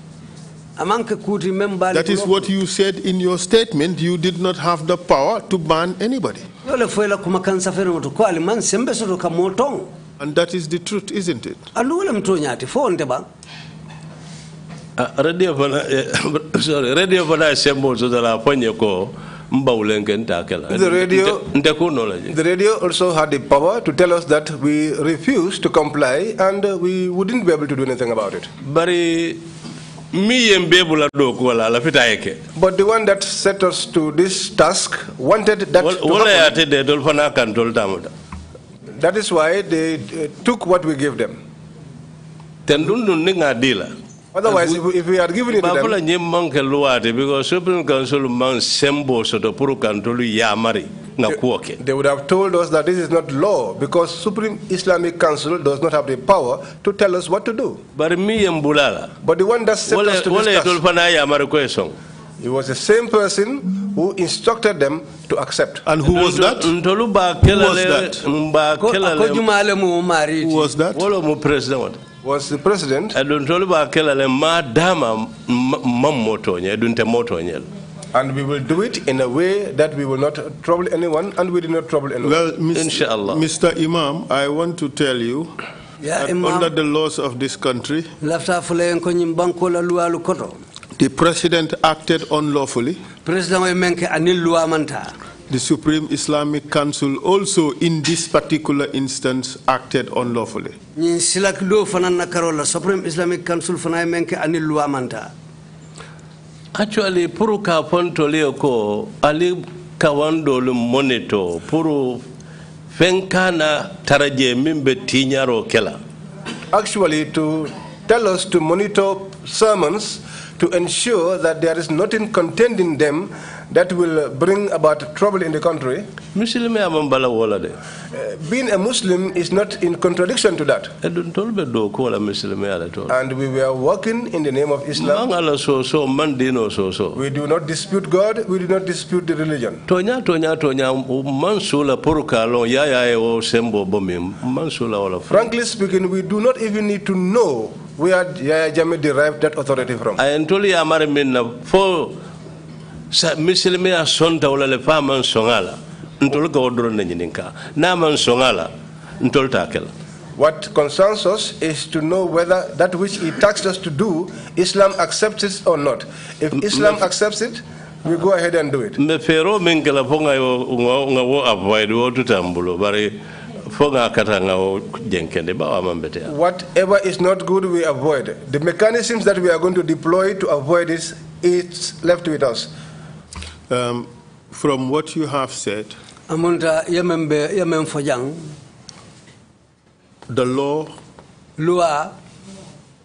That is what you said in your statement. You did not have the power to ban anybody. And that is the truth, isn't it? Ah, radio eh, sorry radio bana sembo so dala the radio, the radio also had the power to tell us that we refused to comply and uh, we wouldn't be able to do anything about it. Bari But the one that set us to this task wanted that well, to happen. That is why they uh, took what we gave them. Otherwise, if we, if we had given it to them, because Supreme Council man sembo soto puru kantolu yamari. na kuoke. They would have told us that this is not law because Supreme Islamic Council does not have the power to tell us what to do. But me and Bulala. But the one that sent us to discuss. He was the same person who instructed them to accept. And who was that? Who was that? Who was that? Who Was that? Who was was the president? I don't know about Kelale, Madama Mammotonye, Dunte Motonyel. And we will do it in a way that we will not trouble anyone and we will not trouble anyone. Well, mis- Inshallah. Mr. Imam, I want to tell you yeah, that Imam, under the laws of this country, the president acted unlawfully. The Supreme Islamic Council also, in this particular instance, acted unlawfully. Supreme Islamic Council Actually, puru ka fonto fontole ko ali ka wando le moneto pour fenkana taraje mimbe tinyaro kela. Actually, to tell us to monitor sermons to ensure that there is nothing contending them that will bring about trouble in the country. Muslim uh, Being a Muslim is not in contradiction to that. And we were working in the name of Islam. We do not dispute God, we do not dispute the religion. Frankly speaking, we do not even need to know where Yaya Jame derived that authority from. I am totally amazed sa misilime ya sonta wala le fa man songala ntol ka wodoro na nyininka na man songala ntol takel What concerns us is to know whether that which he taxed us to do, Islam accepts it or not. If Islam accepts it, we go ahead and do it. Mefero mingela fonga yo nga wo avoid wo tutambulo bari fonga kata nga wo jenkende ba amambetea. Whatever is not good, we avoid. The mechanisms that we are going to deploy to avoid it, it's left with us. Um, from what you have said, the law, law,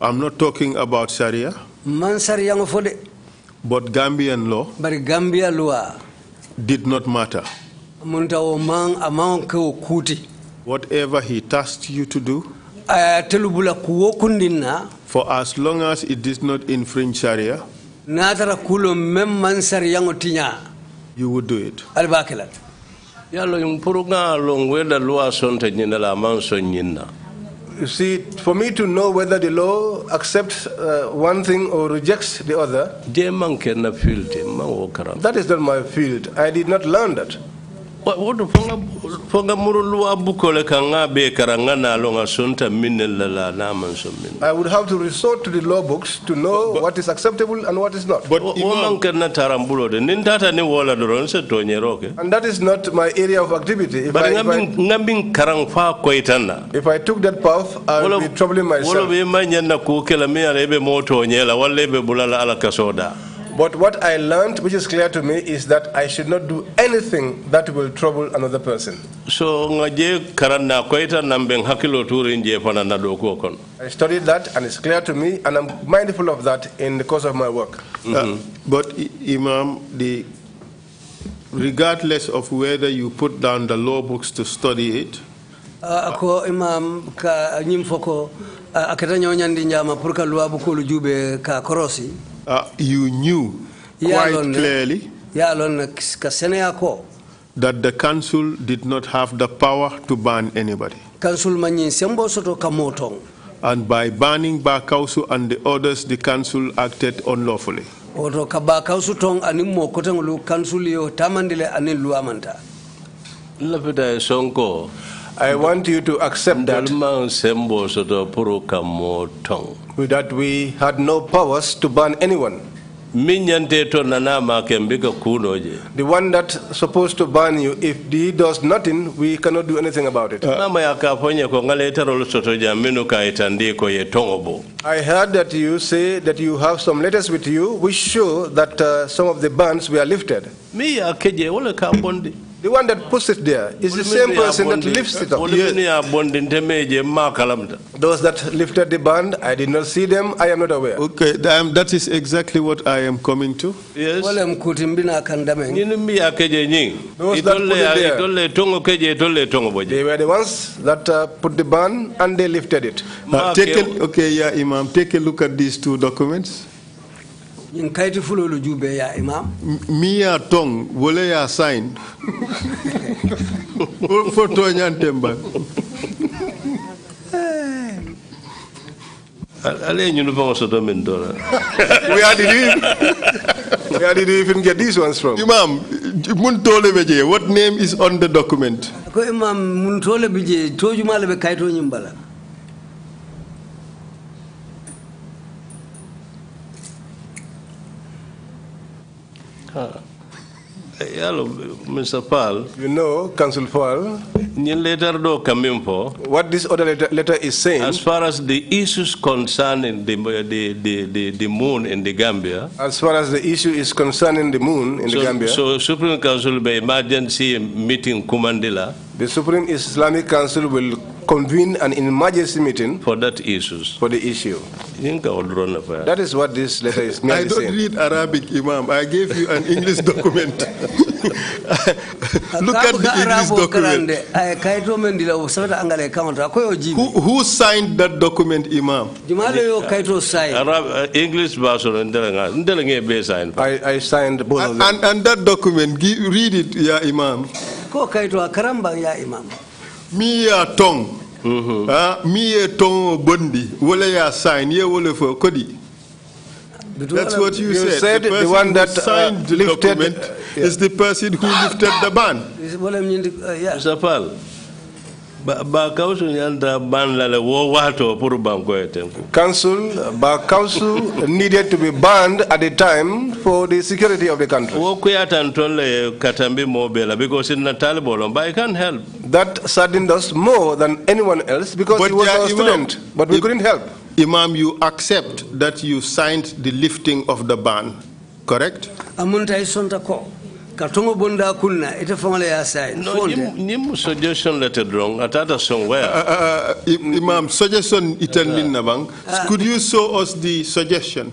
I'm not talking about Sharia, man Sharia but Gambian law, but Gambia law did not matter. Whatever he tasked you to do, eh, for as long as it did not infringe Sharia, natara kulo mem mansar yango tinya you would do it albakilat Yalo yung purunga long da lua sonta nyina la manso nyina you see for me to know whether the law accepts uh, one thing or rejects the other de man kenna field man wokara that is not my field i did not learn that i would have to resort to the law books to know but, what is acceptable and what is not but wo cannot tarambulo de ni wola doron to nyeroke and that is not my area of activity if but i ngambin ngambin karang I, if i took that path i would be troubling myself wolo be manyanna ko kela moto nyela walle be bulala but what I learned, which is clear to me, is that I should not do anything that will trouble another person. So ngaje karana koita nambeng hakilo turinje panana doko kon. I studied that, and it's clear to me, and I'm mindful of that in the course of my work. Mm -hmm. uh, but Imam, the regardless of whether you put down the law books to study it. Uh, ako imam ka nyim foko uh, akata nyonyandi nyama pour ka loi ka korosi. Uh, you knew quite clearly that the council did not have the power to ban anybody. And by banning Bakausu and the others, the council acted unlawfully. I want you to accept that that we had no powers to ban anyone. The one that's supposed to ban you, if he does nothing, we cannot do anything about it. Uh, I heard that you say that you have some letters with you which show that uh, some of the bans were lifted. The one that puts it there is the same person that lifts it up. Those that lifted the band, I did not see them, I am not aware. Okay, um, that is exactly what I am coming to. Yes. Those that put it there, they were the ones that uh, put the band and they lifted it. Uh, take a, okay, yeah, Imam, take a look at these two documents. ñin kayti fulolu jube ya imam mi ya tong wala ya sign fo to ñantem ba eh. Allez, nous devons se domaine d'or. Where did you we are the even get these ones from? Imam, Muntole je what name is on the document? Ko Imam Muntole Beje, Tojumale Be Kaito Nyimbala. Hello, mr Paul. you know council Paul. letter do kamin what this other letter, letter, is saying as far as the issues concerning the the, the the the moon in the gambia as far as the issue is concerning the moon in so, the gambia so supreme council by emergency meeting kumandila the Supreme Islamic Council will convene an emergency meeting for that issues. For the issue. That is what this letter is I don't saying. read Arabic, Imam. I gave you an English document. Look at the English document. Eh, who, who signed that document, Imam? Arab, eh, English version. I, I signed both and, and, and, that document, read it, Ya Imam. Ko kaito akaramba, Ya Imam. Mia tong. Mm mie tong bondi. Wole ya sign, ye wole fo kodi. That's what you, you said. said. The, the one that uh, signed the lifted, document yeah. is the person who ah, lifted ah. the ban. Mr. Uh, Pal, ba council yanta ban lale wawato wato pour ban Council, ba council needed to be banned at the time for the security of the country. Wo kuyatan tolle katambi mobile because in Natal bolon, but I can't help. That saddened us more than anyone else because but he was our student, but we couldn't help. Imam, you accept that you signed the lifting of the ban, correct? Amunta isonta ko. Katongo bonda kunna ite fangale ya sign. No, nim suggestion letter wrong atata somewhere. Uh, uh, uh, imam, suggestion iten na bang. Ah. Ah. Could you show us the suggestion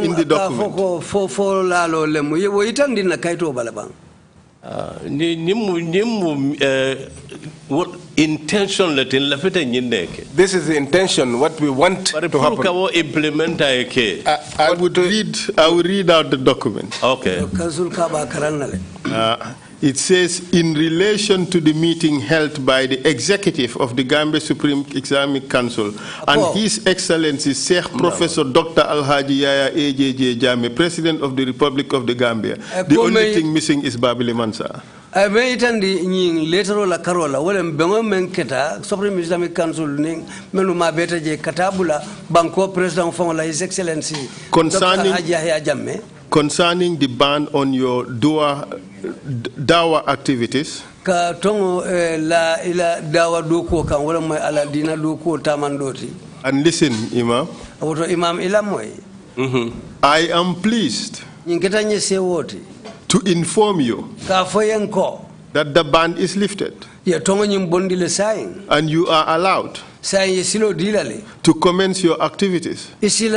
in the document? Ko for for lalo lemu. Yewo na kaito balabang. Eh, intention nyindeke this is the intention what we want to happen kawo implement i would read i will read out the document okay kazul It says, in relation to the meeting held by the executive of the Gambia Supreme Islamic Council and His Excellency Sheikh Professor Dr. Alhaji Yaya AJJ Jame, President of the Republic of the Gambia, eh, the only me, missing is Babili Mansa. Uh, me itandi nying letero la karola wale mbengo menketa Supreme Islamic Council ning menu mabeta je katabula banko president of la His Excellency Dr. Alhaji Yaya Jame concerning the ban on your dua, dawa activities. ka tongo eh, la ila dawa duko kan wala moy ala dina dokuo tamandoti and listen imam woto imam ila moy -hmm. i am pleased ngeta se wote to inform you ka foyenko that the ban is lifted ya tongo nyim bondile sayin and you are allowed to commence your activities as soon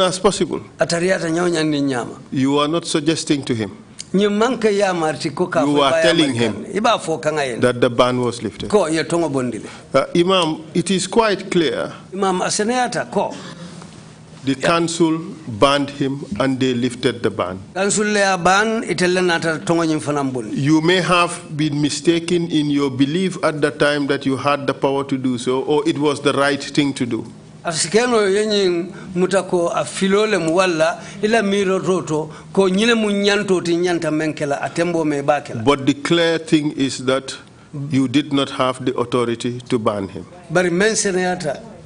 as possible. You are not suggesting to him. You are telling him that the ban was lifted. Uh, Imam, it is quite clear Imam, the yeah. council banned him and they lifted the ban. You may have been mistaken in your belief at the time that you had the power to do so, or it was the right thing to do. asikeno yenyin mutako afilole muwalla ila miro roto ko nyine mu nyanto ti nyanta menkela atembo me but the clear thing is that you did not have the authority to ban him bari men senata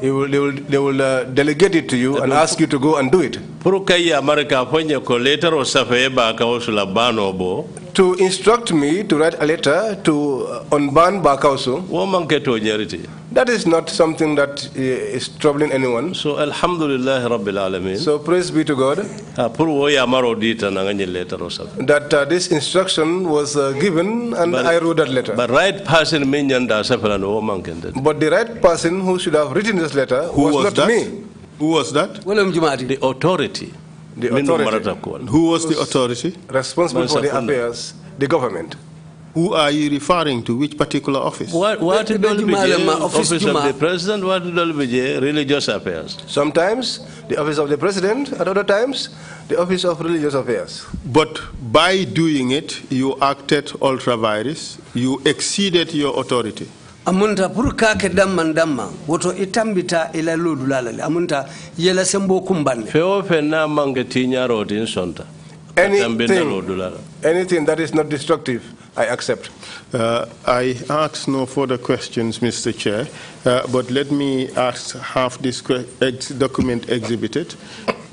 they will, they will, they will uh, delegate it to you and ask you to go and do it. To instruct me to write a letter to unban uh, Bakausu. That is not something that eh, is troubling anyone. So alhamdulillah rabbil alamin. So praise be to God. Ah, that uh, this instruction was uh, given and but, I wrote that letter. But right person But the right person who should have written this letter who was, was not that? me. Who was that? The authority. The authority. Who was the authority? Responsible for the affairs, the government. Who are you referring to? Which particular office? What, what the, the, the, office, office of the president, what religious affairs. Sometimes the office of the president, at other times the office of religious affairs. But by doing it, you acted ultra virus. You exceeded your authority. amunta pour kake damman damma woto itambita ila ludu lalale amunta yela sembo kumbande feo fena mange tinyaro tin sonta anything anything that is not destructive I accept. Uh, I ask no further questions, Mr. Chair, uh, but let me ask half this ex document exhibited.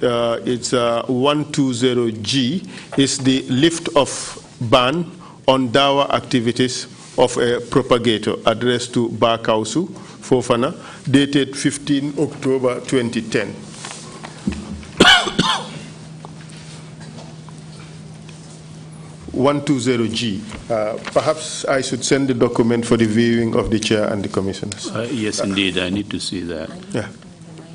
Uh, it's 120G. Uh, it's the lift off ban on dawa activities of a propagator addressed to Bakausu Fofana, dated 15 October 2010. 120G. Uh, perhaps I should send the document for the viewing of the chair and the commissioners. Uh, yes, uh, indeed. I need to see that. Yeah.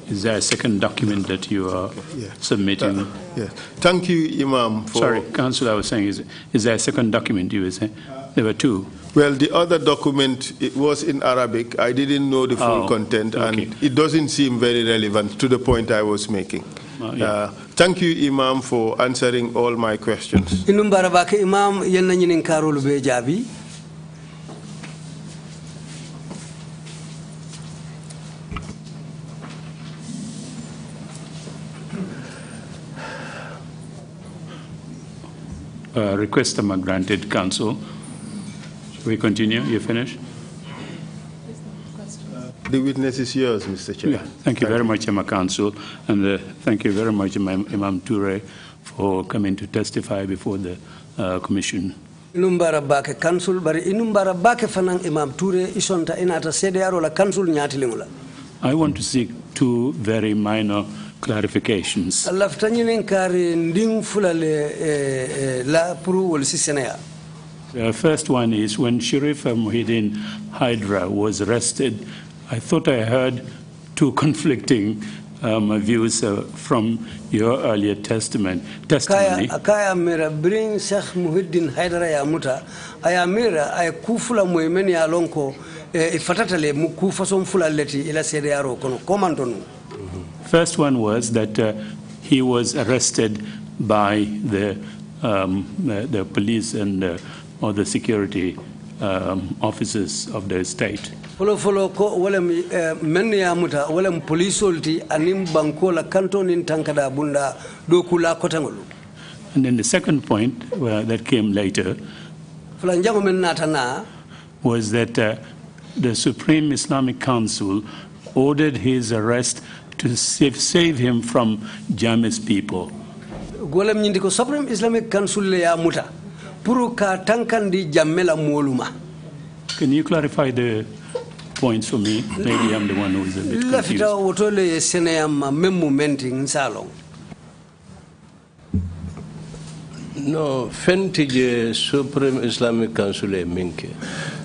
Is there a second document that you are yeah. submitting? Uh, yeah. Thank you, Imam. Sorry, Council, I was saying, is, is there a second document you were saying? There were two. Well, the other document it was in Arabic. I didn't know the full oh, content, okay. and it doesn't seem very relevant to the point I was making. Uh, uh, thank you, Imam, for answering all my questions. Uh, requests are granted, Council. Shall we continue? You finish? The witness is yours, Mr. Chair. Yeah, thank you thank very you. much, Emma Council, and uh, thank you very much, Imam, Imam Toure, for coming to testify before the uh, Commission. inum bara bake council bari inum bara bake fanan imam Ture isonta inata sede arola council ñaatilingola i want to seek two very minor clarifications laftañinen kaari ndin fulale eh, eh, la puru wol si The first one is when Sharif Muhyiddin Hydra was arrested I thought I heard two conflicting um, views uh, from your earlier testament, testimony. mira ya eh, leti ila sede yaro kono First one was that uh, he was arrested by the um, the, the, police and uh, or the security um, officers of the state. Eh, polisol ti kanto nin tankada bunda and then the second point uh, that came later men was that uh, the supreme islamic council ordered his arrest to save, save him from jami's people golem ko supreme islamic council le pour ka tankandi moluma can you clarify the points for me. Maybe I'm the one who is a bit confused. No, fentije Supreme Islamic Council minke.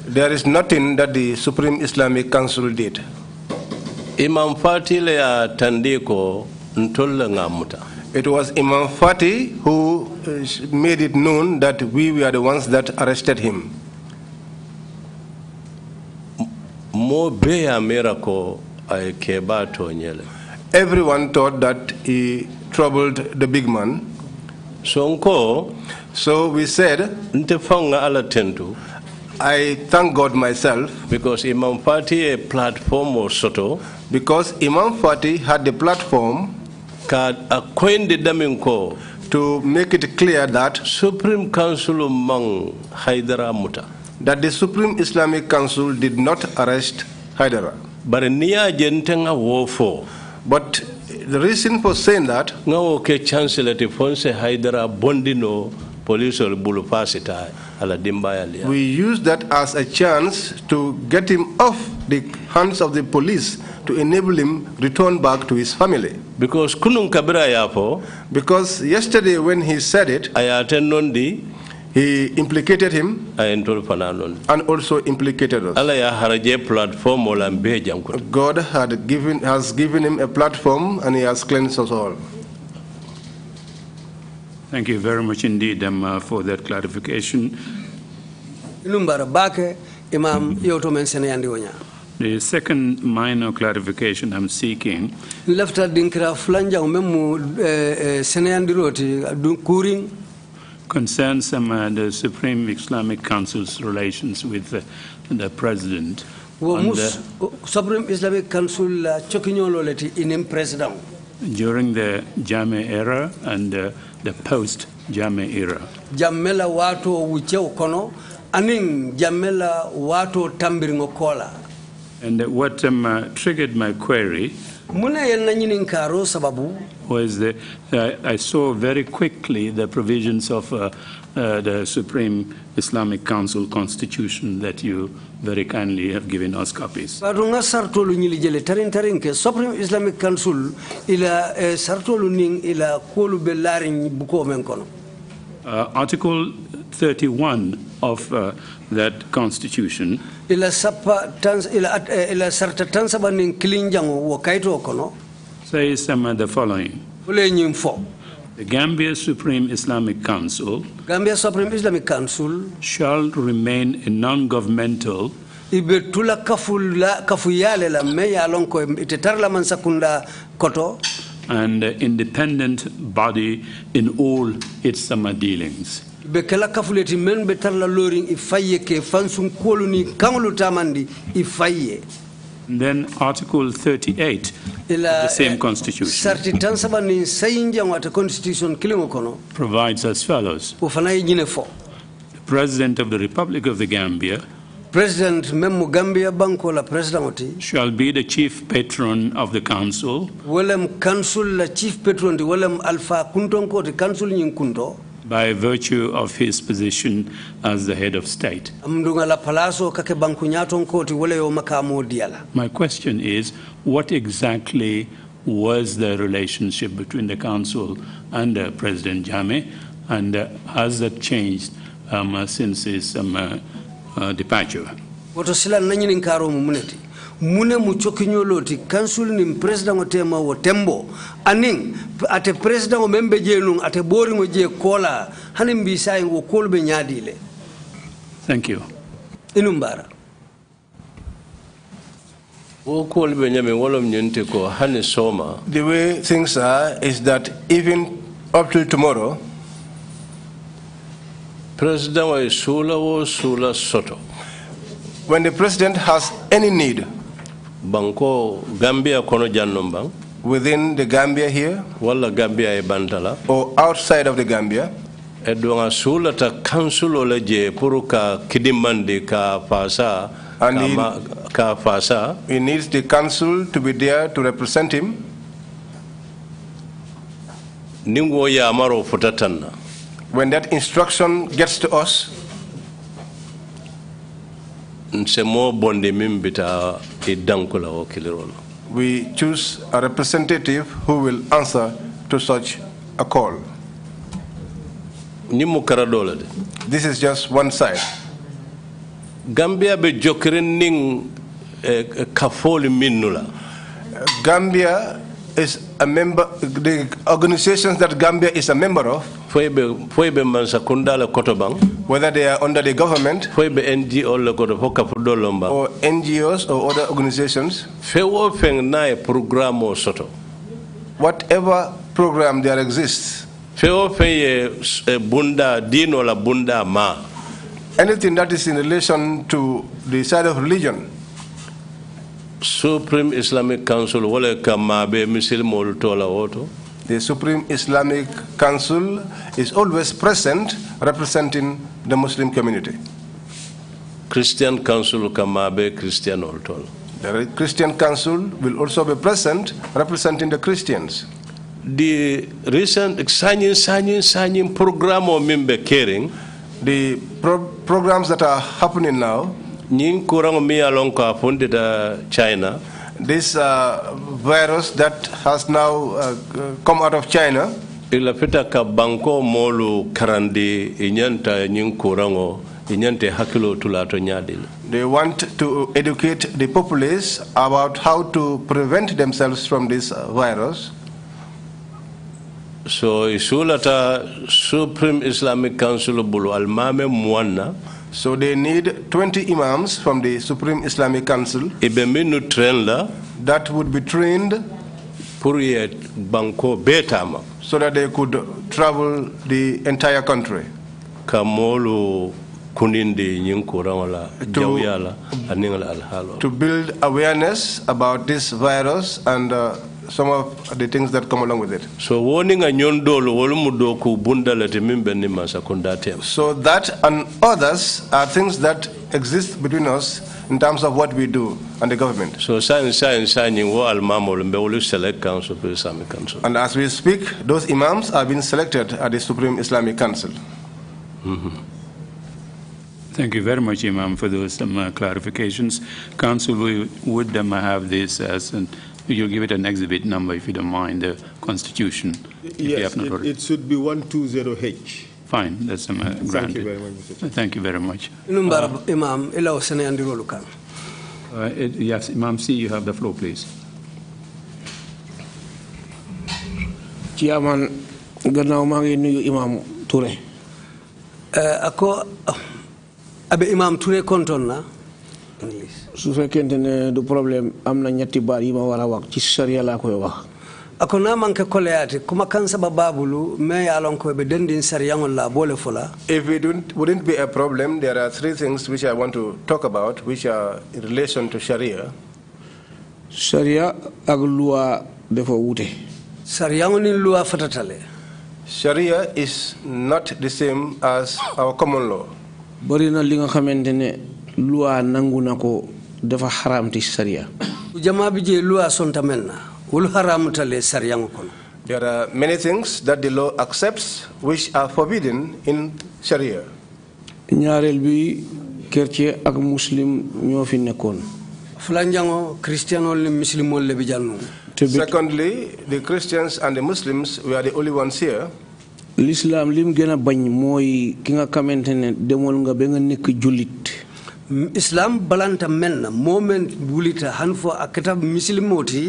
There is nothing that the Supreme Islamic Council did. Imam Fati le ya tandiko ntolle ngamuta. It was Imam Fati who uh, made it known that we were the ones that arrested him. Everyone thought that he troubled the big man. So we said, I thank God myself because Imam Fati a platform or soto. Because Imam Fati had the platform to make it clear that Supreme Council Mang Hyderabad that the Supreme Islamic Council did not arrest Haidara. But niya jentenga wofo. But the reason for saying that ngawo okay chancellor Tifonse Haidara bondino police or bulupasita ala dimbaya We use that as a chance to get him off the hands of the police to enable him return back to his family. Because kunung kabira yapo. Because yesterday when he said it, ayaten nondi he implicated him. And also implicated us. God had given, has given him a platform and he has cleansed us all. Thank you very much indeed um, uh, for that clarification. The second minor clarification I'm seeking concerns some uh, the Supreme Islamic Council's relations with uh, the president. the uh, Supreme Islamic Council chokinyolo inim president. During the Jame era and the post Jame era. Jamela watu wicheo kono aning jamela watu tambiri kola. And what um, uh, triggered my query was the, uh, I saw very quickly the provisions of uh, uh, the Supreme Islamic Council Constitution that you very kindly have given us copies. Badunga sartolu nyili tarin Supreme Islamic Council ila eh, ila uh, Article 31 of uh, that constitution says some of the following the Gambia Supreme Islamic Council Gambia Supreme Islamic Council shall remain a non-governmental ibe tula kaful la la me ya la man sakunda koto and independent body in all its summer dealings be kala kafuleti men be tarla lorin i fayye ke fansun kuwolu ni kaŋolu tamandi i fayye then Article 38 of the same eh, Constitution constitution provides as follows. The President of the Republic of the Gambia President Memu Gambia Banko la Presidenti shall be the chief patron of the council. Welem council la chief patron di welem alfa kuntonko di council kunto by virtue of his position as the head of state. My question is what exactly was the relationship between the council and uh, President Jame, and uh, has that changed um, since his um, uh, uh departure? mune mu cokiñoloti kansul nin président o tema wo tembo anin ate président o men be jee nun ate ɓooriŋo jee koola hanin mbi sayin wo koolu ɓe ñaadi le thank you inum mbaara the way things are is that even up till tomorrow president wa sula wo sula soto when the president has any need banko Gambia kono within the Gambia here Gambia e bantala or outside of the Gambia e donga sulata council je pour ka kidimande ka fasa and he, ka fasa he needs the council to be there to represent him ningo ya maro futatanna when that instruction gets to us nse bonde min bita e danko la o kilirono we choose a representative who will answer to such a call ni mu kara de this is just one side gambia be jokirin ning eh, kafoli minnu la gambia is a member, the organizations that Gambia is a member of, whether they are under the government, or NGOs or other organizations, whatever program there exists, eh, anything that is in relation to the side of religion, Supreme Islamic Council wala kamabe misilmol tola woto the Supreme Islamic Council is always present representing the Muslim community. Christian Council Kamabe Christian Oltol. The Christian Council will also be present representing the Christians. The recent signing, signing, signing program of member caring. The pro programs that are happening now. nin kurang mi alon ka funde da China this uh, virus that has now uh, come out of China ila fita ka banko molu karandi inyanta nin kurango inyante hakilo tulato nyadila they want to educate the populace about how to prevent themselves from this uh, virus so isulata supreme islamic council bulu almame muanna So they need 20 imams from the Supreme Islamic Council. That would be trained. Puriye banko betama. So that they could travel the entire country. Kamolo kunindi nyinkuramala jawyala aningala alhalo. To build awareness about this virus and. Uh, some of the things that come along with it. So warning So that and others are things that exist between us in terms of what we do and the government. So sign sign signing wo almamol mbewolu select council to Islamic council. And as we speak, those imams are being selected at the Supreme Islamic Council. Mm -hmm. Thank you very much, Imam, for those uh, clarifications. Council, would um, have this as an you'll give it an exhibit number if you don't mind, the Constitution. Yes, it, it, should be 120H. Fine, that's um, uh, Thank you very much, Mr. Thank you very much. Imam, uh, it, yes, Imam C, you have the floor, please. Chairman, gannaaw maa nuyu Imam Touré. Uh, ako ah, abe Imam Ture kontoon na English su fekkente ne du problème am na ñetti baat yi ma war a wax ci laa koy wax ko be dendin if it wouldn't, wouldn't be a problem there are three things which i want to talk about which are in relation to sharia sharia ak loi defo wute sariyangol ni loi fatatale sharia is not the same as our common law bari na li nga loi nangu nako dafa haram ti sharia jama bi je loi sonta melna wul haram tale sharia ngokon there are many things that the law accepts which are forbidden in sharia ñaarel bi kercie ak muslim ñoo fi nekkoon fulanjango christianol le muslimol le bi jannu secondly the christians and the muslims we are the only ones here l'islam lim gëna bañ mooy ki nga xamante ne demoon nga ba nga nekk jullit islam balanta men moment bulita hanfo akata muslimoti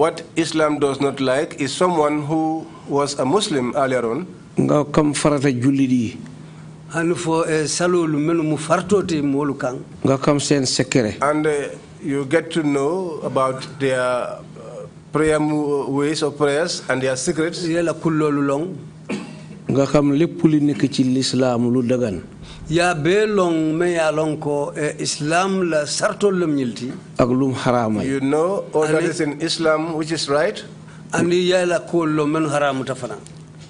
what islam does not like is someone who was a muslim earlier on nga kam farata julidi hanfo e eh, salolu men mu fartoti molu kan nga kam sen sekere. and uh, you get to know about their uh, prayer ways of prayers and their secrets yela kullolu long nga kam lepp lu dagan ya be long me ya long ko islam la lam ñilti ak lum harama you know all that is in islam which is right and ya la ko lo men haramu ta fana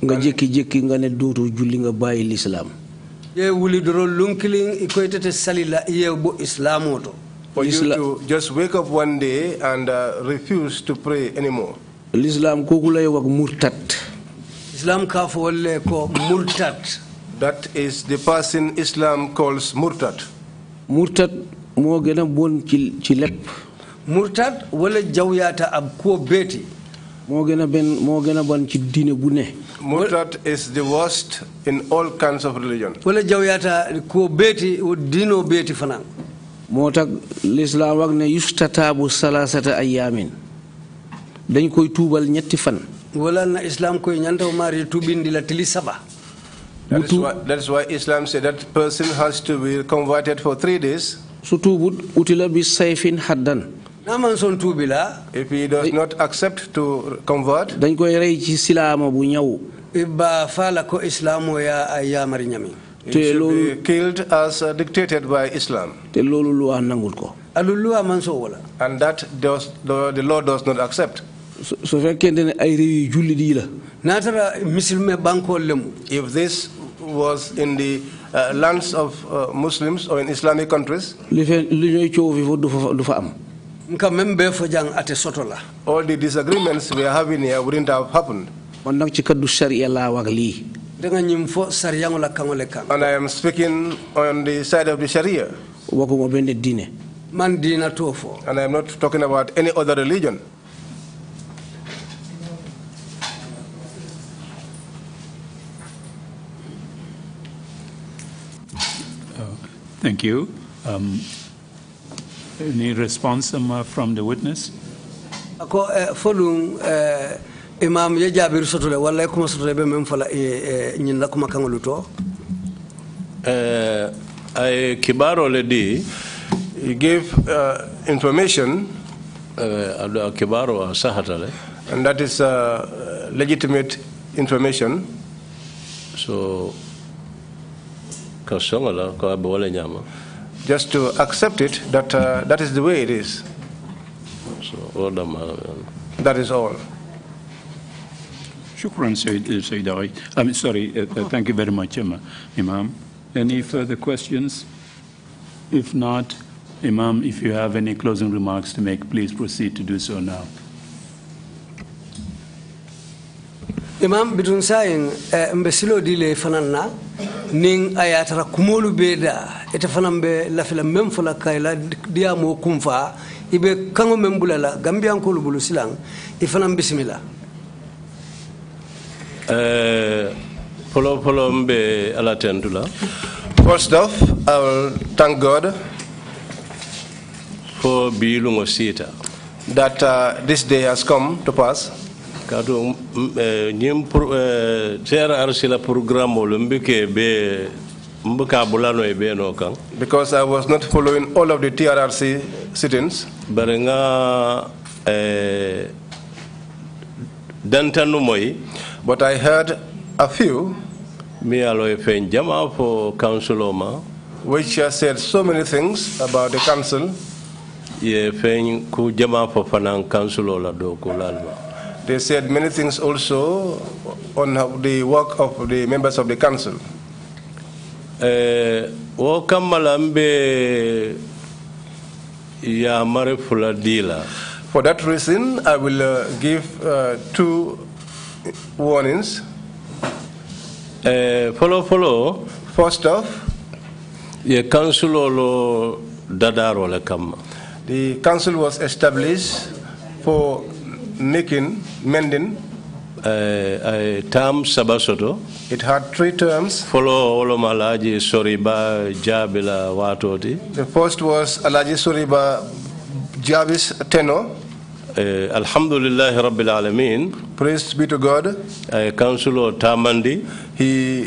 nga jekki jekki nga ne dooto julli nga bayyi l'islam ye wuli ikoytete salila ye bo for you to just wake up one day and uh, refuse to pray anymore l'islam ko gulay wak murtat islam ka fo wolle ko murtat That is the person Islam calls murtad. murtad moo gën a bon ci ci lépp. murtad wala jawyaata ab koo beeti. moo gën a benn moo gën a bon ci diine bu ne. murtad is the worst in all kinds of religion. wala jawyaata koo beeti diinoo beeti fanaan. moo tax lislaam wax ne yustataabu salaasata ayyaamin dañ koy tuubal ñetti fan. wala na islam koy ñanta o maari tuubindi la tili saba. That is, why, that is why Islam said that person has to be converted for three days. Sutubut utila safe in haddan. Namanson tubila. If he does not accept to convert. Dañ koy rey ci silama bu ñaw. Ibba fala ko islamu ya ayamari ñami. Te lolu killed as dictated by Islam. Te lolu luwa nangul ko. Alu manso wala. And that does the, the law does not accept. So fekkente ne ay rew yu julli di la. Natara misilme banko lemu. If this was in the uh, lands of uh, Muslims or in Islamic countries. All the disagreements we are having here wouldn't have happened. And I am speaking on the side of the Sharia. And I am not talking about any other religion. Thank you. Um, any response um, uh, from the witness? Uh, uh, eh, eh, I folum imam ye jaabir sotole walla kuma be men fala kuma ay kibaro le di he gave uh, information uh, kibaro sahatale and that is uh, legitimate information so just to accept it that uh, that is the way it is. that is all. Shukran, Sayyid uh, Ali. I'm um, sorry, uh, uh, thank you very much, Imam. Any further questions? If not, Imam, if you have any closing remarks to make, please proceed to do so now. Imam, بدون saying, مبسلو uh, nin a tara kumolu bee da ite fanan be lafila men fola kayla diyamo kunfa i be kaŋo bula la gambiyankolu bulu silaŋ i fanan bisimila uh, polo polo n be ala tentu la first off i will thank god for biiluŋo siita that uh, this day has come to pass kadu eh, nyim sera eh, arsila program lo be mbuka bulano e be nokang because i was not following all of the trrc sittings barenga nga eh, dantanu moy but i heard a few mi alo e fen jama fo councilor ma which has said so many things about the council ye fen ku jama fo fanan councilor la do ko lalma They said many things also on the work of the members of the council. Eh, for that reason, I will uh, give uh, two warnings. Eh, follow, follow. First off, the council The council was established for making, mending, uh, uh, term sabasoto it had three terms follow all malaji soriba jabila watoti the first was alaji soriba jabis teno uh, alhamdulillah rabbil alamin praise be to god uh, councilor tamandi he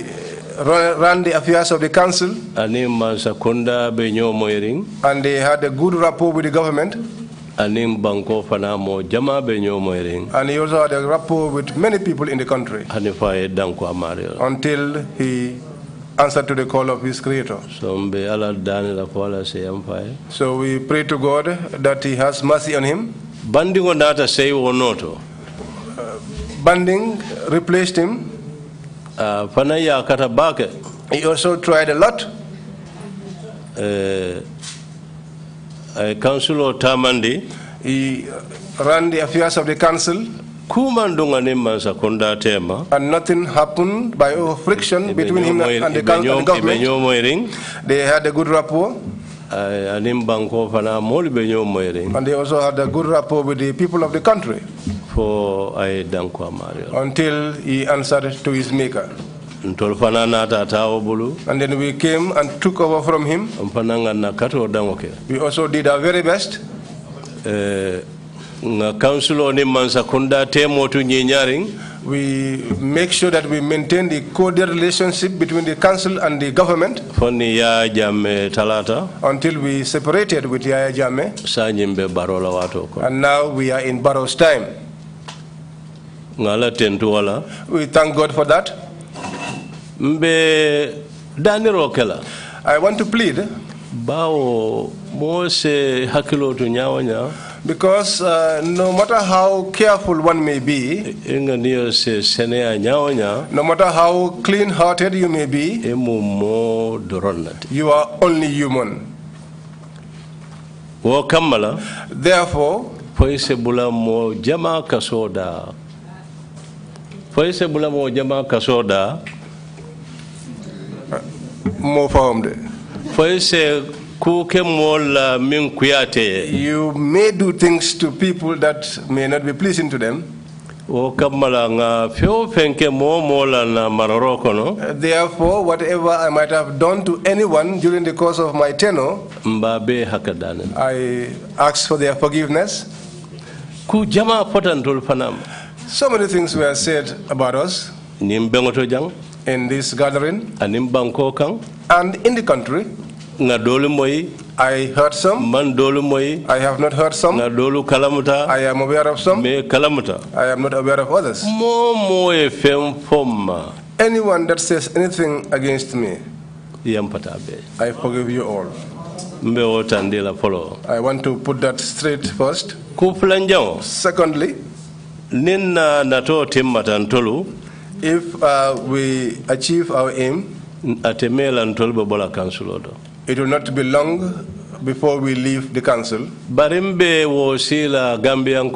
uh, ran the affairs of the council and they had a good rapport with the government banko fana mo jama be and he also had a rapport with many people in the country fa ye danko amare until he answered to the call of his creator so mbe ala dani la fola se am fa so we pray to god that he has mercy on him bandingo nata sey wonoto uh, banding replaced him uh, fana ya kata bake he also tried a lot uh, uh, eh, Councillor Tamandi. He ran the affairs of the council. And nothing happened by friction between him and the, government. They had a good rapport. Eh, and they also had a good rapport with the people of the country. For Until he answered to his maker and then we came and took over from him we also did our very best eh, council oni mansa kunda temo we make sure that we maintain the cordial relationship between the council and the government until we separated with ya jame and now we are in barrow's time we thank god for that mbe kela i want to plead bawo mo se hakkilo to because uh, no matter how careful one may be, no matter how clean hearted you may be, you are only human. Therefore, Therefore, mo famde fay se kuke mol min kuyate you may do things to people that may not be pleasing to them o kammala nga fewo fenke mo mola na maroro kono uh, therefore whatever i might have done to anyone during the course of my tenure mbabe hakadane i ask for their forgiveness ku jama potantol fanam so many things were said about us nim bengoto jang in this gathering and in Bangkok, and in the country nga dolu moy I heard some. Man dolu moy. I have not heard some. Nga dolu kalamuta. I am aware of some. Me kalamuta. I am not aware of others. Mo moy fem Anyone that says anything against me, I forgive you all. Mbe polo. I want to put that straight first. Kuplanjao. Secondly, ninna nato timmatan tolu if uh, we achieve our aim, it will not be long before we leave the council. Barimbe Gambian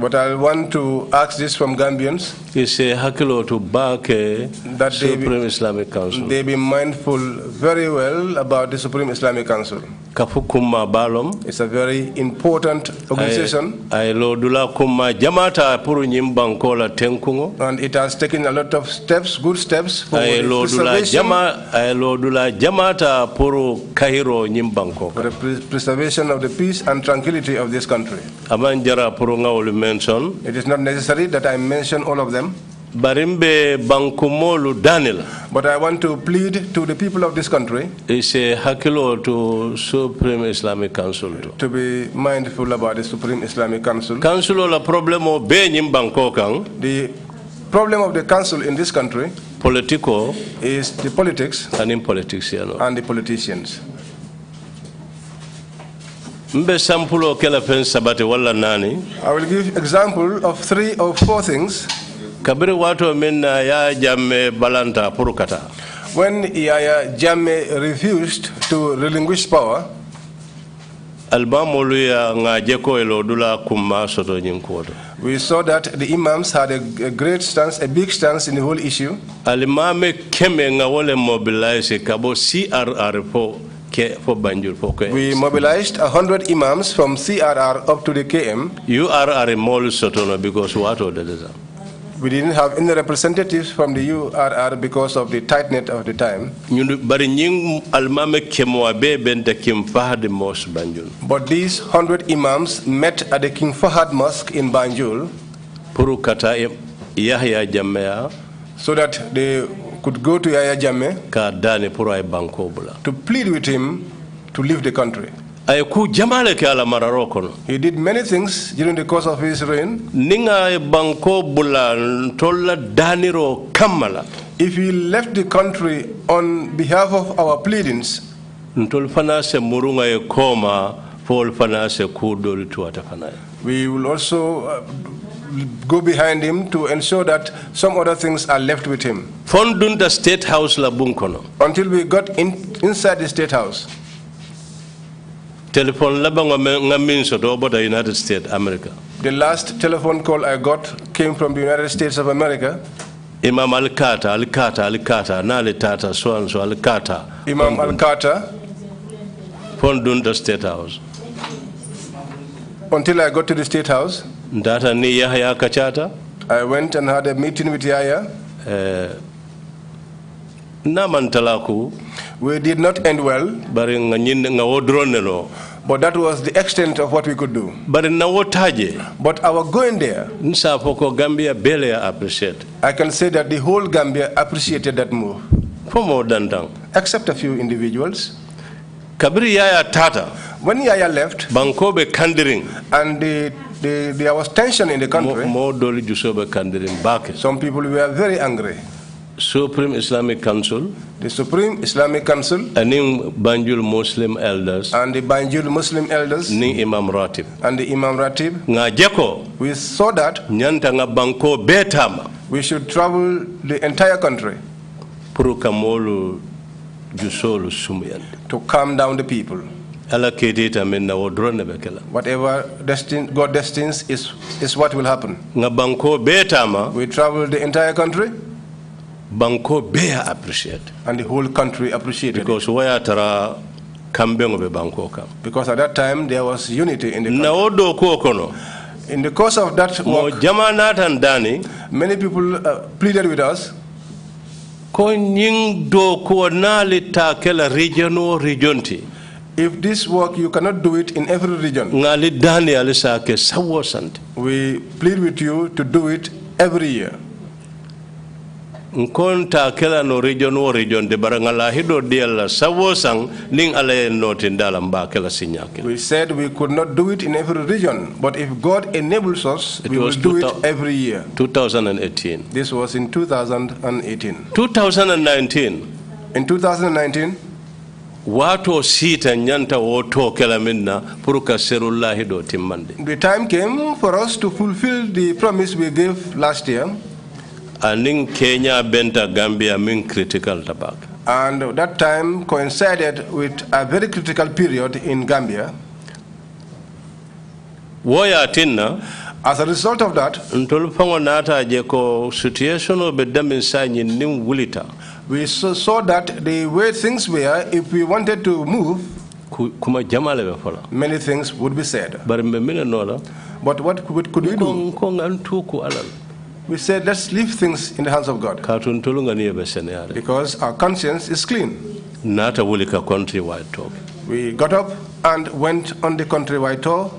but I want to ask this from Gambians. a hakilo to bake that Supreme be, Islamic Council. They be mindful very well about the Supreme Islamic Council. Kafukuma balom. It's a very important organization. Ay lodula kuma jamata puru nyimbankola tenkungo. And it has taken a lot of steps, good steps for ay lodula jama ay lodula jamata puru Cairo nyimbanko. For the preservation of the peace and tranquility of this country. Amanjara puru ngawulime mention. It is not necessary that I mention all of them. Barimbe Bankumolu Daniel. But I want to plead to the people of this country. It's a hakilo to Supreme Islamic Council. To be mindful about the Supreme Islamic Council. Council la problem o benyim bankokang. The problem of the council in this country. Political. Is the politics. And in politics, you know. And the politicians. mbe sampulo kela fen sabate wala nani i will give example of three or four things kabiri wato min na ya jamme balanta purukata when yaya jamme refused to relinquish power albamolu ya ŋaje koyelo dula kumma soto ñiŋ we saw that the imams had a, great stance a big stance in the whole issue alimame keme ŋa wo le mobilize ka crr fo We mobilized 100 imams from CRR up to the KM. You are a mall sotono because what order is we didn't have any representatives from the URR because of the tightness of the time. But these 100 imams met at the King Fahad Mosque in Banjul so that the could go to Yaya Jammeh to plead with him to leave the country jamale he did many things during the course of his reign daniro if he left the country on behalf of our pleadings murunga we will also uh, go behind him to ensure that some other things are left with him. Fondunda State House labunkono. Until we got in, inside the State House. Telephone the United States America. The last telephone call I got came from the United States of America. Imam Al Kata, Al Kata, Al Kata, Nali Tata, so and so Al Kata. Imam Al From Fondunda State House. Until I got to the State House. Yahya I went and had a meeting with Yahya. Uh, eh, namantalaku we did not end well bari nga ñinde nga but that was the extent of what we could do bari na wo but our going there nsa foko gambia bele appreciate i can say that the whole gambia appreciated that move than that. except a few individuals kabri yaya tata when yaya left bankobe kandiring and the the, there was tension in the country. Some people were very angry. Supreme Islamic Council, the Supreme Islamic Council, and the Banjul Muslim elders, and the Banjul Muslim elders, ni Imam Ratib, and the Imam Ratib, ngajeko, we saw that nyanta banko betam. we should travel the entire country, to calm down the people. Whatever God destines is, is what will happen. We traveled the entire country. Banko beya appreciate. And the whole country appreciated. Because waya tara banko Because at that time there was unity in the country. In the course of that work, many people uh, pleaded with us ko do kela region region if this work you cannot do it in every region. We plead with you to do it every year. Nkonta kela no region region de hido ning kela We said we could not do it in every region, but if God enables us, it we will do it every year. 2018. This was in 2018. 2019. In 2019. wato sita nyanta woto kela minna pour ka serullahi do timmande the time came for us to fulfill the promise we gave last year anin kenya benta gambia min critical tabak and that time coincided with a very critical period in gambia woya tinna As a result of that, we saw that the way things were, if we wanted to move, many things would be said. But what could we do? We said, let's leave things in the hands of God. Because our conscience is clean. Not a talk. We got up and went on the countrywide tour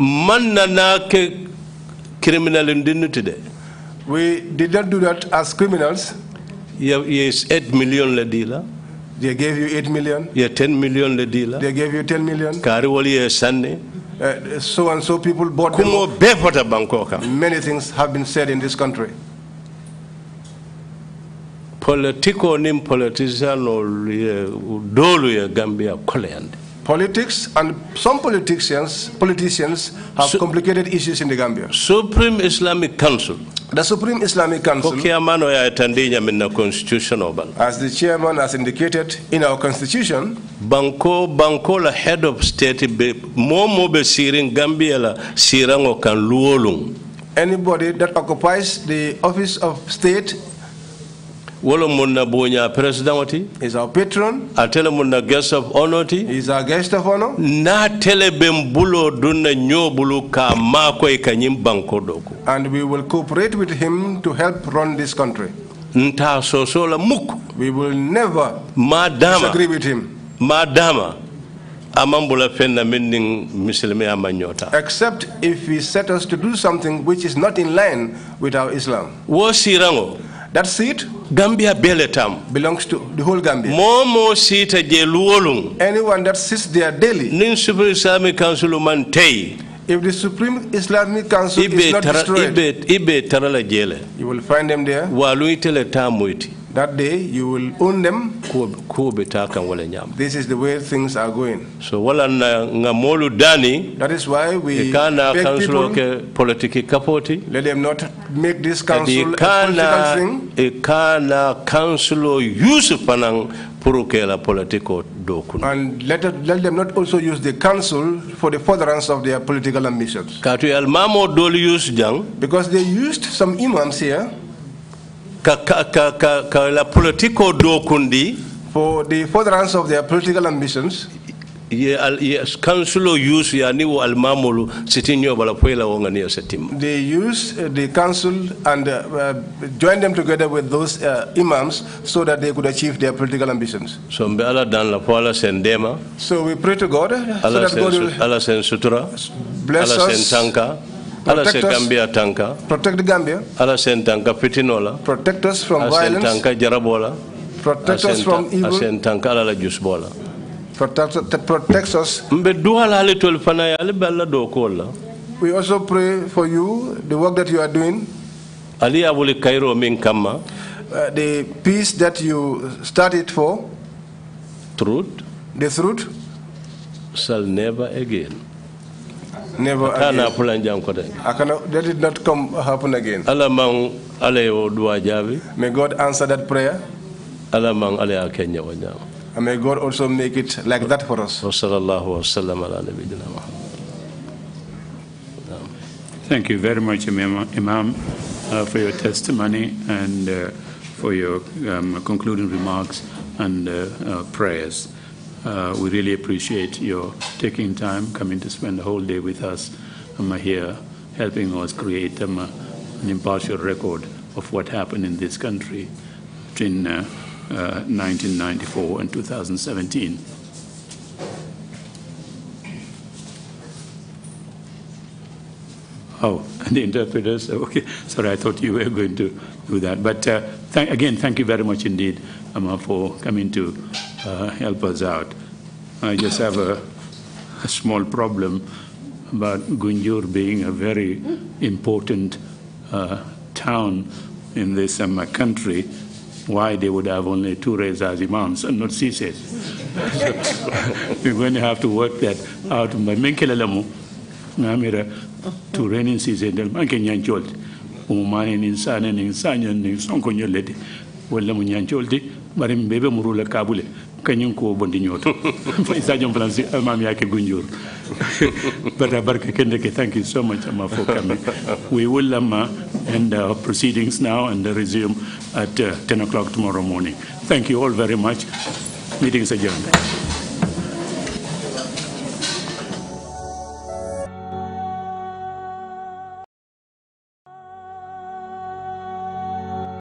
man nana ke criminal indemnity we did not do that as criminals yes 8 million la dila they gave you 8 million yeah 10 million la dila they gave you 10 million kari wali ye sanne uh, so and so people bought bankoka many things have been said in this country politico nim politician ol dolu ye gambia koleyande politics and some politicians politicians have complicated issues in the Gambia. Supreme Islamic Council. The Supreme Islamic Council. As the chairman has indicated in our constitution. Banko banko la head of state be momo be siring Gambia la sirango kan luolung. Anybody that occupies the office of state wolo mun na bonya president ti is our patron atele mun na guest of honor ti is our guest of honor na tele ben bulo dunna nyobulu ka mako e kanyim banko doko and we will cooperate with him to help run this country nta so so la muku we will never madama disagree with him madama amambula fenna mending muslimi amanyota except if he set us to do something which is not in line with our islam wo sirango That seat Gambia Beletam belongs to the whole Gambia. Momo seat Jeluolung. Anyone that sits there daily. Nin Supreme Islamic Council Mantei. If the Supreme Islamic Council is not destroyed, ibe, tarala jele. you will find them there. Waluitele tamuiti. That day you will own them. This is the way things are going. So wala na ngamolu That is why we ikana beg people, ke politiki Let them not make this council a political thing. And let, let them not also use the council for the furtherance of their political ambitions. Katu almamo doli use jang. Because they used some imams here ka, ka, ka, dokundi for the furtherance of their political ambitions they used uh, the council and uh, uh, joined them together with those imams so that they could achieve their political ambitions. So we pray to God so Allah that God will bless us, Protect gambia tanka protect gambia tanka protect us from violence tanka jarabola protect us from evil tanka ala la protect us mbe duhala do kola we also pray for you the work that you are doing ali abuli Cairo min kama uh, the peace that you started for truth the truth shall never again Never Akana I Akana, that did not come happen again. May God answer that prayer. And may God also make it like that for us. Thank you very much, Imam, uh, for your testimony and uh, for your um, concluding remarks and uh, uh prayers. Uh, we really appreciate your taking time, coming to spend the whole day with us um, here, helping us create um, an impartial record of what happened in this country between uh, uh, 1994 and 2017. Oh, and the interpreters. Okay, sorry, I thought you were going to do that. But uh, th again, thank you very much indeed Amma, for coming to uh, help us out. I just have a, a small problem about Gunjur being a very important uh, town in this um, country, why they would have only two rays imams and not CISAs. so, we're going to have to work that out. Mai min kilalemu na mira two renin CISAs del man kenyan cholt. Umumani ni insane ni insanya nyolete. Wala mu nyan cholti bari mbebe murula kabule ko yake gunjur kende ke thank you so much ama for coming we will ama um, uh, end our proceedings now and resume at uh, 10 o'clock tomorrow morning thank you all very much meetings adjourned